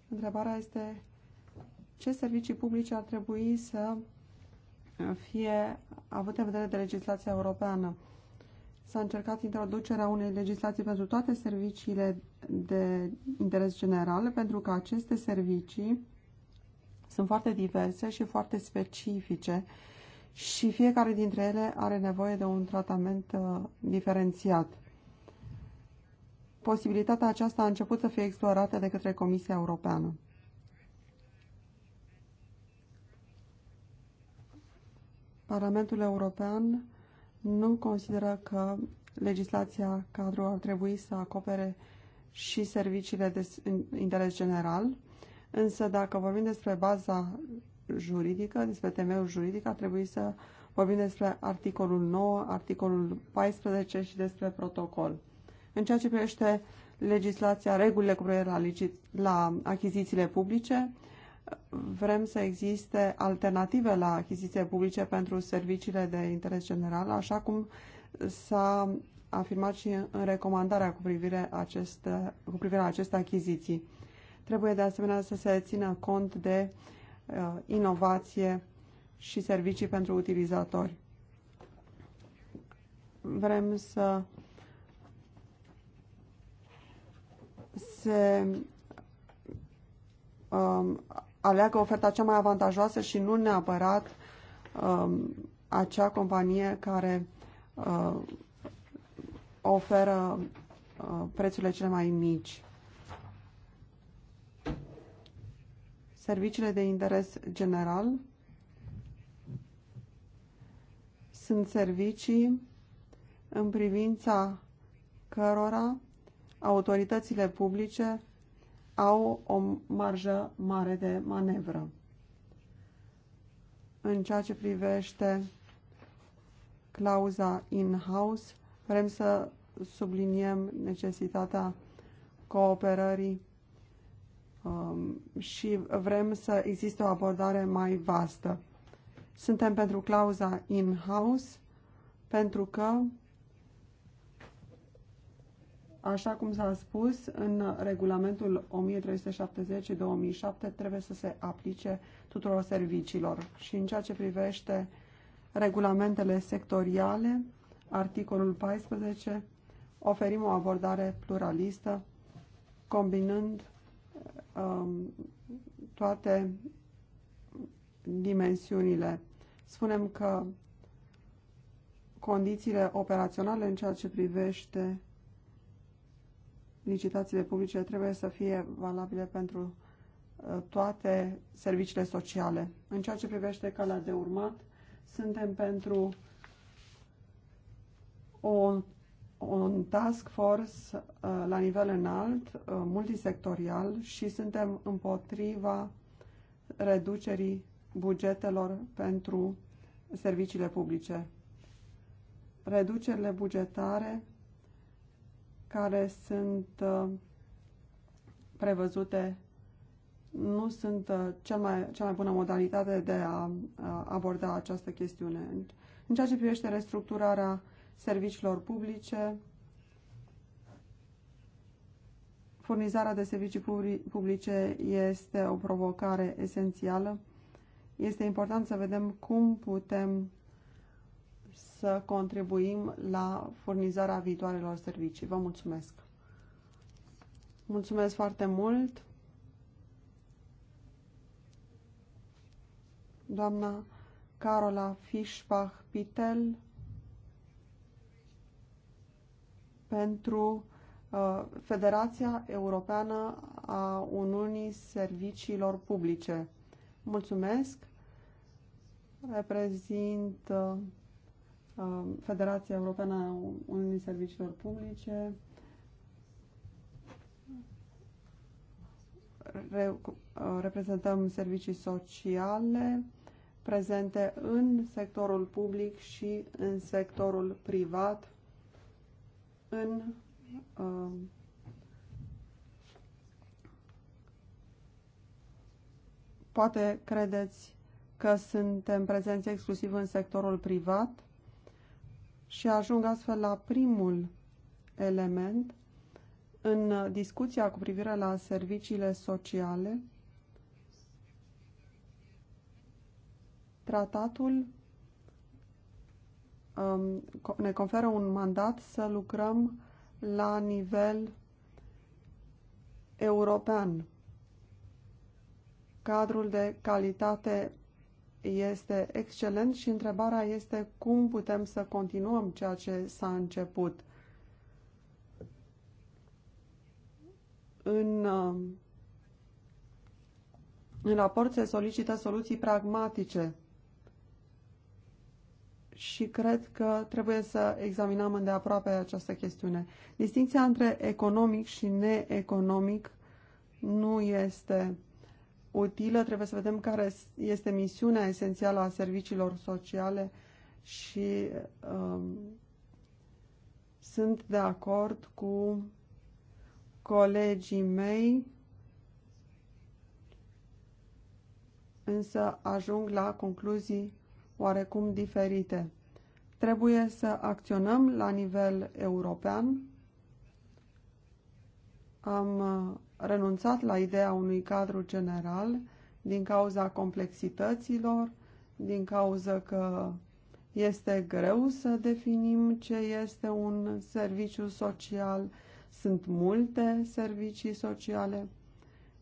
Întrebarea este ce servicii publice ar trebui să fie avute în vedere de legislația europeană. S-a încercat introducerea unei legislații pentru toate serviciile de interes general, pentru că aceste servicii sunt foarte diverse și foarte specifice și fiecare dintre ele are nevoie de un tratament uh, diferențiat posibilitatea aceasta a început să fie explorată de către Comisia Europeană. Parlamentul European nu consideră că legislația cadru ar trebui să acopere și serviciile de interes general, însă dacă vorbim despre baza juridică, despre temeiul juridic, ar trebui să vorbim despre articolul 9, articolul 14 și despre protocol. În ceea ce privește legislația, regulile cu privire la, la achizițiile publice, vrem să existe alternative la achizițiile publice pentru serviciile de interes general, așa cum s-a afirmat și în recomandarea cu privire, aceste, cu privire la aceste achiziții. Trebuie de asemenea să se țină cont de uh, inovație și servicii pentru utilizatori. Vrem să se um, aleagă oferta cea mai avantajoasă și nu neapărat um, acea companie care uh, oferă uh, prețurile cele mai mici. Serviciile de interes general sunt servicii în privința cărora autoritățile publice au o marjă mare de manevră în ceea ce privește clauza in-house, vrem să subliniem necesitatea cooperării um, și vrem să existe o abordare mai vastă. Suntem pentru clauza in-house pentru că Așa cum s-a spus, în regulamentul 1370-2007 trebuie să se aplice tuturor serviciilor și în ceea ce privește regulamentele sectoriale, articolul 14, oferim o abordare pluralistă, combinând um, toate dimensiunile. Spunem că condițiile operaționale în ceea ce privește licitațiile publice trebuie să fie valabile pentru uh, toate serviciile sociale. În ceea ce privește calea de urmat, suntem pentru o, un task force uh, la nivel înalt, uh, multisectorial și suntem împotriva reducerii bugetelor pentru serviciile publice. Reducerile bugetare care sunt uh, prevăzute nu sunt uh, cel mai, cea mai bună modalitate de a aborda această chestiune. În ceea ce privește restructurarea serviciilor publice, furnizarea de servicii publice este o provocare esențială. Este important să vedem cum putem să contribuim la furnizarea viitoarelor servicii. Vă mulțumesc! Mulțumesc foarte mult! Doamna Carola Fischbach-Pitel pentru uh, Federația Europeană a Uniunii Serviciilor Publice. Mulțumesc! Reprezint uh, Uh, Federația Europeană a Uniunii Serviciilor Publice, Re uh, reprezentăm servicii sociale prezente în sectorul public și în sectorul privat, în uh, poate credeți că suntem prezenți exclusiv în sectorul privat, și ajung astfel la primul element în discuția cu privire la serviciile sociale. Tratatul um, ne conferă un mandat să lucrăm la nivel european. Cadrul de calitate este excelent și întrebarea este cum putem să continuăm ceea ce s-a început. În, um, în raport se solicită soluții pragmatice și cred că trebuie să examinăm îndeaproape această chestiune. Distinția între economic și neeconomic nu este utilă, trebuie să vedem care este misiunea esențială a serviciilor sociale și um, sunt de acord cu colegii mei, însă ajung la concluzii oarecum diferite. Trebuie să acționăm la nivel european. Am renunțat la ideea unui cadru general din cauza complexităților, din cauza că este greu să definim ce este un serviciu social, sunt multe servicii sociale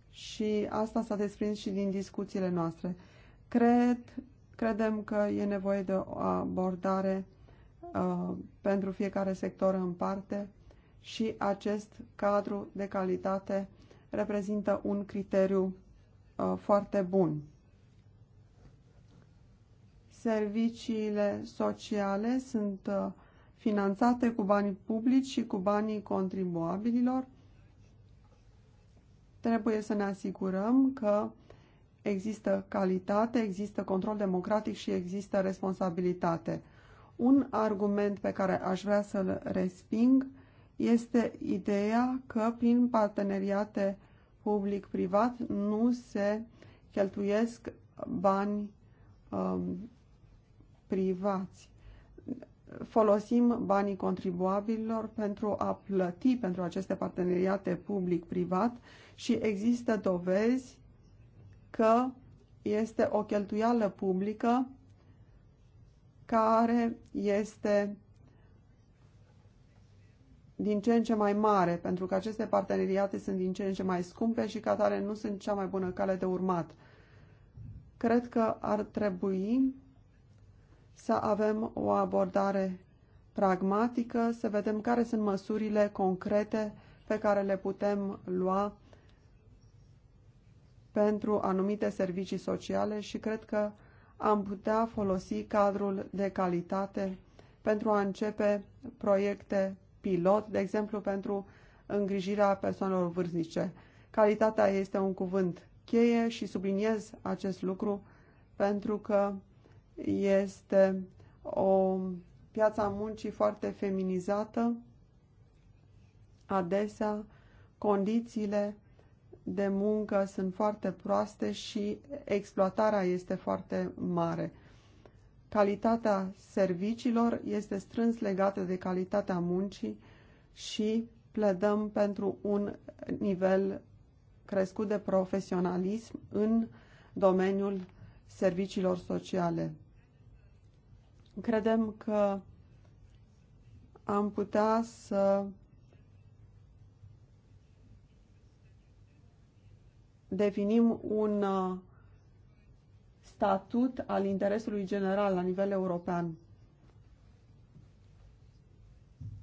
și asta s-a desprins și din discuțiile noastre. Cred, credem că e nevoie de o abordare uh, pentru fiecare sector în parte și acest cadru de calitate reprezintă un criteriu uh, foarte bun. Serviciile sociale sunt uh, finanțate cu banii publici și cu banii contribuabililor. Trebuie să ne asigurăm că există calitate, există control democratic și există responsabilitate. Un argument pe care aș vrea să-l resping este ideea că prin parteneriate public-privat nu se cheltuiesc bani um, privați. Folosim banii contribuabililor pentru a plăti pentru aceste parteneriate public-privat și există dovezi că este o cheltuială publică care este din ce în ce mai mare, pentru că aceste parteneriate sunt din ce în ce mai scumpe și ca tare nu sunt cea mai bună cale de urmat. Cred că ar trebui să avem o abordare pragmatică, să vedem care sunt măsurile concrete pe care le putem lua pentru anumite servicii sociale și cred că am putea folosi cadrul de calitate pentru a începe proiecte pilot, de exemplu, pentru îngrijirea persoanelor vârstnice. Calitatea este un cuvânt cheie și subliniez acest lucru pentru că este o a muncii foarte feminizată, adesea condițiile de muncă sunt foarte proaste și exploatarea este foarte mare calitatea serviciilor este strâns legată de calitatea muncii și plădăm pentru un nivel crescut de profesionalism în domeniul serviciilor sociale. Credem că am putea să definim un uh, statut al interesului general la nivel european.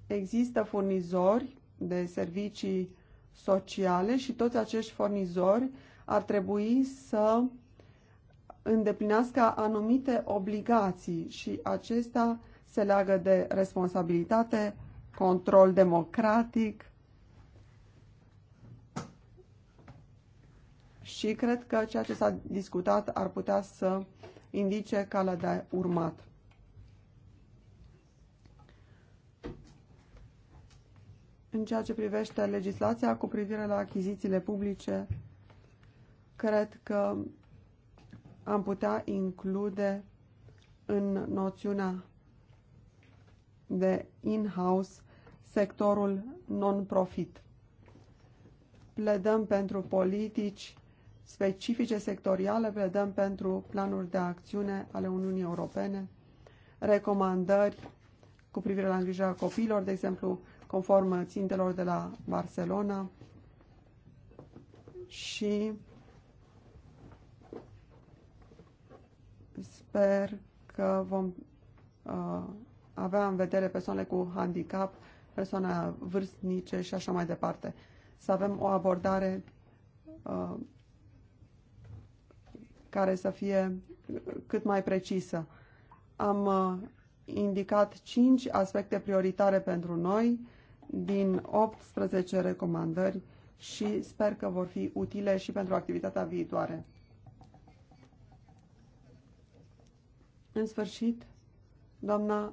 Există furnizori de servicii sociale și toți acești furnizori ar trebui să îndeplinească anumite obligații și acestea se leagă de responsabilitate, control democratic, și cred că ceea ce s-a discutat ar putea să indice calea de urmat. În ceea ce privește legislația cu privire la achizițiile publice, cred că am putea include în noțiunea de in-house sectorul non-profit. Pledăm pentru politici specifice sectoriale vedem pentru planuri de acțiune ale Uniunii Europene, recomandări cu privire la îngrijirea copiilor, de exemplu, conform țintelor de la Barcelona și sper că vom uh, avea în vedere persoanele cu handicap, persoane vârstnice și așa mai departe. Să avem o abordare uh, care să fie cât mai precisă. Am uh, indicat 5 aspecte prioritare pentru noi din 18 recomandări și sper că vor fi utile și pentru activitatea viitoare. În sfârșit, doamna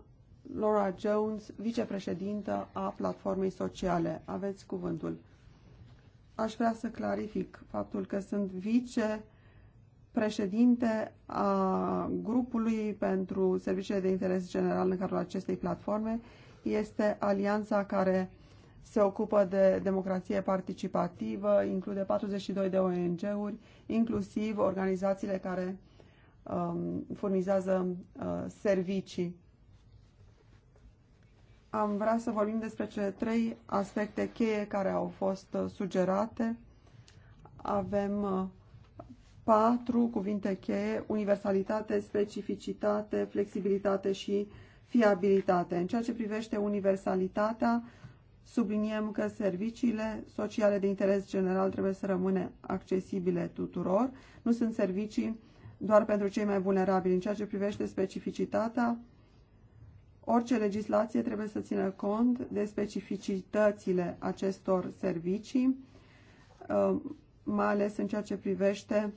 Laura Jones, vicepreședintă a Platformei Sociale. Aveți cuvântul. Aș vrea să clarific faptul că sunt vice președinte a grupului pentru serviciile de interes general în cadrul acestei platforme. Este alianța care se ocupă de democrație participativă, include 42 de ONG-uri, inclusiv organizațiile care um, furnizează uh, servicii. Am vrea să vorbim despre cele trei aspecte cheie care au fost uh, sugerate. Avem uh, patru cuvinte cheie, universalitate, specificitate, flexibilitate și fiabilitate. În ceea ce privește universalitatea, subliniem că serviciile sociale de interes general trebuie să rămână accesibile tuturor. Nu sunt servicii doar pentru cei mai vulnerabili. În ceea ce privește specificitatea, orice legislație trebuie să țină cont de specificitățile acestor servicii, uh, mai ales în ceea ce privește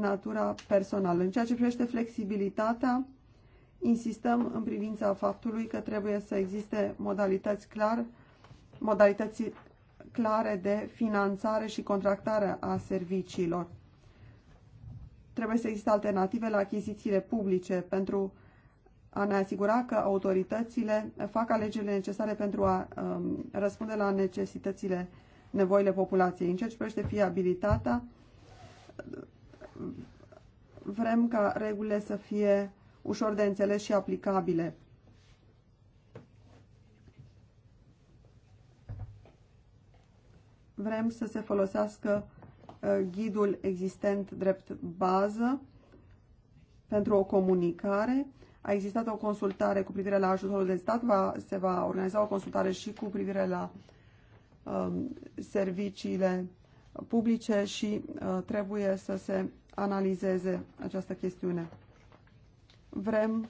natura personală. În ceea ce privește flexibilitatea, insistăm în privința faptului că trebuie să existe modalități, clar, modalități clare de finanțare și contractare a serviciilor. Trebuie să existe alternative la achizițiile publice pentru a ne asigura că autoritățile fac alegerile necesare pentru a um, răspunde la necesitățile, nevoile populației. În ceea ce privește fiabilitatea, vrem ca regulile să fie ușor de înțeles și aplicabile. Vrem să se folosească ă, ghidul existent drept bază pentru o comunicare. A existat o consultare cu privire la ajutorul de stat, va, se va organiza o consultare și cu privire la um, serviciile publice și uh, trebuie să se analizeze această chestiune. Vrem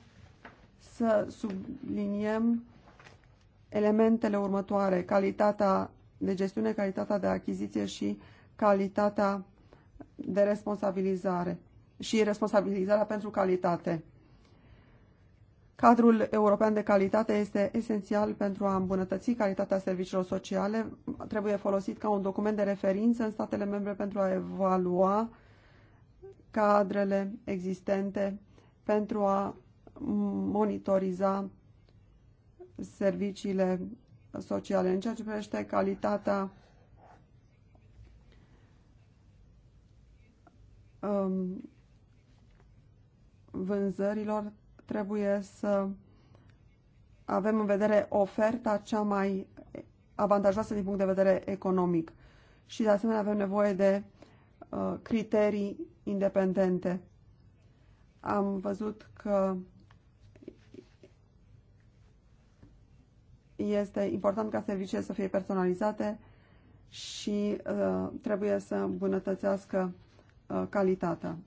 să subliniem elementele următoare, calitatea de gestiune, calitatea de achiziție și calitatea de responsabilizare și responsabilizarea pentru calitate. Cadrul european de calitate este esențial pentru a îmbunătăți calitatea serviciilor sociale. Trebuie folosit ca un document de referință în statele membre pentru a evalua cadrele existente pentru a monitoriza serviciile sociale. În ceea ce privește calitatea um, vânzărilor, trebuie să avem în vedere oferta cea mai avantajoasă din punct de vedere economic. Și de asemenea avem nevoie de uh, criterii independente. Am văzut că este important ca serviciile să fie personalizate și uh, trebuie să îmbunătățească uh, calitatea.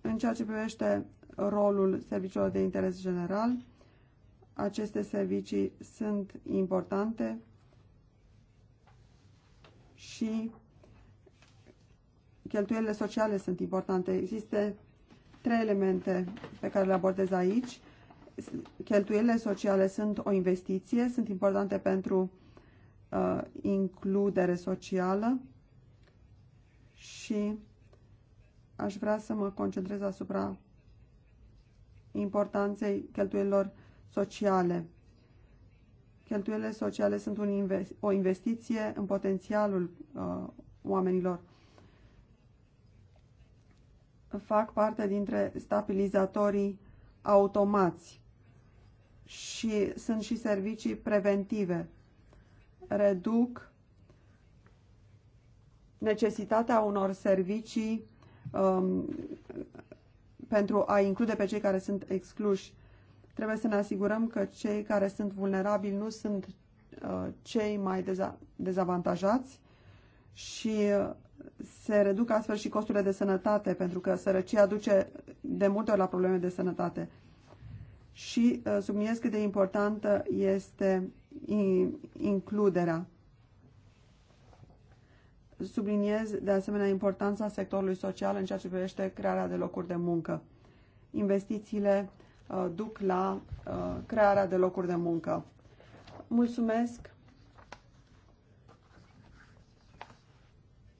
În ceea ce privește rolul serviciilor de interes general, aceste servicii sunt importante și cheltuielile sociale sunt importante. Există trei elemente pe care le abordez aici. Cheltuielile sociale sunt o investiție, sunt importante pentru uh, includere socială și aș vrea să mă concentrez asupra importanței cheltuielilor sociale. Cheltuielile sociale sunt un invest o investiție în potențialul uh, oamenilor fac parte dintre stabilizatorii automați și sunt și servicii preventive. Reduc necesitatea unor servicii um, pentru a include pe cei care sunt excluși. Trebuie să ne asigurăm că cei care sunt vulnerabili nu sunt uh, cei mai deza dezavantajați și uh, se reduc astfel și costurile de sănătate, pentru că sărăcia duce de multe ori la probleme de sănătate. Și uh, subliniez cât de importantă este includerea. Subliniez de asemenea importanța sectorului social în ceea ce privește crearea de locuri de muncă. Investițiile uh, duc la uh, crearea de locuri de muncă. Mulțumesc!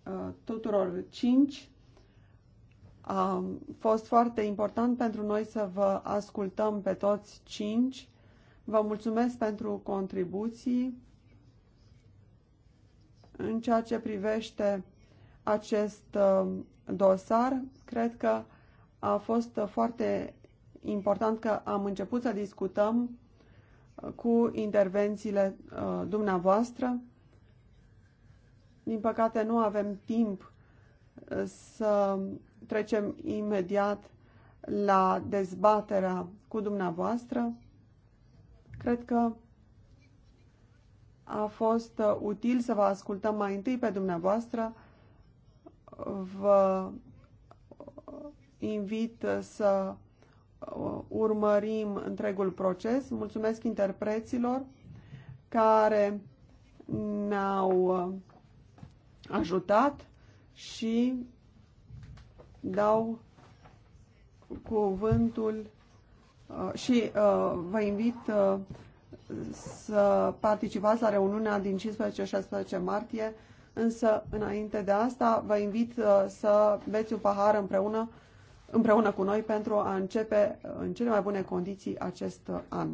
Uh, tuturor cinci. A fost foarte important pentru noi să vă ascultăm pe toți cinci. Vă mulțumesc pentru contribuții. În ceea ce privește acest uh, dosar, cred că a fost foarte important că am început să discutăm uh, cu intervențiile dumneavoastră. Din păcate, nu avem timp uh, să trecem imediat la dezbaterea cu dumneavoastră. Cred că a fost uh, util să vă ascultăm mai întâi pe dumneavoastră. Vă uh, invit să urmărim întregul proces. Mulțumesc interpreților care ne-au ajutat și dau cuvântul uh, și uh, vă invit uh, să participați la reuniunea din 15-16 martie, însă înainte de asta vă invit să beți un pahar împreună, împreună cu noi pentru a începe în cele mai bune condiții acest an.